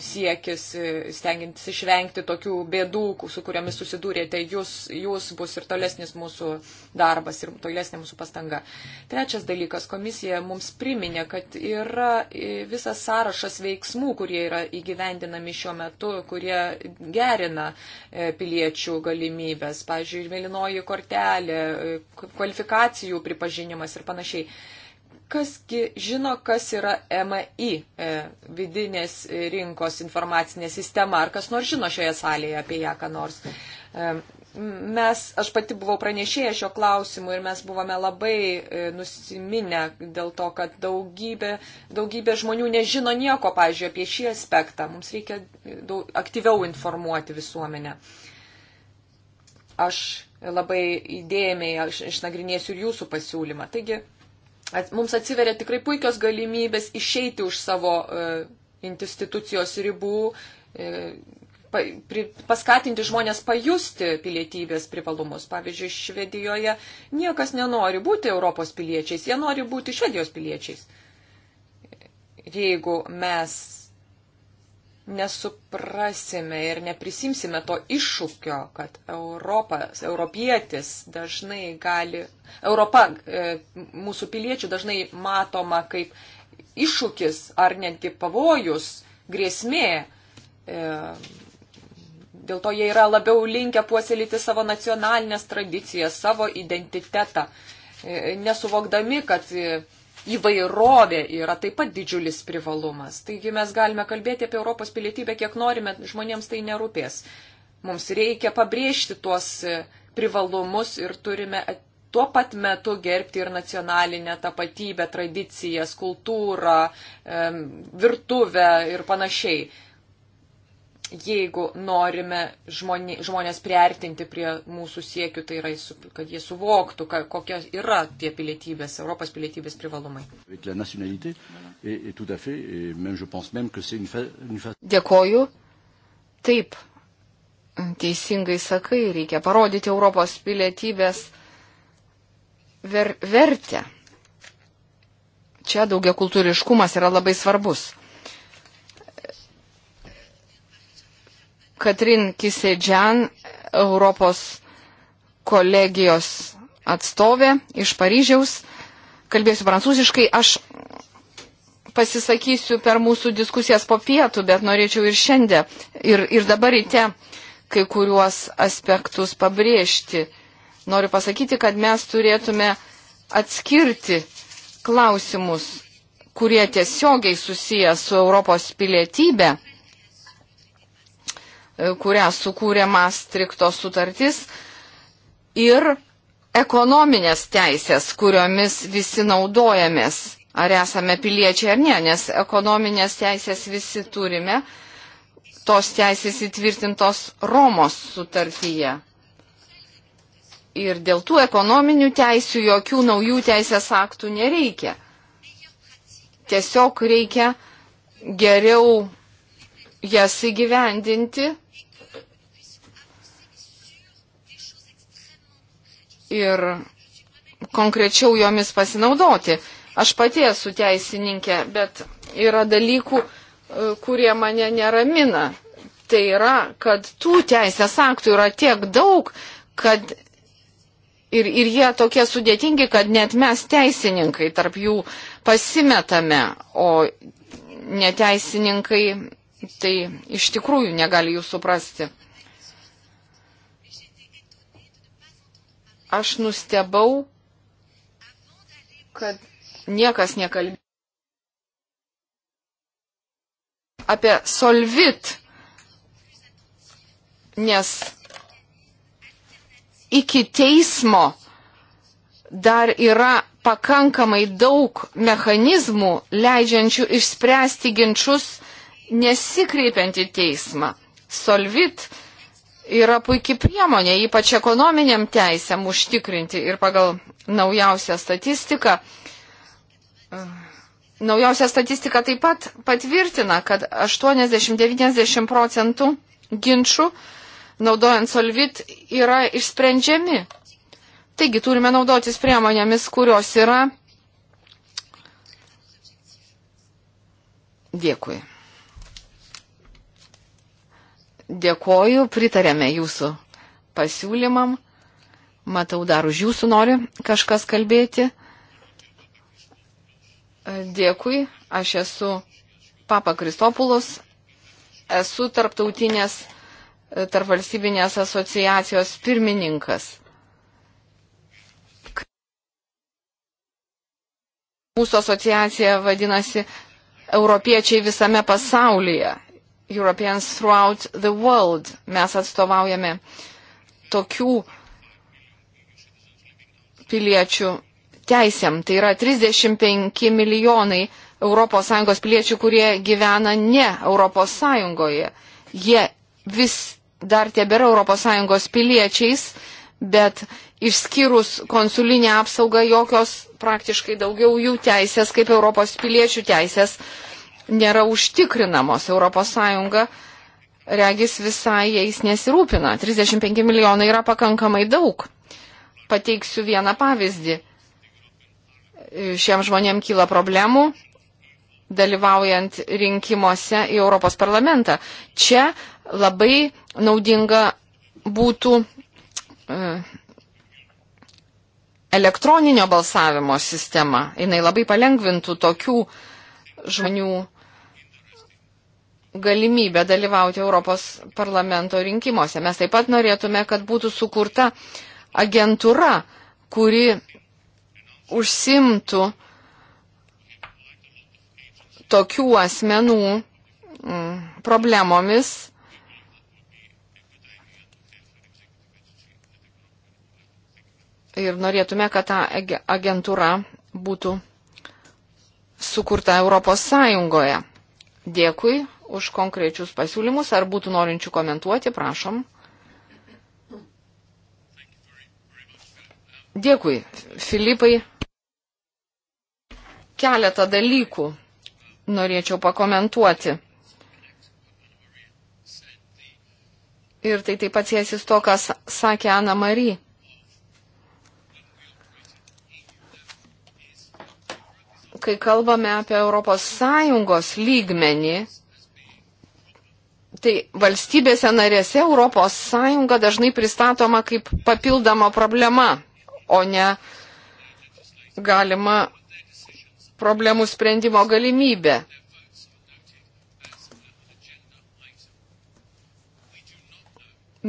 siekis, e, stengiantis išvengti tokių bėdų, su kuriamis susidūrėte, jūs, jūs bus ir tolesnis mūsų darbas ir tolesnė mūsų pastanga. Trečias dalykas, komisija mums priminė, kad yra visas sąrašas veiksmų, kurie yra įgyvendinami šiuo metu, kurie gerina piliečių galimybės. Pavyzdžiui, mėlynoji kortelė, kvalifikacijų pripažinimas pripažinimas ir panašiai. Kasgi žino, kas yra MI, e, vidinės rinkos informacinė sistema, ar kas nors žino šioje salėje apie ją, ką nors e, mes, aš pati buvau pranešėję šio klausimu ir mes buvome labai e, nusiminę dėl to, kad daugybė, daugybė žmonių nežino nieko, pažiūrėjau, apie šį aspektą. Mums reikia daug, aktyviau informuoti visuomenę. Uh, Aš labai įdėmiai išnagrinėsiu ir jūsų pasiūlymą. Taigi, at, mums atsiveria tikrai puikios galimybės išeiti už savo uh, institucijos ribų, uh, pa, pri, paskatinti žmonės pajusti pilietybės privalumus. Pavyzdžiui, Švedijoje niekas nenori būti Europos piliečiais, jie nori būti Švedijos piliečiais. Jeigu mes nesuprasime ir neprisimsime to iššūkio, kad Europas, europietis dažnai gali, Europa e, mūsų piliečių dažnai matoma kaip iššūkis ar netgi pavojus, grėsmė. E, dėl to jie yra labiau linkę puoselėti savo nacionalinės tradicijas, savo identitetą, e, nesuvokdami, kad įvairovė yra taip pat didžiulis privalumas. Taigi mes galime kalbėti apie Europos pilietybę, kiek norime, žmonėms tai nerūpės. Mums reikia pabrėžti tuos e, privalumus ir turime e, tuo pat metu gerbti ir nacionalinę tapatybę, tradicijas, kultūrą, virtuvę ir panašiai jeigu norime žmoni, žmonės priartinti prie mūsų siekių, tai yra, kad jie suvoktų, ka, kokie yra tie pilietybės, Europos pilietybės privalumai. Dėkoju. Taip, teisingai sakai, reikia parodyti Europos pilietybės ver, vertę. Čia daugia kultūriškumas yra labai svarbus. Katrin Kisedžian, Europos kolegijos atstovė iš Paryžiaus. Kalbėsiu prancūziškai. Aš pasisakysiu per mūsų diskusijas po pietų, bet norėčiau ir šiandien, ir, ir dabar ryte kai kuriuos aspektus pabrėžti. Noriu pasakyti, kad mes turėtume atskirti klausimus, kurie tiesiogiai susiję su Europos pilietybė kurią sukūrė Maastrichto sutartis, ir ekonominės teisės, kuriomis visi naudojamės, ar esame piliečiai ar ne, nes ekonominės teisės visi turime, tos teisės įtvirtintos Romos sutartyje. Ir dėl tų ekonominių teisių jokių naujų teisės aktų nereikia. Tiesiog reikia geriau jas įgyvendinti ir konkrečiau jomis pasinaudoti. Aš pati esu teisininkė, bet yra dalykų, e, kurie mane neramina. Tai yra, kad tų teisės aktų yra tiek daug, kad ir, ir jie tokie sudėtingi, kad net mes teisininkai tarp jų pasimetame, o neteisininkai tai iš tikrųjų negali jų suprasti. aš nustebau, kad niekas nekalbėjo apie solvit, nes iki teismo dar yra pakankamai daug mechanizmų leidžiančių išspręsti ginčius nesikreipiant į teismą. Solvit yra puikia priemonė, ypač ekonominiam teisėm užtikrinti ir pagal naujausią statistiką. E, Naujausia statistika taip pat patvirtina, kad 80-90 procentų ginčių naudojant solvit yra išsprendžiami. Taigi turime naudotis priemonėmis, kurios yra. Dėkui. Dėkoju, pritarėme jūsų pasiūlymam. Matau, dar už jūsų nori kažkas kalbėti. Dėkui, aš esu Papa Kristopulos, esu tarptautinės tarpvalstybinės asociacijos pirmininkas. Mūsų asociacija vadinasi Europiečiai visame pasaulyje. Europeans Throughout the World. Mes atstovaujame tokių piliečių teisėm. Tai yra 35 milijonai ES piliečių, kurie gyvena ne ES. Jie vis dar tebėra ES piliečiais, bet išskyrus konsulinę apsaugą jokios praktiškai daugiau jų teisės kaip Europos piliečių teisės nėra užtikrinamos. ES regis visai jais nesirūpina. 35 milijonai yra pakankamai daug. Pateiksiu vieną pavyzdį. Šiem žmonėm kyla problemų dalyvaujant rinkimuose į Europos parlamentą. Čia labai naudinga būtų e, elektroninio balsavimo sistema. Jis labai palengvintų tokių žmonių galimybę dalyvauti Europos parlamento rinkimuose. Mes taip pat norėtume, kad būtų sukurta agentūra, kuri užsimtų tokių asmenų mm, problemomis, ir norėtume, kad ta agentūra būtų sukurta Europos Sąjungoje. Dėkui už konkrečius pasiūlymus. Ar būtų norinčių komentuoti, prašom. Dėkui, Filipai. Keletą dalykų norėčiau pakomentuoti. Ir tai taip pat siejasi su to, kas sakė Ana Marija. kai kalbame apie ES lygmenį, Tai valstybėse narėse ES dažnai pristatoma kaip papildoma problema, o ne galima problemų sprendimo galimybė.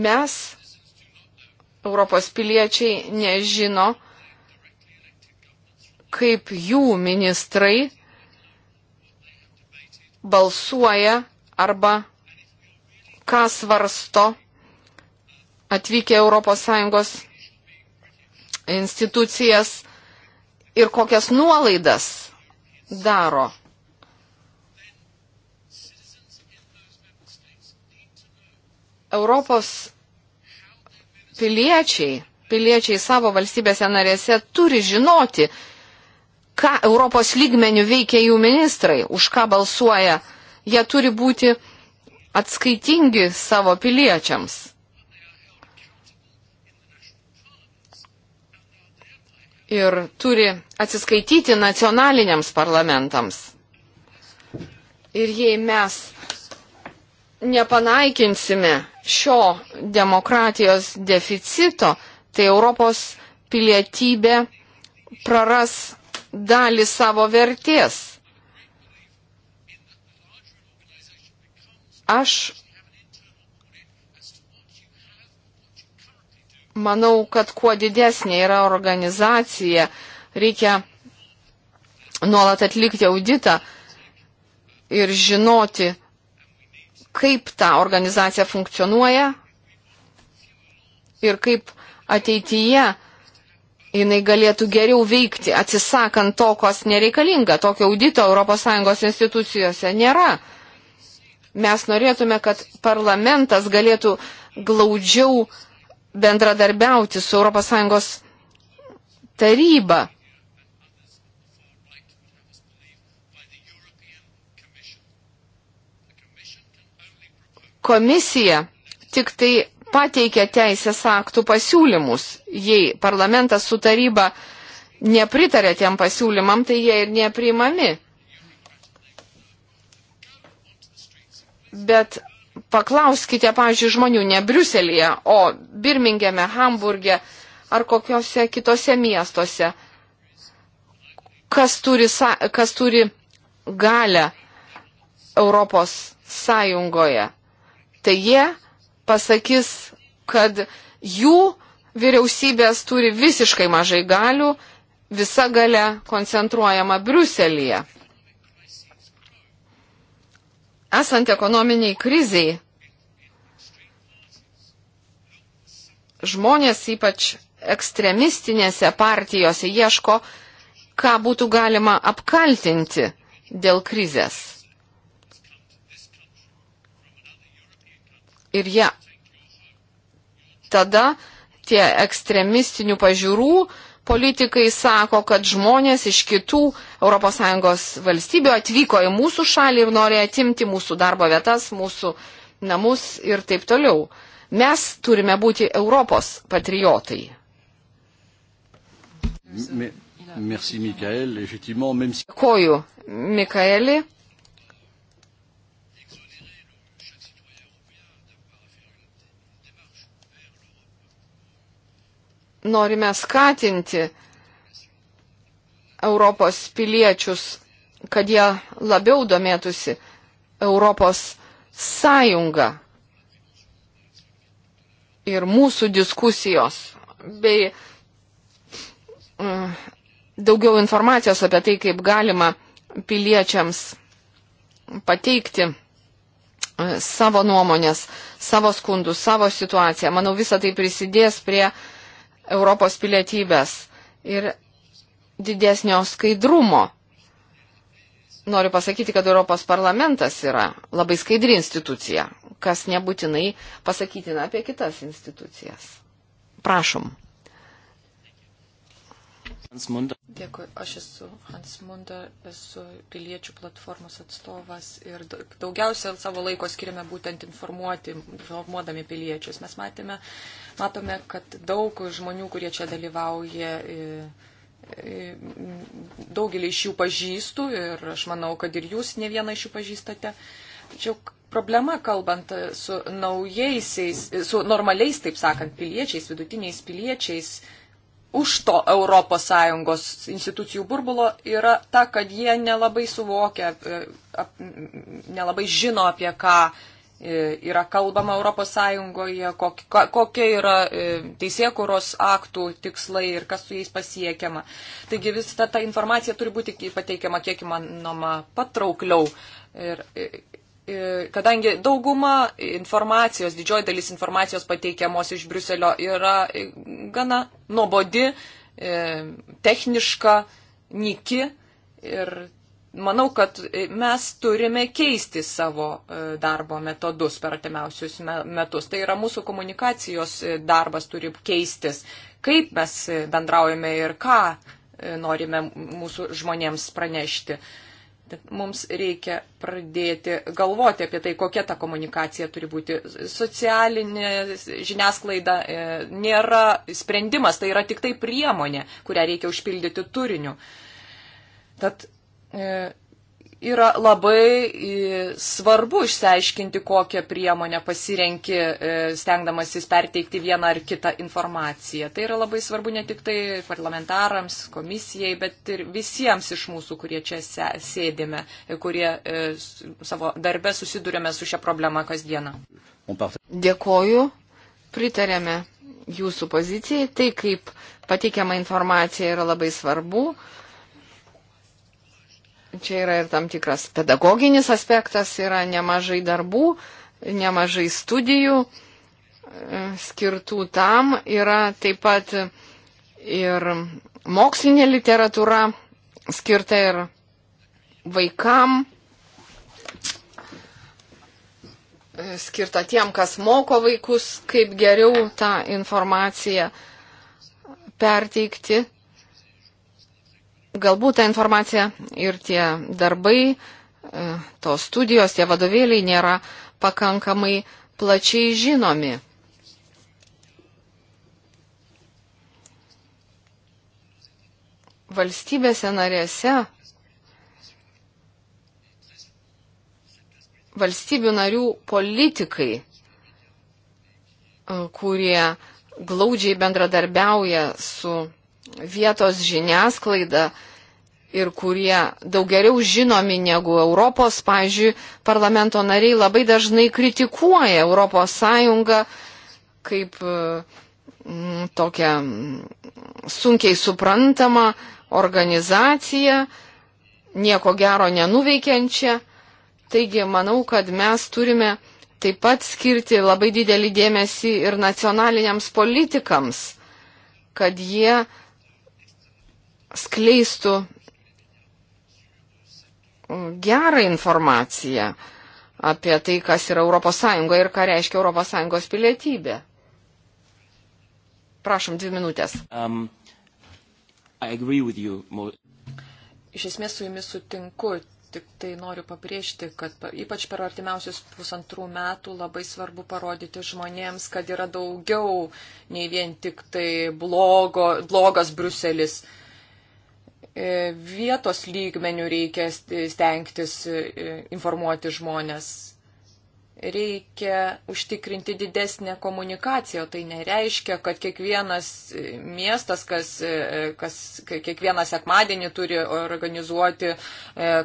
Mes, Europos piliečiai, nežino, kaip jų ministrai balsuoja arba ką svarsto atvykę ES institucijas ir kokias nuolaidas daro. Europos piliečiai, piliečiai savo valstybėse narėse turi žinoti, ką Europos lygmenių veikia jų ministrai, už ką balsuoja. Jie turi būti uh, atskaitingi savo piliečiams. Ir turi atsiskaityti nacionaliniams parlamentams. Ir jei mes nepanaikinsime šio demokratijos deficito, tai Europos pilietybė praras dalį savo vertės. Aš manau, kad kuo didesnė yra organizacija, reikia nuolat atlikti auditą ir žinoti, kaip ta organizacija funkcionuoja ir kaip ateityje jinai galėtų geriau veikti, atsisakant to, kas nereikalinga. Tokio audito ES institucijose nėra. Mes norėtume, kad parlamentas galėtų glaudžiau bendradarbiauti su ES taryba. Komisija tik tai pateikia teisės aktų pasiūlymus. Jei parlamentas su taryba nepritarė tiem pasiūlymam, tai jie ir nepriimami. Bet paklauskite, pavyzdžiui, žmonių ne Briuselėje, o Birmingeme, Hamburge ar kokiuose kitose miestuose, kas turi, kas turi galę Europos Sąjungoje. Tai jie pasakys, kad jų vyriausybės turi visiškai mažai galių, visa gale koncentruojama Briuselėje esant ekonominiai kriziai, žmonės ypač ekstremistinėse partijose ieško, ką būtų galima apkaltinti dėl krizės. Ir jie ja, tada tie ekstremistinių pažiūrų politikai sako, kad žmonės iš kitų ES valstybių atvyko į mūsų šalį ir nori atimti mūsų darbo vietas, mūsų namus ir taip toliau. Mes turime būti Europos patriotai. Merci, Mikael. Dėkoju, Mikaeli. norime skatinti Europos piliečius, kad jie labiau domėtųsi Europos sąjunga ir mūsų diskusijos bei mm, daugiau informacijos apie tai, kaip galima piliečiams pateikti mm, savo nuomonės, savo skundus, savo situaciją. Manau, visa tai prisidės prie uh, Europos pilietybės ir didesnio skaidrumo. Noriu pasakyti, kad Europos parlamentas yra labai skaidri institucija, kas nebūtinai pasakytina apie kitas institucijas. Prašom. Hans Munder. Dėkui, aš esu Hans Munder, esu piliečių platformos atstovas ir daugiausia savo laiko skiriame būtent informuoti, informuodami piliečius. Mes matėme, matome, kad daug žmonių, kurie čia dalyvauja, daugelį iš jų pažįstu ir aš manau, kad ir jūs ne vieną iš jų pažįstate. Tačiau problema, kalbant su naujaisiais, su normaliais, taip sakant, piliečiais, vidutiniais piliečiais, už to ES institucijų burbulo yra ta, kad jie nelabai suvokia, e, ap, nelabai žino, apie ką e, yra kalbama ES, kok, kokie yra e, teisėkuros aktų tikslai ir kas su jais pasiekiama. Taigi visa ta informacija turi būti pateikiama kiek įmanoma patraukliau. Ir E, kadangi dauguma informacijos, didžioji dalis informacijos pateikiamos iš Briuselio yra e, gana nuobodi, e, techniška, niki ir manau, kad mes turime keisti savo darbo metodus per atimiausius metus. Tai yra mūsų komunikacijos darbas turi keistis, kaip mes bendraujame ir ką norime mūsų žmonėms pranešti. Uh, Mums reikia pradėti galvoti apie tai, kokia ta komunikacija turi būti. Socialinė žiniasklaida e, nėra sprendimas, tai yra tik tai priemonė, kurią reikia užpildyti turiniu. Tad e, yra labai e, svarbu išsiaiškinti, kokią priemonę pasirenki, e, stengdamasis perteikti vieną ar kitą informaciją. Tai yra labai svarbu ne tik tai parlamentarams, komisijai, bet ir visiems iš mūsų, kurie čia sėdime, e, kurie savo darbę susidurėme su šią problemą kasdieną. Dėkoju, pritarėme jūsų pozicijai. Tai kaip pateikiama informacija yra labai svarbu čia yra ir tam tikras pedagoginis aspektas, yra nemažai darbų, nemažai studijų e, skirtų tam, yra taip pat ir mokslinė literatūra skirta ir vaikam, e, skirta tiem, kas moko vaikus, kaip geriau tą informaciją perteikti. Galbūt ta informacija ir tie darbai, e, tos studijos, tie vadovėliai nėra pakankamai plačiai žinomi. Valstybėse narėse valstybių narių politikai, e, kurie glaudžiai bendradarbiauja su vietos žiniasklaida ir kurie daug geriau žinomi negu Europos, pavyzdžiui, parlamento nariai labai dažnai kritikuoja Europos Sąjungą kaip e, tokią sunkiai suprantamą organizaciją, nieko gero nenuveikiančią. Taigi manau, kad mes turime taip pat skirti labai didelį dėmesį ir nacionaliniams politikams, kad jie skleistų gerą informaciją apie tai, kas yra ES ir ką reiškia ES pilietybė. Prašom, dvi minutės. Um, Iš esmės su jumis sutinku, tik tai noriu pabrėžti, kad ypač per artimiausius pusantrų metų labai svarbu parodyti žmonėms, kad yra daugiau nei vien tik tai blogo, blogas Bruselis. Uh, E, vietos lygmenių reikia stengtis e, informuoti žmonės. Reikia užtikrinti didesnę komunikaciją, tai nereiškia, kad kiekvienas miestas, kas, e, kas kiekvieną sekmadienį turi organizuoti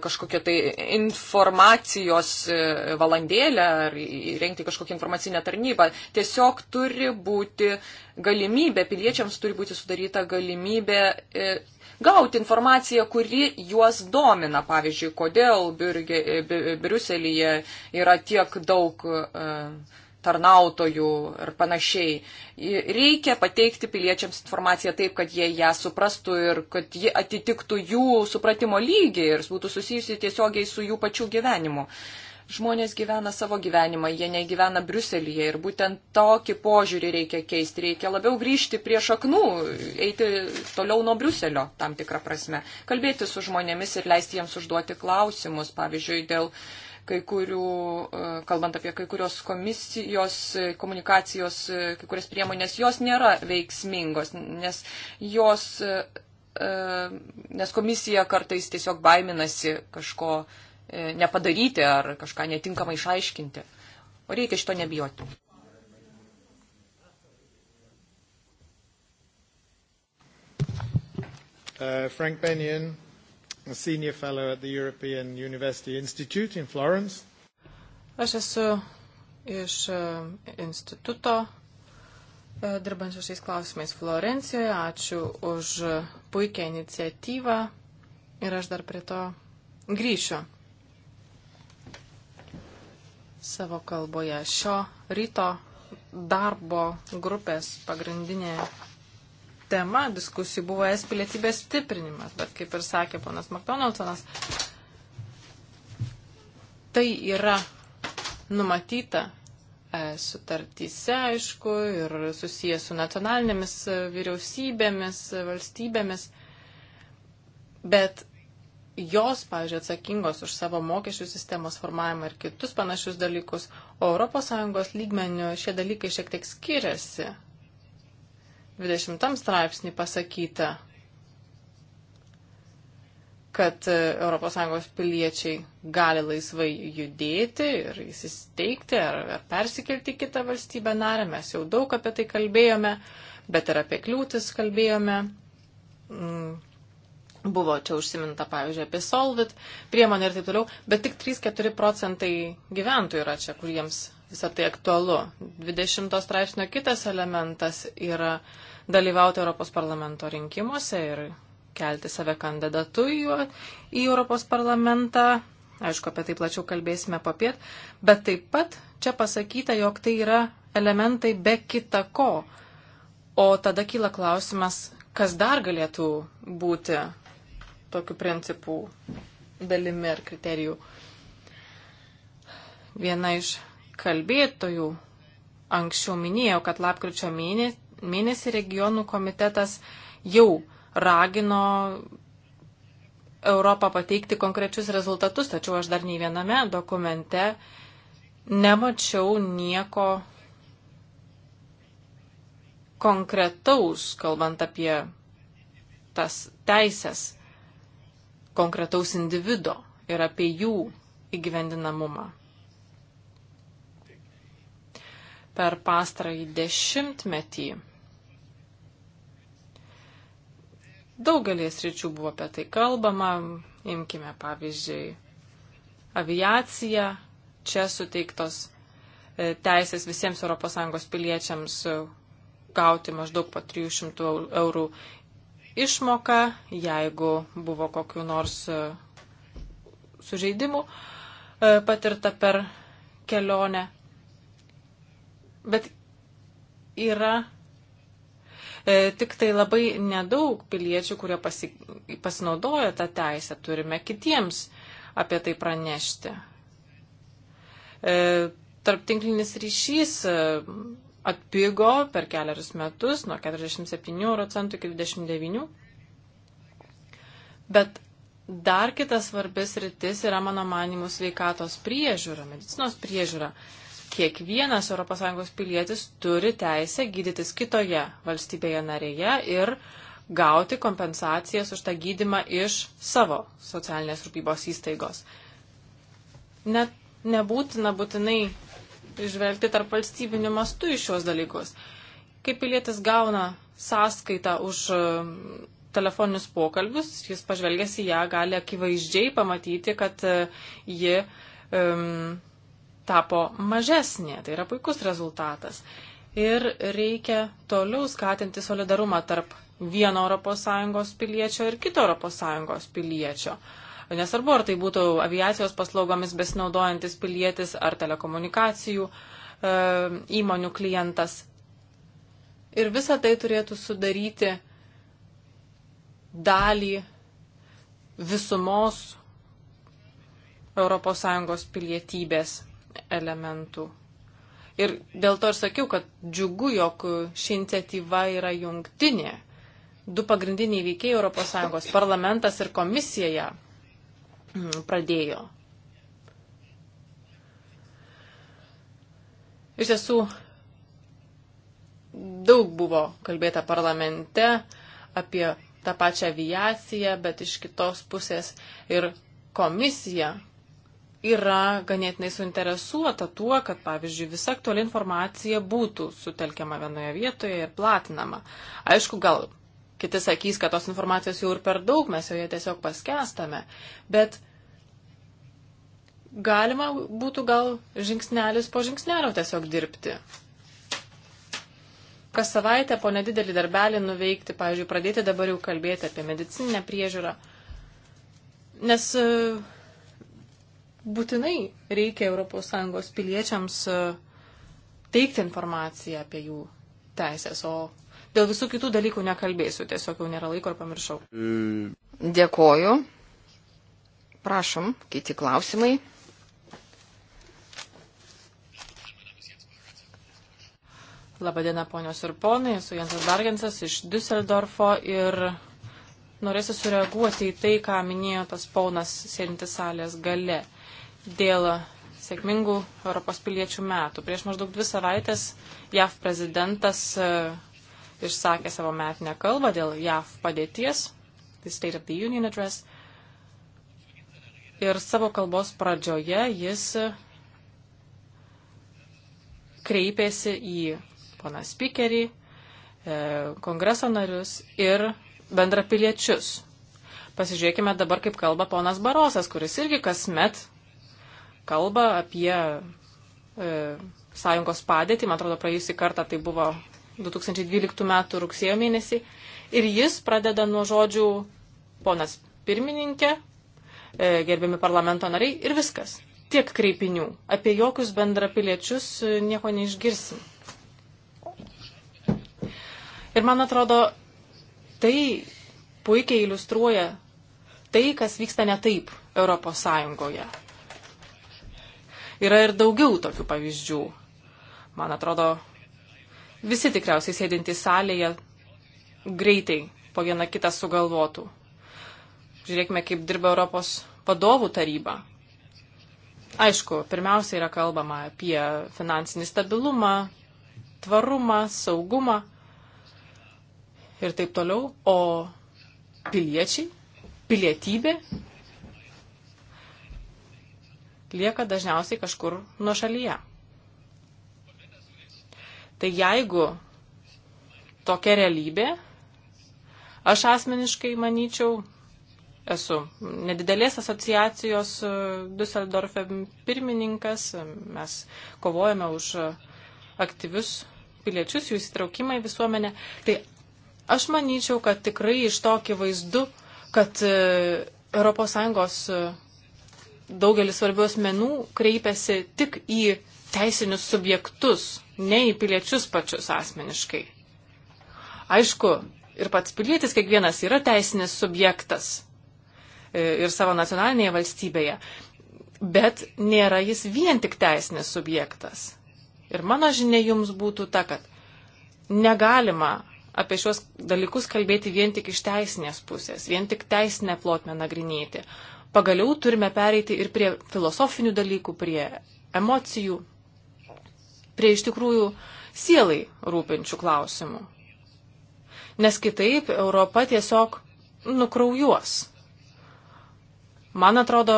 kažkokią tai informacijos valandėlę ar įrengti kažkokią informacinę tarnybą. Tiesiog turi būti galimybė, piliečiams turi būti sudaryta galimybė gauti informaciją, kuri juos domina. Pavyzdžiui, kodėl Birge, Briuselyje yra tiek daug e, tarnautojų ir panašiai. Reikia pateikti piliečiams informaciją taip, kad jie ją suprastų ir kad ji atitiktų jų supratimo lygį ir būtų susijusi tiesiogiai su jų pačių gyvenimu. Uh, žmonės gyvena savo gyvenimą, jie negyvena Briuselyje ir būtent tokį požiūrį reikia keisti, reikia labiau grįžti prie šaknų, eiti toliau nuo Briuselio tam tikrą prasme, kalbėti su žmonėmis ir leisti jiems užduoti klausimus, pavyzdžiui, dėl kai kurių, e, kalbant apie kai kurios komisijos, e, komunikacijos, e, kai kurias priemonės, jos nėra veiksmingos, nes jos, nes komisija kartais tiesiog baiminasi kažko E, nepadaryti ar kažką netinkamai išaiškinti. O reikia šito nebijoti. Uh, Frank Benyon, a senior fellow at the European University Institute in Florence. Aš esu iš e, instituto e, dirbančio šiais klausimais Florencijoje. Ačiū už puikią iniciatyvą ir aš dar prie to grįšiu savo kalboje. Šio ryto darbo grupės pagrindinė tema diskusijų buvo es pilietybės stiprinimas, bet kaip ir sakė ponas McDonaldsonas, tai yra numatyta e, sutartyse, aišku, ir susijęs su nacionalinėmis e, vyriausybėmis, valstybėmis, bet jos, pavyzdžiui, atsakingos už savo mokesčių sistemos formavimą ir kitus panašius dalykus, o ES lygmenių šie dalykai šiek tiek skiriasi. 20 straipsnį pasakyta, kad ES piliečiai gali laisvai judėti ir įsisteigti ar, ar persikelti į kitą valstybę narę. Mes jau daug apie tai kalbėjome, bet ir apie kliūtis kalbėjome. Mm Buvo čia užsiminta, pavyzdžiui, apie Solvit priemonę ir taip toliau, bet tik 3-4 procentai gyventojų yra čia, kuriems visą tai aktualu. 20 straipsnio kitas elementas yra dalyvauti Europos parlamento rinkimuose ir kelti save kandidatu į Europos parlamentą. Aišku, apie tai plačiau kalbėsime papiet, bet taip pat čia pasakyta, jog tai yra elementai be kita ko. O tada kyla klausimas, kas dar galėtų būti tokių principų dalimi ar kriterijų. Viena iš kalbėtojų anksčiau minėjau, kad lapkričio mėnesį regionų komitetas jau ragino Europą pateikti konkrečius rezultatus, tačiau aš dar nei viename dokumente nemačiau nieko konkretaus, kalbant apie tas teisės konkretaus individo ir apie jų įgyvendinamumą. Per pastarąjį dešimtmetį daugelės ryčių buvo apie tai kalbama, imkime pavyzdžiui aviaciją, čia suteiktos e, teisės visiems ES piliečiams gauti maždaug po 300 eurų išmoką, jeigu buvo kokiu nors e, sužeidimu e, patirta per kelionę. Bet yra e, tik tai labai nedaug piliečių, kurie pasi, pasinaudoja tą teisę, turime kitiems apie tai pranešti. E, Tarptinklinis ryšys e, atpigo per keliarius metus nuo 47 euro centų iki 29. Bet dar kitas svarbis rytis yra mano manimų sveikatos priežiūra, medicinos priežiūra. Kiekvienas ES pilietis turi teisę gydytis kitoje valstybėje narėje ir gauti kompensacijas už tą gydimą iš savo socialinės rūpybos įstaigos. Net nebūtina būtinai žvelgti tarp valstybinių mastų į šios dalykus. Kai pilietis gauna sąskaitą už um, telefoninius pokalbius, jis pažvelgęs į ją gali akivaizdžiai pamatyti, kad uh, ji um, tapo mažesnė. Tai yra puikus rezultatas. Ir reikia toliau skatinti solidarumą tarp vieno ES piliečio ir kito ES piliečio. Uh, Nesvarbu, ar tai būtų aviacijos paslaugomis besinaudojantis pilietis ar telekomunikacijų e, įmonių klientas. Ir visa tai turėtų sudaryti dalį visumos ES pilietybės elementų. Ir dėl to ir sakiau, kad džiugu, jog ši iniciatyva yra jungtinė. Du pagrindiniai veikėjai ES - parlamentas ir komisija ją Mm, pradėjo. Iš tiesų, daug buvo kalbėta parlamente apie tą pačią aviaciją, bet iš kitos pusės ir komisija yra ganėtinai suinteresuota tuo, kad, pavyzdžiui, visa aktuali informacija būtų sutelkiama vienoje vietoje ir platinama. Aišku, gal Kiti sakys, kad tos informacijos jau ir per daug, mes joje tiesiog paskestame. Bet galima būtų gal žingsnelis po žingsnelio tiesiog dirbti. Kas savaitę po nedidelį darbelį nuveikti, pavyzdžiui, pradėti dabar jau kalbėti apie medicininę priežiūrą. Nes e, būtinai reikia ES piliečiams e, teikti informaciją apie jų teisės, o Dėl visų kitų dalykų nekalbėsiu, tiesiog jau nėra laiko ir pamiršau. Dėkoju. Prašom, kiti klausimai. Labadiena, ponios ir ponai, esu Jensas Dargensas iš Düsseldorfo ir norėsiu sureaguoti į tai, ką minėjo tas ponas sėdintis salės gale dėl sėkmingų Europos piliečių metų. Prieš maždaug dvi savaitės JAV prezidentas išsakė savo metinę kalbą dėl JAV padėties, The State of the Union Address. Ir savo kalbos pradžioje jis kreipėsi į poną spikerį, e, kongreso narius ir bendrapiliečius. Pasižiūrėkime dabar, kaip kalba ponas Barosas, kuris irgi kasmet kalba apie e, sąjungos padėtį. Man atrodo, praėjusį kartą tai buvo 2012 m. rugsėjo mėnesį. Ir jis pradeda nuo žodžių ponas pirmininkė, e, gerbiami parlamento nariai ir viskas. Tiek kreipinių. Apie jokius bendrapiliečius e, nieko neišgirsim. Ir man atrodo, tai puikiai iliustruoja tai, kas vyksta ne taip Europos Sąjungoje. Yra ir daugiau tokių pavyzdžių. Man atrodo, visi tikriausiai sėdintys salėje greitai po vieną kitą sugalvotų. Žiūrėkime, kaip dirba Europos vadovų taryba. Aišku, pirmiausia yra kalbama apie finansinį stabilumą, tvarumą, saugumą ir taip toliau, o piliečiai, pilietybė lieka dažniausiai kažkur nuo šalyje. Tai jeigu tokia realybė, aš asmeniškai manyčiau, esu nedidelės asociacijos e, Düsseldorfe pirmininkas, e, mes kovojame už aktyvius piliečius, jų įsitraukimą į visuomenę. Tai aš manyčiau, kad tikrai iš tokį vaizdu, kad ES e, daugelis svarbių asmenų kreipiasi tik į teisinius subjektus ne į piliečius pačius asmeniškai. Aišku, ir pats pilietis kiekvienas yra teisinis subjektas e, ir savo nacionalinėje valstybėje, bet nėra jis vien tik teisinis subjektas. Ir mano žinia jums būtų ta, kad negalima apie šios dalykus kalbėti vien tik iš teisinės pusės, vien tik teisinę plotmę nagrinėti. Pagaliau turime pereiti ir prie filosofinių dalykų, prie emocijų, prie iš tikrųjų sielai rūpinčių klausimų. Nes kitaip Europa tiesiog nukraujuos. Man atrodo,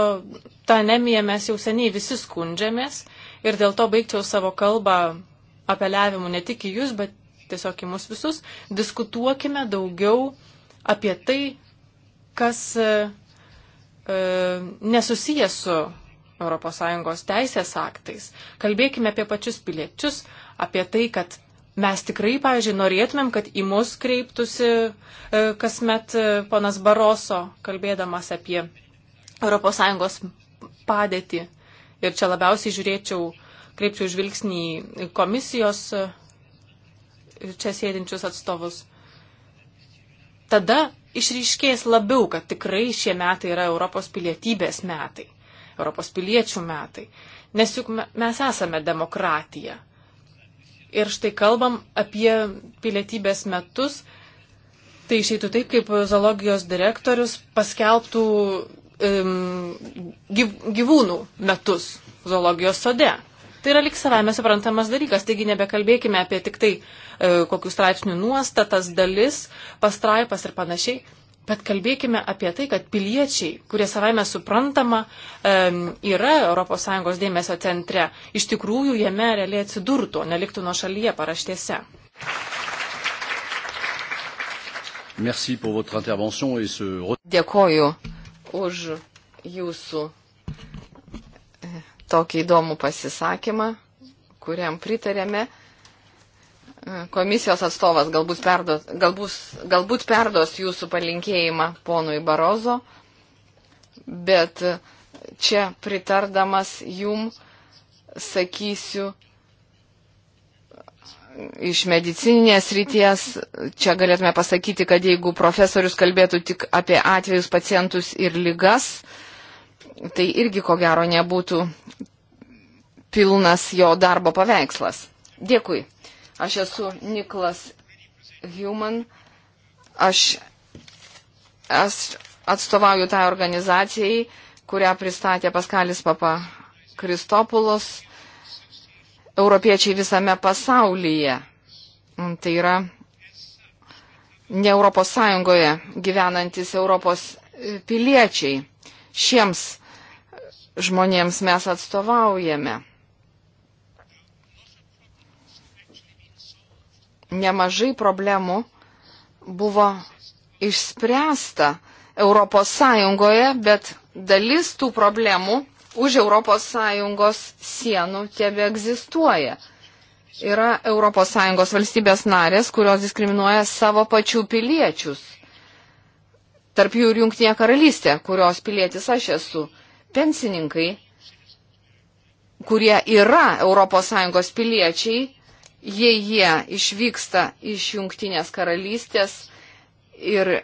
tą anemiją mes jau seniai visi skundžiamės ir dėl to baigčiau savo kalbą apeliavimu ne tik į jūs, bet tiesiog į mus visus. Diskutuokime daugiau apie tai, kas e, e nesusijęs su ES teisės aktais. Kalbėkime apie pačius piliečius, apie tai, kad mes tikrai, pavyzdžiui, norėtumėm, kad į mus kreiptųsi e, kasmet e, ponas Baroso, kalbėdamas apie ES padėtį. Ir čia labiausiai žiūrėčiau, kreipčiau žvilgsnį į komisijos e, čia sėdinčius atstovus. Tada išryškės labiau, kad tikrai šie metai yra Europos pilietybės metai. Europos piliečių metai. Nes juk mes esame demokratija. Ir štai kalbam apie pilietybės metus, tai išeitų taip, kaip zoologijos direktorius paskelbtų um, gyv, gyvūnų metus zoologijos sode. Tai yra lik savame suprantamas dalykas, taigi nebekalbėkime apie tik tai e, kokius straipsnių nuostatas, dalis, pastraipas ir panašiai. Bet kalbėkime apie tai, kad piliečiai, kurie savaime suprantama yra ES dėmesio centre, iš tikrųjų jame realiai atsidurtų, neliktų nuo šalyje paraštėse. Ce... Dėkoju už jūsų e, tokį įdomų pasisakymą, kuriam pritarėme. Komisijos atstovas galbūt perdos, galbūt, galbūt perdos jūsų palinkėjimą ponui Barozo, bet čia pritardamas jum sakysiu iš medicininės ryties, čia galėtume pasakyti, kad jeigu profesorius kalbėtų tik apie atvejus pacientus ir lygas, tai irgi ko gero nebūtų pilnas jo darbo paveikslas. Dėkui. Aš esu Niklas Human. Aš, aš atstovauju tą tai organizacijai, kurią pristatė Paskalis Papa Kristopulos, europiečiai visame pasaulyje. Tai yra ne Europos Sąjungoje gyvenantis Europos e, piliečiai. Šiems žmonėms mes atstovaujame. nemažai problemų buvo išspręsta Europos Sąjungoje, bet dalis tų problemų už Europos Sąjungos sienų tebe egzistuoja. Yra Europos Sąjungos valstybės narės, kurios diskriminuoja savo pačių piliečius. Tarp jų ir Junktinė karalystė, kurios pilietis aš esu. Pensininkai, kurie yra Europos Sąjungos piliečiai, jei jie išvyksta iš Junktinės karalystės ir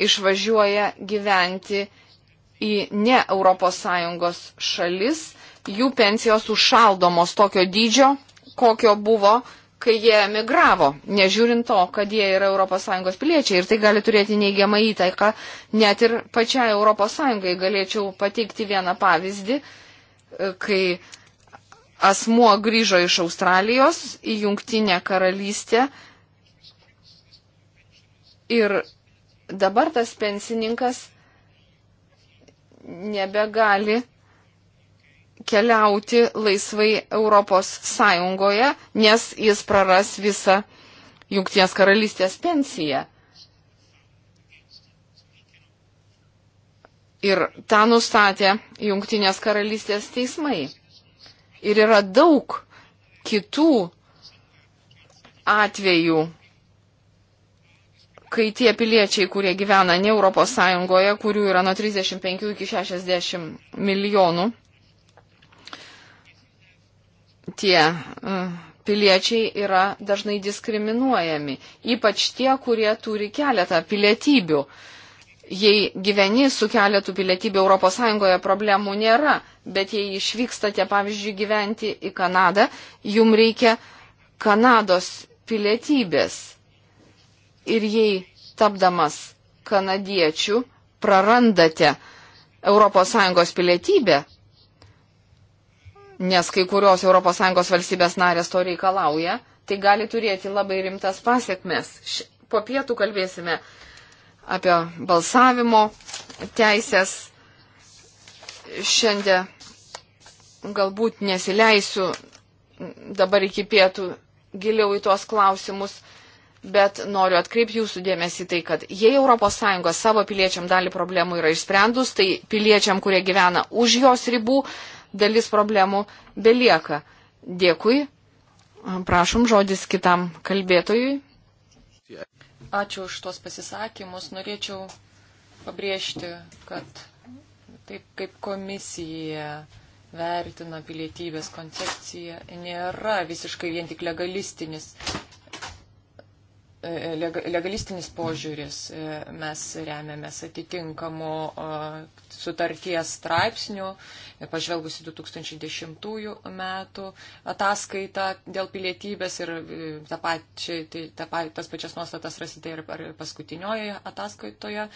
išvažiuoja gyventi į ne ES šalis, jų pensijos užšaldomos tokio dydžio, kokio buvo, kai jie emigravo, nežiūrint to, kad jie yra ES piliečiai ir tai gali turėti neigiamą įtaiką net ir pačiai ES. Galėčiau pateikti vieną pavyzdį, kai asmuo grįžo iš Australijos į Jungtinę karalystę ir dabar tas pensininkas nebegali keliauti laisvai Europos Sąjungoje, nes jis praras visą Jungtinės karalystės pensiją. Ir tą nustatė Jungtinės karalystės teismai. Ir yra daug kitų atvejų, kai tie piliečiai, kurie gyvena ne Europos Sąjungoje, kurių yra nuo 35 iki 60 milijonų, tie e, piliečiai yra dažnai diskriminuojami, ypač tie, kurie turi keletą pilietybių. Uh, jei gyveni su keletu pilietybių ES problemų nėra, bet jei išvykstate, pavyzdžiui, gyventi į Kanadą, jum reikia Kanados pilietybės. Ir jei tapdamas kanadiečių prarandate ES pilietybę, nes kai kurios ES valstybės narės to reikalauja, tai gali turėti labai rimtas pasiekmes. Po pietų kalbėsime apie balsavimo teisės. Šiandien galbūt nesileisiu dabar iki pietų giliau į tuos klausimus, bet noriu atkreipti jūsų dėmesį tai, kad jei ES savo piliečiam dalį problemų yra išsprendus, tai piliečiam, kurie gyvena už jos ribų, dalis problemų belieka. Dėkui. Prašom žodis kitam kalbėtojui. Ačiū už tuos pasisakymus. Norėčiau pabrėžti, kad taip kaip komisija vertina pilietybės koncepciją, nėra visiškai vien tik legalistinis E, legalistinis požiūris. E, mes remiamės atitinkamu e, sutarties straipsniu, pažvelgusi 2010 metų ataskaitą dėl pilietybės ir tą pačią, tai, tą, tas pačias nuostatas rasite ir paskutinioje ataskaitoje.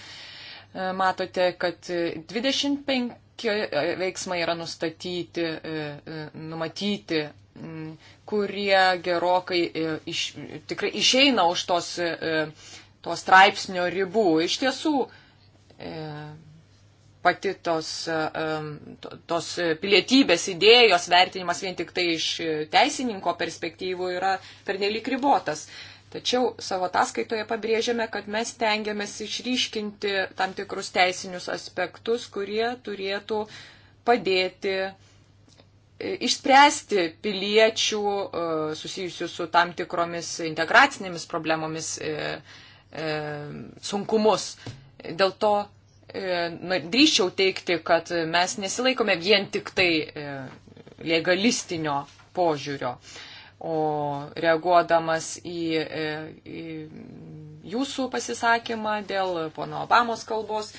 Matote, kad 25 veiksmai yra nustatyti, numatyti kurie gerokai e, iš, tikrai išeina už tos, e, tos straipsnio ribų. Iš tiesų, e, pati tos, tos pilietybės idėjos vertinimas vien tik tai iš teisininko perspektyvų yra pernelyg ribotas. Tačiau savo ataskaitoje pabrėžiame, kad mes tengiamės išryškinti tam tikrus teisinius aspektus, kurie turėtų padėti uh, išspręsti piliečių e, susijusių su tam tikromis integracinėmis problemomis e, e, sunkumus. Dėl to drįščiau teikti, kad mes nesilaikome vien tik tai legalistinio požiūrio. O reaguodamas į, į jūsų pasisakymą, dėl pono Obamos kalbos.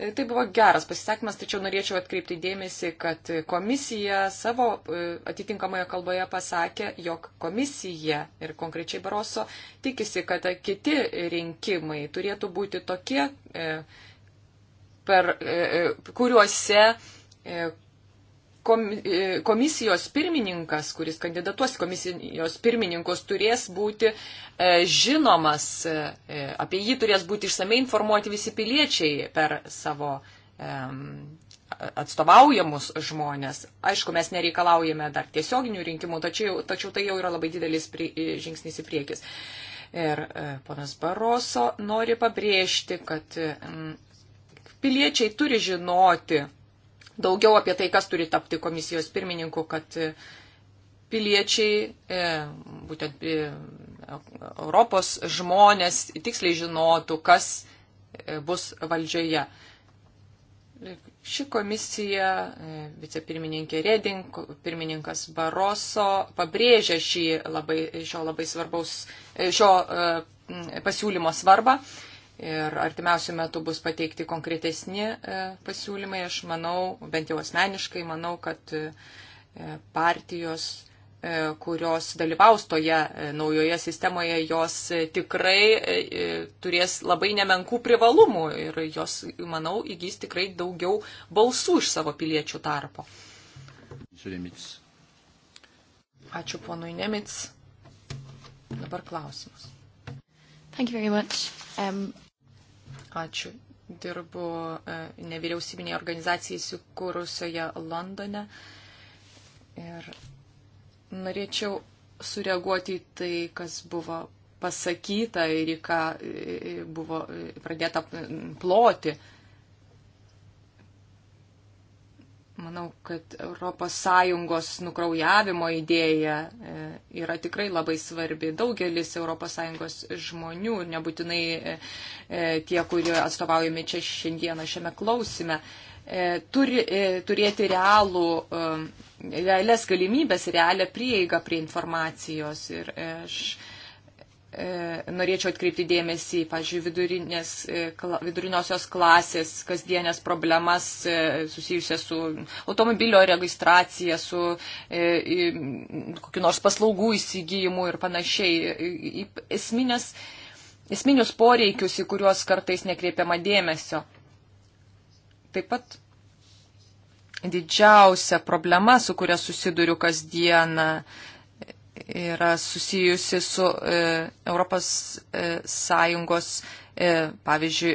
E, tai buvo geras pasisakymas, tačiau norėčiau atkreipti dėmesį, kad komisija savo e, atitinkamoje kalboje pasakė, jog komisija ir konkrečiai Baroso tikisi, kad kiti rinkimai turėtų būti tokie, e, per, kuriuose E, komisijos pirmininkas, kuris kandidatuos komisijos pirmininkus, turės būti e, žinomas, e, apie jį turės būti išsamei informuoti visi piliečiai per savo atstovaujamus žmonės. Aišku, mes nereikalaujame dar tiesioginių rinkimų, tačiau, tačiau tai jau yra labai didelis prie, žingsnis į priekis. Ir ponas Baroso nori pabrėžti, kad mm, piliečiai turi žinoti, daugiau apie tai, kas turi tapti komisijos pirmininku, kad e, piliečiai, e, būtent e, Europos žmonės tiksliai žinotų, kas bus valdžioje. Ši komisija, vicepirmininkė Reding, pirmininkas Baroso pabrėžia šį labai, šio labai svarbaus, šio pasiūlymo svarbą ir artimiausių metų bus pateikti konkretesni e, pasiūlymai. Aš manau, bent jau asmeniškai manau, kad e, partijos e, kurios dalyvaus toje naujoje sistemoje, jos tikrai turės labai nemenkų privalumų ir jos, manau, įgys tikrai daugiau balsų iš savo piliečių tarpo. Ačiū ponui Nemits. Dabar klausimas. Um... Ačiū. Dirbu e, nevyriausybinėje organizacijai įsikūrusioje Londone. Ir norėčiau sureaguoti į tai, kas buvo pasakyta ir į ką e, e, buvo pradėta ploti Manau, kad ES nukraujavimo idėja e, yra tikrai labai svarbi. Daugelis ES žmonių, nebūtinai e, e, tie, kurie atstovaujami čia šiandieną šiame klausime, turi turėti realų, realias galimybės, realią prieigą prie informacijos. Ir aš E, norėčiau atkreipti dėmesį, pažiūrėjau, e, viduriniosios klasės kasdienės problemas e, susijusias su automobilio registracija, su kokiu nors paslaugų įsigijimu ir panašiai. Esminės, esminius poreikius, į kuriuos kartais nekreipiama dėmesio. Taip pat didžiausia problema, su kuria susiduriu kasdieną, yra susijusi su ES, e, e, pavyzdžiui,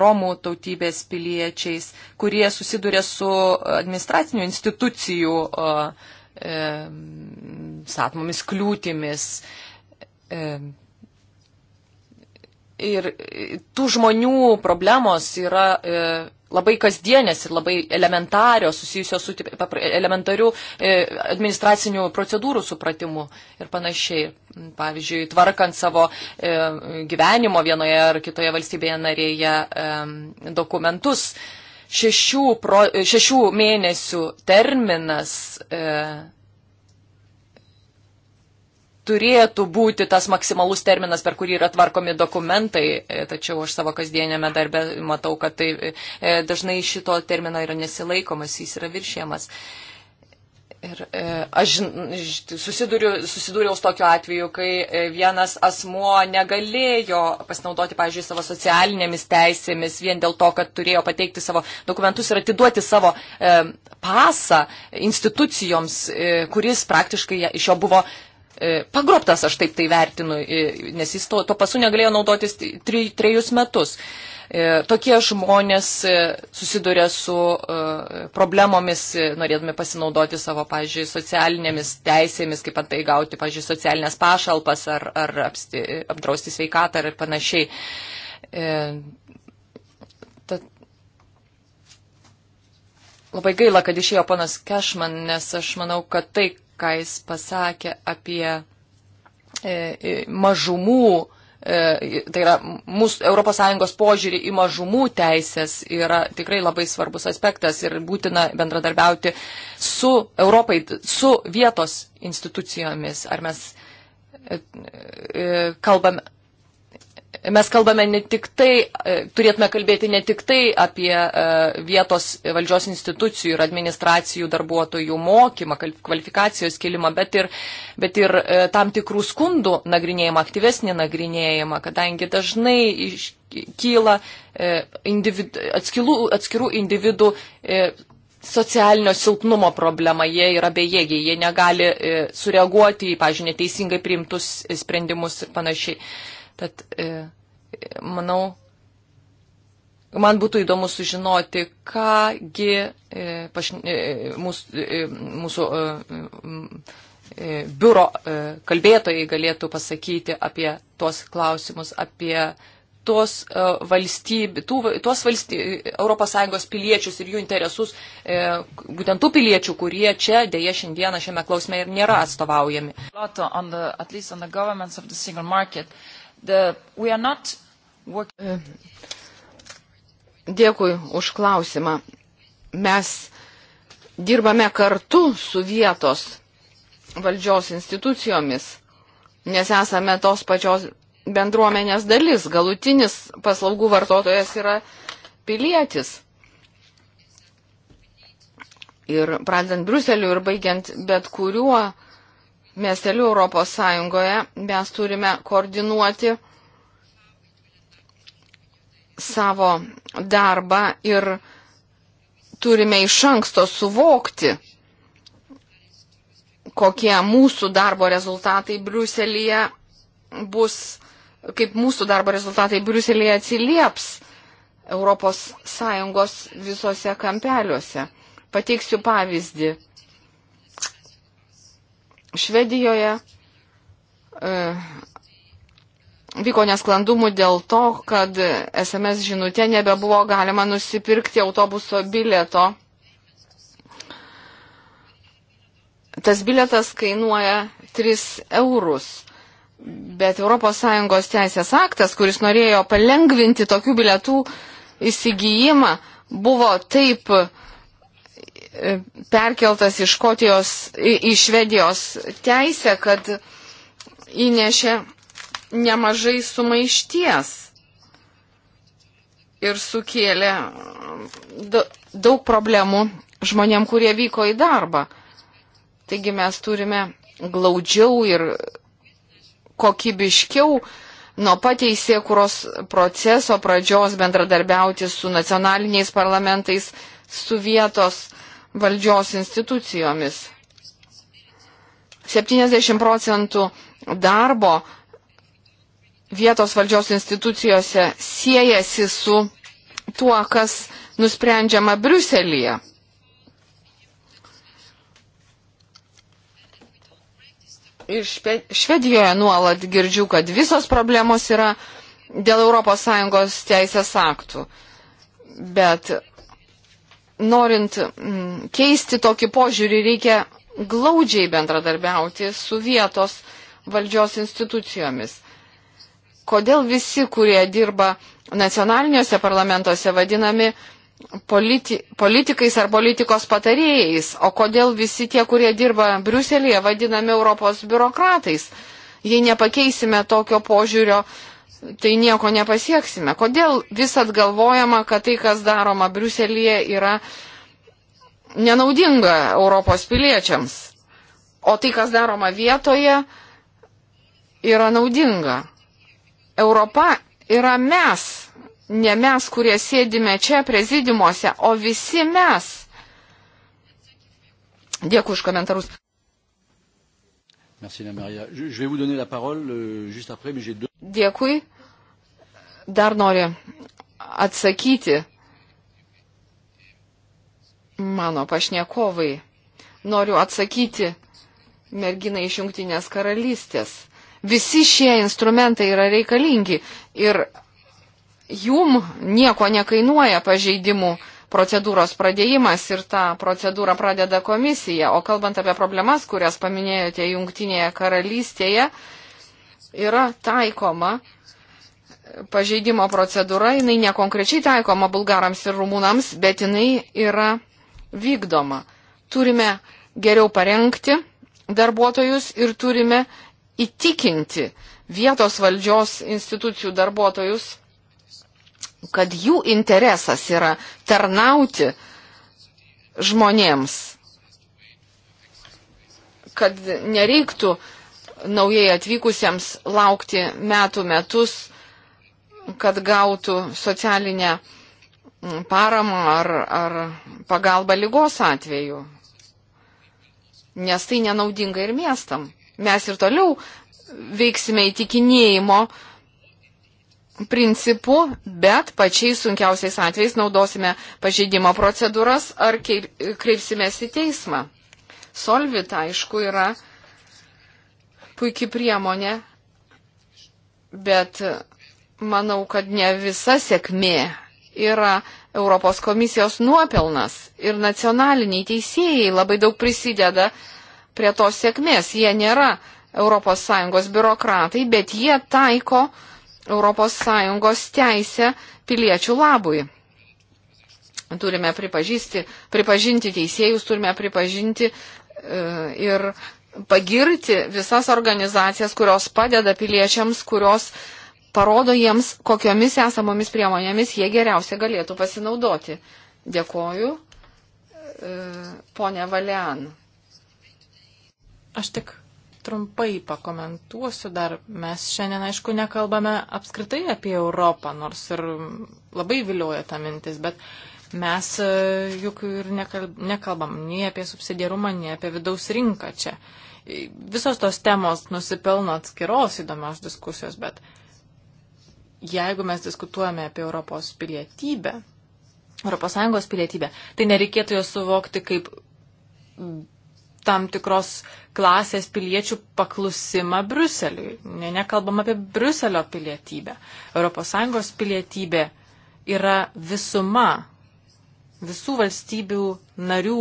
Romų tautybės piliečiais, kurie susiduria su administracinių institucijų e, satmomis kliūtimis. Ir tų žmonių problemos yra labai kasdienės ir labai elementarios, susijusios su elementarių e, administracinių procedūrų supratimu ir panašiai. Pavyzdžiui, tvarkant savo e, gyvenimo vienoje ar kitoje valstybėje narėje e, dokumentus. Šešių, pro, šešių mėnesių terminas e, turėtų būti tas maksimalus terminas, per kurį yra tvarkomi dokumentai, e, tačiau aš savo kasdienėme darbe matau, kad tai e, e, dažnai šito termino yra nesilaikomas, jis yra viršėmas. Ir e, aš susidūriau su tokiu atveju, kai vienas asmuo negalėjo pasinaudoti, pavyzdžiui, savo socialinėmis teisėmis vien dėl to, kad turėjo pateikti savo dokumentus ir atiduoti savo e, pasą institucijoms, e, kuris praktiškai iš jo buvo E, pagrobtas, aš taip tai vertinu, e, nes jis to, to pasu negalėjo naudotis tri, trejus metus. E, tokie žmonės susiduria su problemomis, norėdami pasinaudoti savo, pažiūrėjau, socialinėmis teisėmis, kaip antai gauti, pažiūrėjau, socialinės pašalpas ar, ar apsti, apdrausti sveikatą ar panašiai. Labai gaila, kad išėjo ponas Kešman, nes aš manau, kad tai, ką jis pasakė apie e, e mažumų, e, tai yra mūsų ES požiūrį į mažumų teisės yra tikrai labai svarbus aspektas ir būtina bendradarbiauti su Europai, su vietos institucijomis. Ar mes e, e kalbame mes kalbame ne tik tai, e, turėtume kalbėti ne tik tai apie e, vietos valdžios institucijų ir administracijų darbuotojų mokymą, kvalifikacijos kilimą, bet ir, bet ir e, tam tikrų skundų nagrinėjimą, aktyvesnį nagrinėjimą, kadangi dažnai iš, kyla individu, atskilų, atskirų individų socialinio silpnumo problema, jie yra bejėgiai, jie negali sureaguoti į, pažiūrėjau, neteisingai priimtus sprendimus ir panašiai. Tad e, manau, man būtų įdomu sužinoti, kągi e, e, mūsų, mūsų biuro kalbėtojai galėtų pasakyti apie tuos klausimus, apie tos valstybių, tų, tos valstybių, ES piliečius ir jų interesus, būtent tų piliečių, kurie čia dėja šiandieną šiame klausime ir nėra atstovaujami. Lato, on the, The, not... E, dėkui už klausimą. Mes dirbame kartu su vietos valdžios institucijomis, nes esame tos pačios bendruomenės dalis. Galutinis paslaugų vartotojas yra pilietis. Ir pradedant Bruseliu ir baigiant bet kuriuo miestelių Europos Sąjungoje mes turime koordinuoti savo darbą ir turime iš anksto suvokti, kokie mūsų darbo rezultatai Briuselėje bus, kaip mūsų darbo rezultatai Briuselėje atsilieps Europos Sąjungos visose kampeliuose. Pateiksiu pavyzdį. Švedijoje e, vyko nesklandumų dėl to, kad SMS žinutė nebebuvo galima nusipirkti autobuso bilieto. Tas bilietas kainuoja 3 eurus. Bet ES teisės aktas, kuris norėjo palengvinti tokių bilietų įsigijimą, buvo taip uh, perkeltas iš Škotijos į Švedijos teisę, kad įnešė nemažai sumaišties ir sukėlė daug problemų žmonėm, kurie vyko į darbą. Taigi mes turime glaudžiau ir kokybiškiau nuo pateisėkuros proceso pradžios bendradarbiauti su nacionaliniais parlamentais, su vietos valdžios institucijomis. 70 procentų darbo vietos valdžios institucijose siejasi su tuo, kas nusprendžiama Briuselėje. Ir Švedijoje nuolat girdžiu, kad visos problemos yra dėl ES teisės aktų. Bet norint mm, keisti tokį požiūrį, reikia glaudžiai bendradarbiauti su vietos valdžios institucijomis. Kodėl visi, kurie dirba nacionaliniuose parlamentuose, vadinami politi politikais ar politikos patarėjais, o kodėl visi tie, kurie dirba Briuselėje, vadinami Europos biurokratais? Jei nepakeisime tokio požiūrio, uh, tai nieko nepasieksime. Kodėl visat galvojama, kad tai, kas daroma Briuselėje, yra nenaudinga Europos piliečiams, o tai, kas daroma vietoje, yra naudinga. Europa yra mes, ne mes, kurie sėdime čia prezidimuose, o visi mes. Dėkui už komentarus. Merci, Anna Maria. Je, je vais vous donner la parole euh, juste après, mais j'ai deux. Dėkui. Dar noriu atsakyti mano pašnekovai. Noriu atsakyti merginai iš Junktinės karalystės. Visi šie instrumentai yra reikalingi ir jum nieko nekainuoja pažeidimų procedūros pradėjimas ir tą procedūrą pradeda komisija. O kalbant apie problemas, kurias paminėjote Junktinėje karalystėje, yra taikoma pažeidimo procedūra, jinai nekonkrečiai taikoma bulgarams ir rumūnams, bet jinai yra vykdoma. Turime geriau parengti darbuotojus ir turime įtikinti vietos valdžios institucijų darbuotojus, kad jų interesas yra tarnauti žmonėms, kad nereiktų uh, naujai atvykusiems laukti metų metus, kad gautų socialinę mm, paramą ar, ar pagalbą lygos atveju. Nes tai nenaudinga ir miestam. Mes ir toliau veiksime įtikinėjimo principu, bet pačiais sunkiausiais atvejais naudosime pažeidimo procedūras ar kreipsimės į teismą. Solvit, aišku, yra puikiai priemonė, bet manau, kad ne visa sėkmė yra Europos komisijos nuopelnas ir nacionaliniai teisėjai labai daug prisideda prie tos sėkmės. Jie nėra ES biurokratai, bet jie taiko ES teisę piliečių labui. Turime pripažinti teisėjus, turime pripažinti e, ir pagirti visas organizacijas, kurios padeda piliečiams, kurios parodo jiems, kokiomis esamomis priemonėmis jie geriausia galėtų pasinaudoti. Dėkoju, e, ponė Valian. Aš tik trumpai pakomentuosiu dar. Mes šiandien, aišku, nekalbame apskritai apie Europą, nors ir labai vilioja ta mintis, bet uh, Mes e, juk ir nekalbam nei apie subsidiarumą, nei apie vidaus rinką čia. E, visos tos temos nusipelno atskiros įdomios diskusijos, bet jeigu mes diskutuojame apie Europos pilietybę, Europos Sąjungos pilietybę, tai nereikėtų jos suvokti kaip tam tikros klasės piliečių paklusimą Bruseliui. Ne, nekalbam apie Bruselio pilietybę. ES pilietybė yra visuma visų valstybių narių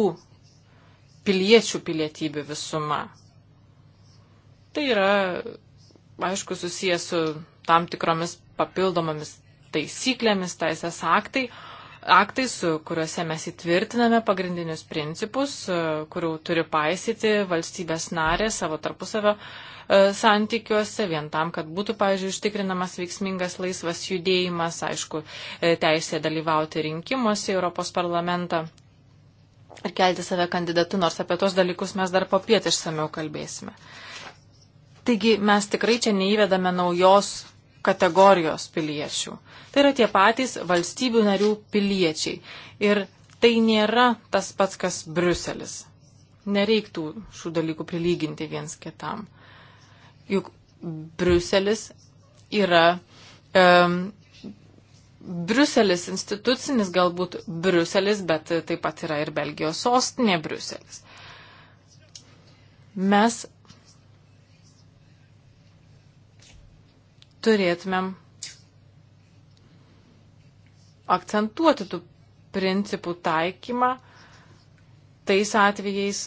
piliečių pilietybių visuma. Tai yra, aišku, susijęs su tam tikromis papildomomis taisyklėmis, teisės aktai, aktais, kuriuose mes įtvirtiname pagrindinius principus, e, kurių turi paisyti valstybės narė savo tarpusavio e, santykiuose, vien tam, kad būtų, pavyzdžiui, užtikrinamas veiksmingas laisvas judėjimas, aišku, e, teisė dalyvauti rinkimuose Europos parlamentą ir kelti save kandidatu, nors apie tos dalykus mes dar popiet išsameu kalbėsime. Taigi mes tikrai čia neįvedame naujos kategorijos piliečių. Tai yra tie patys valstybių narių piliečiai. Ir tai nėra tas pats, kas Bruselis. Nereiktų šių dalykų prilyginti viens kitam. Juk Bruselis yra. Um, Bruselis institucinis, galbūt Bruselis, bet taip pat yra ir Belgijos sostinė Bruselis. Mes turėtumėm akcentuoti tų principų taikymą tais atvejais,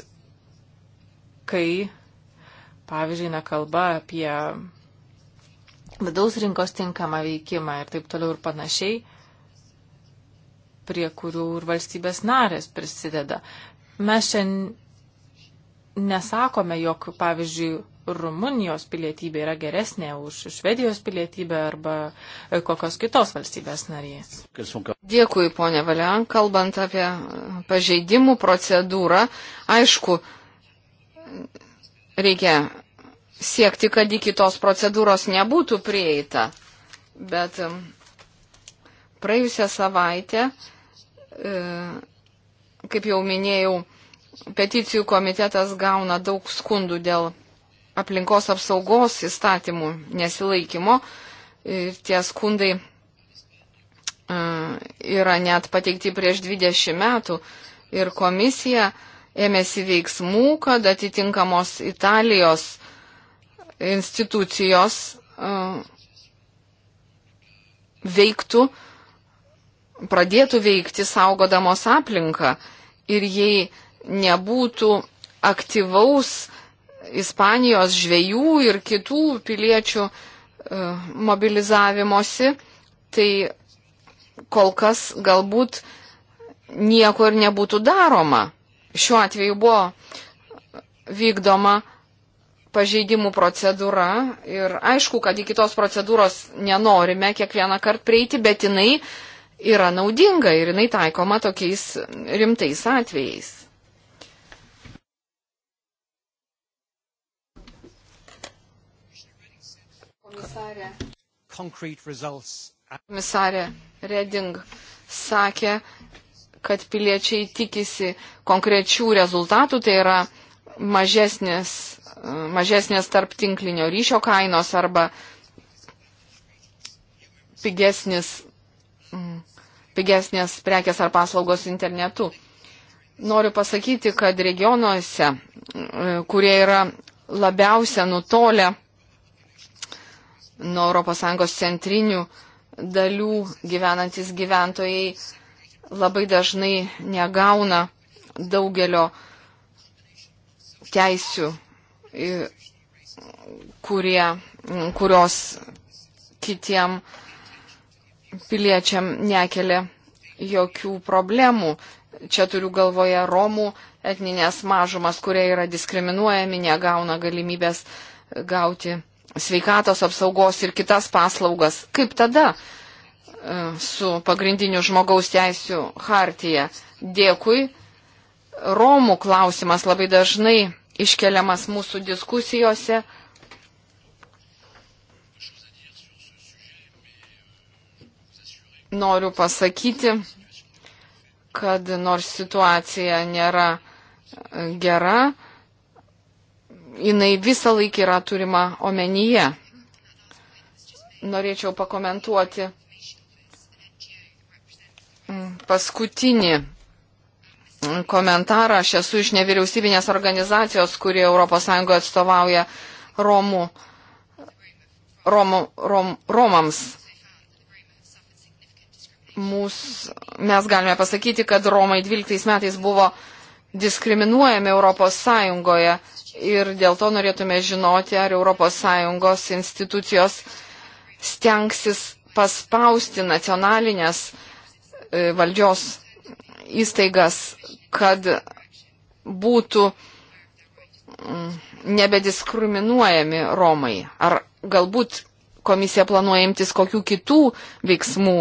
kai, pavyzdžiui, na kalba apie vidaus rinkos tinkamą veikimą ir taip toliau ir panašiai, prie kurių ir valstybės narės prisideda. Mes šiandien nesakome, jog, pavyzdžiui, Rumunijos pilietybė yra geresnė už Švedijos pilietybę arba kokios kitos valstybės narės. Dėkui, ponė Valian, kalbant apie pažeidimų procedūrą. Aišku, reikia siekti, kad iki tos procedūros nebūtų prieita. Bet um, praėjusią savaitę, e, kaip jau minėjau, peticijų komitetas gauna daug skundų dėl aplinkos apsaugos įstatymų nesilaikymo ir tie skundai e, yra net pateikti prieš 20 metų ir komisija ėmėsi veiksmų, kad atitinkamos Italijos institucijos e, veiktų, pradėtų veikti saugodamos aplinką ir jei nebūtų aktyvaus Ispanijos žvėjų ir kitų piliečių e, mobilizavimosi, tai kol kas galbūt nieko ir nebūtų daroma. Šiuo atveju buvo vykdoma pažeidimų procedūra ir aišku, kad iki tos procedūros nenorime kiekvieną kartą prieiti, bet jinai yra naudinga ir jinai taikoma tokiais rimtais atvejais. komisarė. Komisarė Reding sakė, kad piliečiai tikisi konkrečių rezultatų, tai yra mažesnės, mažesnės tarp tinklinio ryšio kainos arba pigesnis, mm, pigesnės prekės ar paslaugos internetu. Noriu pasakyti, kad regionuose, mm, kurie yra labiausia nutolę nuo ES centrinių dalių gyvenantis gyventojai labai dažnai negauna daugelio teisių, kurie, kurios kitiem piliečiam nekelia jokių problemų. Čia turiu galvoje Romų etninės mažumas, kurie yra diskriminuojami, negauna galimybės gauti sveikatos apsaugos ir kitas paslaugas, kaip tada e, su pagrindiniu žmogaus teisų hartija. Dėkui. Romų klausimas labai dažnai iškeliamas mūsų diskusijose. Noriu pasakyti, kad nors situacija nėra e, gera, jinai visą laiką yra turima omenyje. Norėčiau pakomentuoti paskutinį komentarą. Aš esu iš nevyriausybinės organizacijos, kuri ES atstovauja Romų, Rom, Rom, Romams. Mūs, mes galime pasakyti, kad Romai 12 metais buvo diskriminuojami Europos Sąjungoje ir dėl to norėtume žinoti, ar Europos Sąjungos institucijos stengsis paspausti nacionalinės e, valdžios įstaigas, kad būtų mm, nebediskriminuojami Romai. Ar galbūt komisija planuoja imtis kokių kitų veiksmų,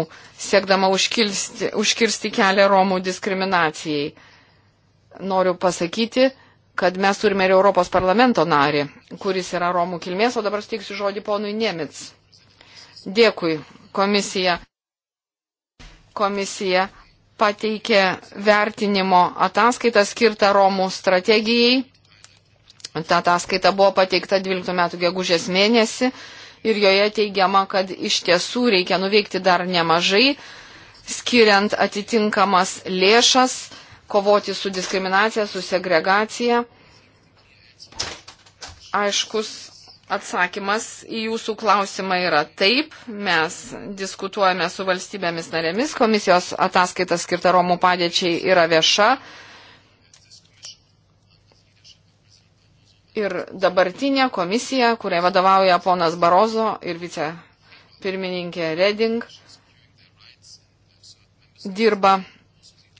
siekdama užkirsti, užkirsti kelią Romų diskriminacijai? noriu pasakyti, kad mes turime ir Europos parlamento narį, kuris yra Romų kilmės, o dabar steiksiu žodį ponui Niemic. Dėkui, komisija. Komisija pateikė vertinimo ataskaitą skirtą Romų strategijai. Ta ataskaita buvo pateikta 12 metų gegužės mėnesį ir joje teigiama, kad iš tiesų reikia nuveikti dar nemažai, skiriant atitinkamas lėšas kovoti su diskriminacija, su segregacija. Aiškus atsakymas į jūsų klausimą yra taip. Mes diskutuojame su valstybėmis narėmis. Komisijos ataskaita skirta Romų padėčiai yra vieša. Ir dabartinė komisija, kuriai vadovauja ponas Barozo ir vicepirmininkė Reding, dirba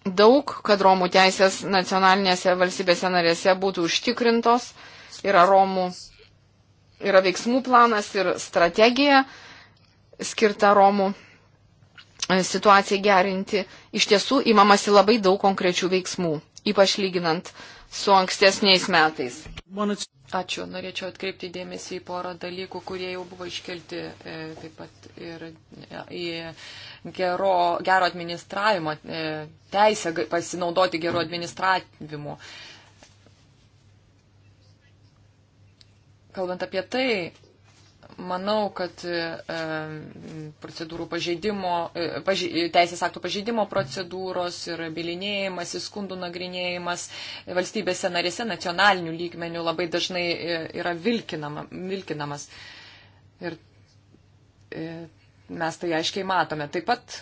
daug, kad Romų teisės nacionalinėse valstybėse narėse būtų užtikrintos. Yra Romų, yra veiksmų planas ir strategija skirta Romų e, situacijai gerinti. Iš tiesų įmamasi labai daug konkrečių veiksmų, ypač lyginant su ankstesniais metais. Ačiū. Norėčiau atkreipti dėmesį į porą dalykų, kurie jau buvo iškelti e, taip pat ir e, į. Ja, gero, gero administravimo, e, teisę pasinaudoti gero administravimu. Kalbant apie tai, manau, kad e, procedūrų pažeidimo, e, paži, teisės aktų pažeidimo procedūros ir bilinėjimas, įskundų nagrinėjimas valstybėse narėse nacionalinių lygmenių labai dažnai yra vilkinama, vilkinamas. Ir, ir Mes tai aiškiai matome. Taip pat,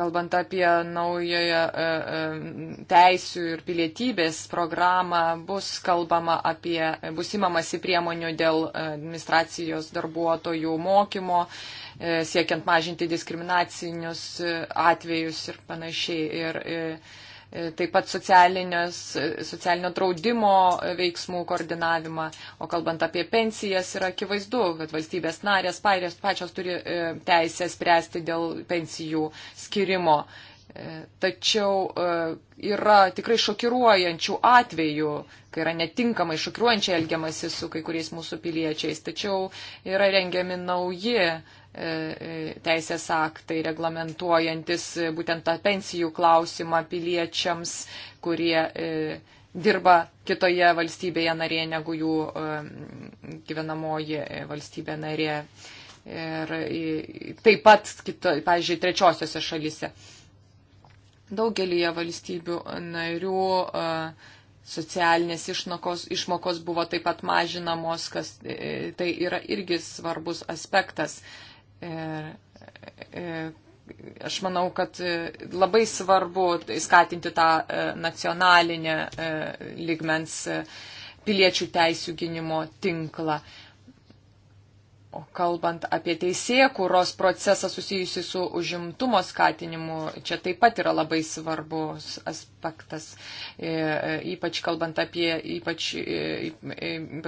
kalbant apie naująją e, e, teisų ir pilietybės programą, bus kalbama apie, bus imamasi priemonių dėl administracijos darbuotojų mokymo, e, siekiant mažinti diskriminacinius atvejus ir panašiai. Ir, ir, E, taip pat e, socialinio draudimo veiksmų koordinavimą. O kalbant apie pensijas, yra akivaizdu, kad valstybės narės pairės, pačios turi e, teisę spręsti dėl pensijų skirimo. Tačiau yra tikrai šokiruojančių atvejų, kai yra netinkamai šokiruojančiai elgiamasi su kai kuriais mūsų piliečiais. Tačiau yra rengiami nauji E, e, teisės aktai reglamentuojantis būtent tą pensijų klausimą piliečiams, kurie e, dirba kitoje valstybėje narėje negu jų gyvenamoji valstybė narė. Ir taip pat, kito, pavyzdžiui, trečiosiose šalise. Daugelįje valstybių narių socialinės išnokos, išmokos buvo taip pat mažinamos, kas tai yra irgi svarbus aspektas. E, Ir, ir, e, aš manau, kad e, labai svarbu skatinti tą e, nacionalinę ligmens piliečių teisų gynimo tinklą. O kalbant apie teisėkūros procesą susijusi su užimtumo skatinimu, čia taip pat yra labai svarbus aspektas, ypač kalbant apie ypač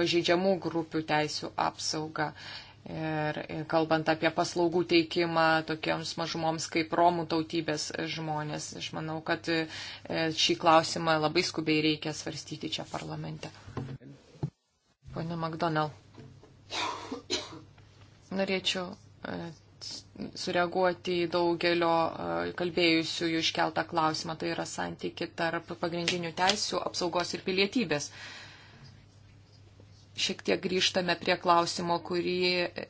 pažeidžiamų grupių teisų apsaugą. Ir kalbant apie paslaugų teikimą tokiems mažumoms kaip Romų tautybės žmonės, aš manau, kad e, šį klausimą labai skubiai reikia svarstyti čia parlamente. Pone McDonald, norėčiau e, sureaguoti į daugelio e, kalbėjusiųjų iškeltą klausimą, tai yra santyki tarp pagrindinių teisų apsaugos ir pilietybės šiek tiek grįžtame prie klausimo, kurį e,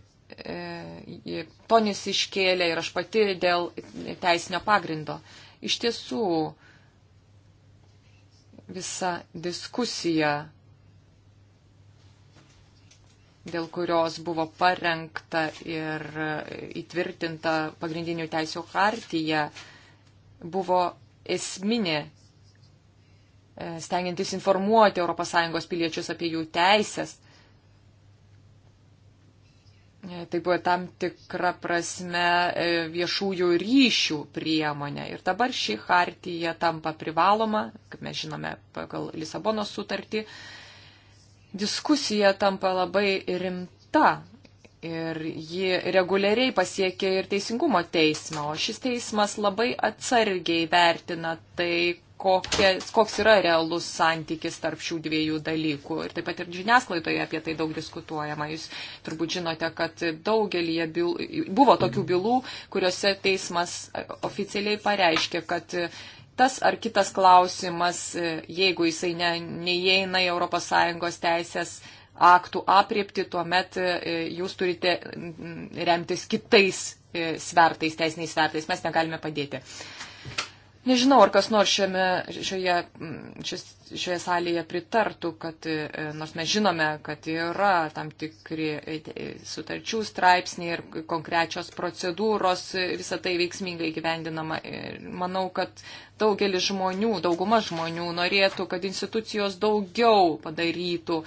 e, ponis iškėlė ir aš pati dėl teisinio pagrindo. Iš tiesų, visa diskusija, dėl kurios buvo parengta ir įtvirtinta pagrindinių teisų hartyje, buvo esminė E, stengiantis informuoti ES piliečius apie jų teisės. E, tai buvo tam tikra prasme e, viešųjų ryšių priemonė. Ir dabar ši hartija tampa privaloma, kaip mes žinome pagal Lisabonos sutartį. Diskusija tampa labai rimta ir ji reguliariai pasiekia ir teisingumo teismą, o šis teismas labai atsargiai vertina tai, kokie, koks yra realus santykis tarp šių dviejų dalykų. Ir taip pat ir žiniasklaidoje apie tai daug diskutuojama. Jūs turbūt žinote, kad daugelį bylų, buvo tokių bylų, kuriuose teismas oficialiai pareiškė, kad tas ar kitas klausimas, jeigu jisai ne, neįeina į ES teisės aktų apriepti, tuomet e, jūs turite mm, remtis kitais e, svertais, teisiniais svertais. Mes negalime padėti. Uh, Nežinau, ar kas nors šiame, šioje, šis, šioje salėje pritartų, kad e, nors mes žinome, kad yra tam tikri e, sutarčių straipsniai ir konkrečios procedūros, e, visą tai veiksmingai gyvendinama. Manau, kad daugelis žmonių, dauguma žmonių norėtų, kad institucijos daugiau padarytų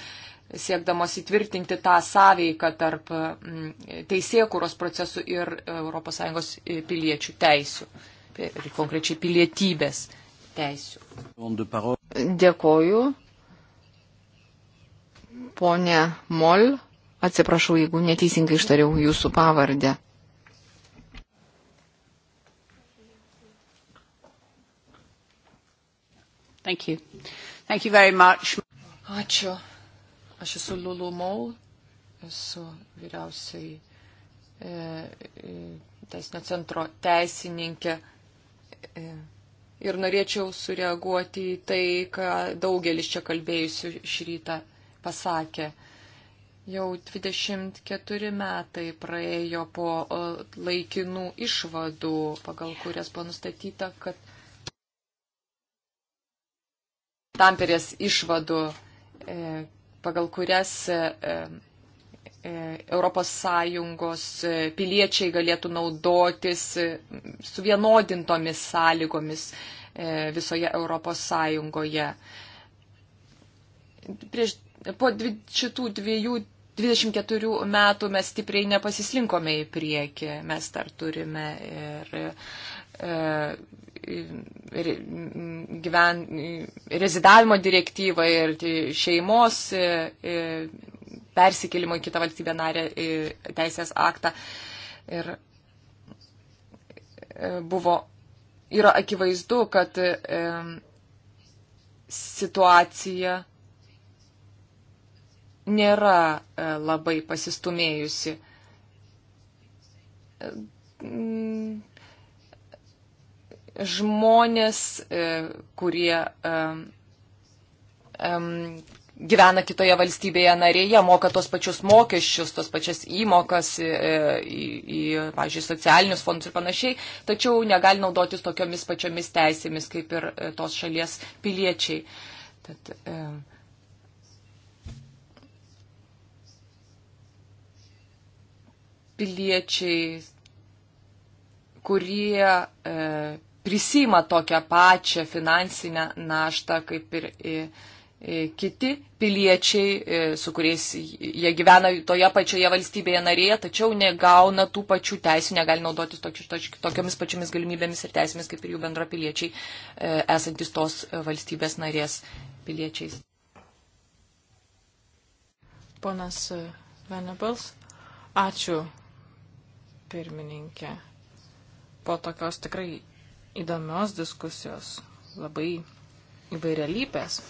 siekdamos įtvirtinti tą sąveiką tarp teisėkuros procesų ir ES piliečių teisių apie konkrečiai pilietybės teisių. Dėkoju. Pone Mol, atsiprašau, jeigu neteisingai ištariau jūsų pavardę. Thank you. Thank you very much. Ačiū. Aš esu Lulu Mol, esu vyriausiai e, e, teisinio centro teisininkė E, ir norėčiau sureaguoti į tai, ką daugelis čia kalbėjusių šį rytą pasakė. Jau 24 metai praėjo po e, laikinų išvadų, pagal kurias buvo nustatyta, kad tamperės išvadų, e, pagal kurias ES e, piliečiai galėtų naudotis e, suvienodintomis sąlygomis e, visoje ES. Prieš, po dvi, šitų dviejų 24 metų mes stipriai nepasislinkome į priekį, mes dar turime ir, ir gyven, rezidavimo direktyvą ir šeimos ir persikėlimo į kitą valstybę narę teisės aktą. Ir e, buvo, yra akivaizdu, kad e, situacija nėra e, labai pasistumėjusi žmonės, kurie gyvena kitoje valstybėje narėje, moka tos pačius mokesčius, tos pačias įmokas į, e, į, į pavyzdžiui, socialinius fondus ir panašiai, tačiau negali naudotis tokiomis pačiomis teisėmis kaip ir e, tos šalies piliečiai. Tad, e, piliečiai, kurie e, prisima tokią pačią finansinę naštą kaip ir e, E, kiti piliečiai, e, su kuriais jie gyvena toje pačioje valstybėje narėje, tačiau negauna tų pačių teisų, negali naudotis tokiamis pačiomis galimybėmis ir teisėmis, kaip ir jų bendrapiliečiai, e, esantis tos valstybės narės piliečiais. Ponas Venebals, ačiū pirmininkė. Po tokios tikrai įdomios diskusijos, labai įvairialypės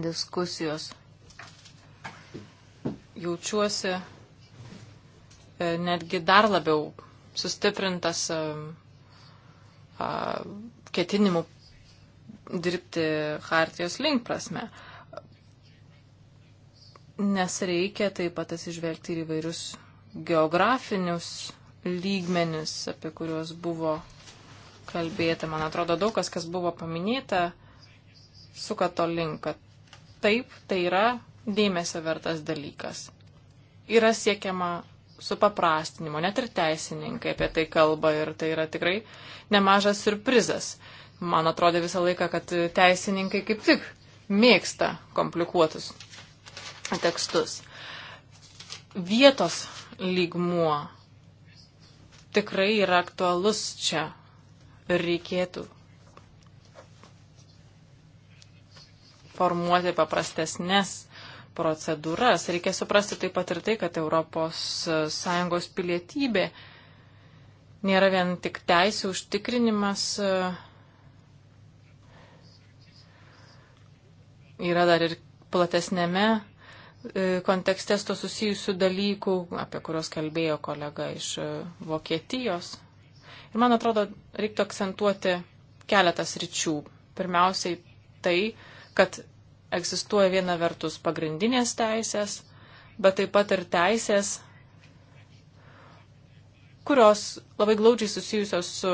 diskusijos. Jaučiuosi e, netgi dar labiau sustiprintas e, ketinimų dirbti hartijos link prasme. Nes reikia taip pat atsižvelgti ir įvairius geografinius lygmenis, apie kuriuos buvo kalbėta. Man atrodo, daug kas, kas buvo paminėta, suka to link, kad Taip, tai yra dėmesio vertas dalykas. Yra siekiama supaprastinimo, net ir teisininkai apie tai kalba ir tai yra tikrai nemažas surprizas. Man atrodo visą laiką, kad teisininkai kaip tik mėgsta komplikuotus tekstus. Vietos lygmuo tikrai yra aktualus čia. Reikėtų formuoti paprastesnės procedūras. Reikia suprasti taip pat ir tai, kad ES pilietybė nėra vien tik teisų užtikrinimas, yra dar ir platesnėme e, kontekste to susijusių dalykų, apie kuriuos kalbėjo kolega iš e, Vokietijos. Ir man atrodo, reiktų akcentuoti keletas ryčių. Pirmiausiai tai, kad egzistuoja viena vertus pagrindinės teisės, bet taip pat ir teisės, kurios labai glaudžiai susijusios su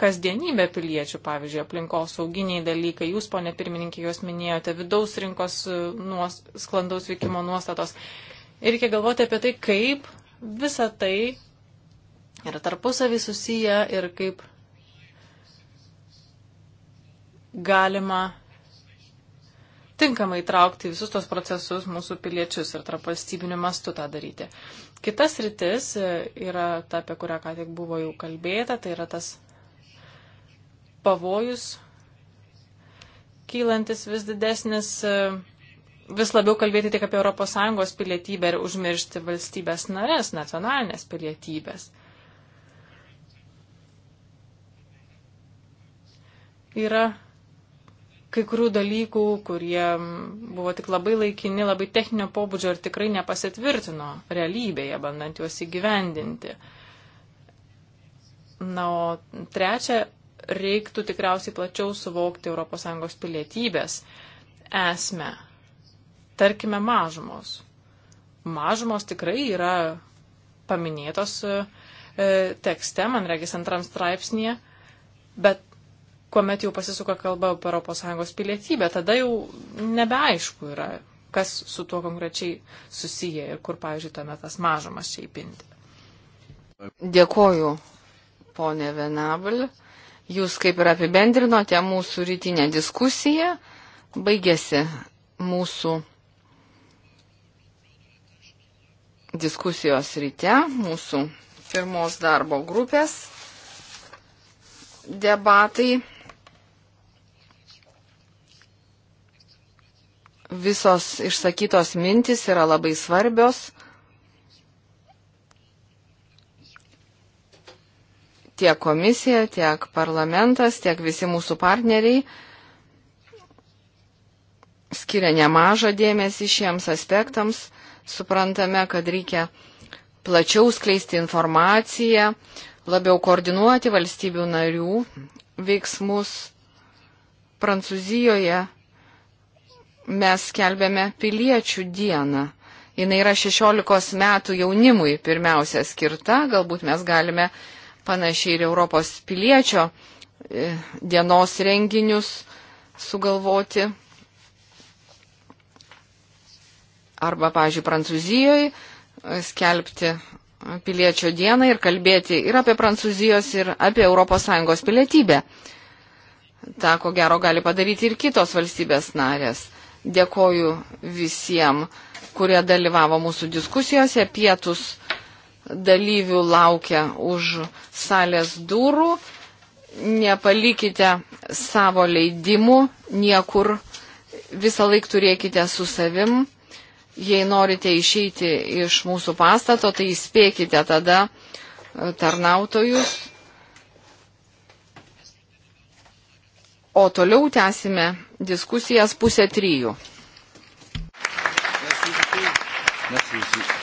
kasdienybė piliečių, pavyzdžiui, aplinkos sauginiai dalykai, jūs, ponė pirmininkė, juos minėjote, vidaus rinkos nuos, sklandaus veikimo nuostatos. Ir reikia galvoti apie tai, kaip visa tai yra tarpusavį susiję ir kaip galima tinkamai traukti visus tos procesus mūsų piliečius ir tarp valstybinių mastų tą daryti. Kitas rytis e, yra ta, apie kurią ką tik buvo jau kalbėta, tai yra tas pavojus kylantis vis didesnis, e, vis labiau kalbėti tik apie ES pilietybę ir užmiršti valstybės narės, nacionalinės pilietybės. Yra kai kurių dalykų, kurie buvo tik labai laikini, labai techninio pobūdžio ir tikrai nepasitvirtino realybėje, bandant juos įgyvendinti. Na, o trečia, reiktų tikriausiai plačiau suvokti ES pilietybės esmę. Tarkime, mažumos. Mažumos tikrai yra paminėtos e, tekste, man regis antram straipsnėje, bet kuomet jau pasisuka kalba apie ES pilietybę, tada jau nebeaišku yra, kas su tuo konkrečiai susiję ir kur, pavyzdžiui, tuomet tas mažumas čia įpinti. Dėkoju, ponė Venabel. Jūs kaip ir apibendrinote mūsų rytinę diskusiją, baigėsi mūsų diskusijos ryte, mūsų pirmos darbo grupės debatai. Visos išsakytos mintis yra labai svarbios. Tiek komisija, tiek parlamentas, tiek visi mūsų partneriai skiria nemažą dėmesį šiems aspektams. Suprantame, kad reikia plačiau skleisti informaciją, labiau koordinuoti valstybių narių veiksmus. Prancūzijoje mes kelbėme piliečių dieną. Jis yra 16 metų jaunimui pirmiausia skirta, galbūt mes galime panašiai ir Europos piliečio e, dienos renginius sugalvoti. Arba, pažiūrėjau, Prancūzijoje skelbti piliečio dieną ir kalbėti ir apie Prancūzijos, ir apie ES pilietybę. Ta, ko gero, gali padaryti ir kitos valstybės narės. Dėkoju visiems, kurie dalyvavo mūsų diskusijose. Pietus dalyvių laukia už salės durų. Nepalikite savo leidimų niekur. Visą laiką turėkite su savim. Jei norite išeiti iš mūsų pastato, tai įspėkite tada e, tarnautojus. O toliau tęsime diskusijas pusę trijų. Merci, merci. Merci, merci.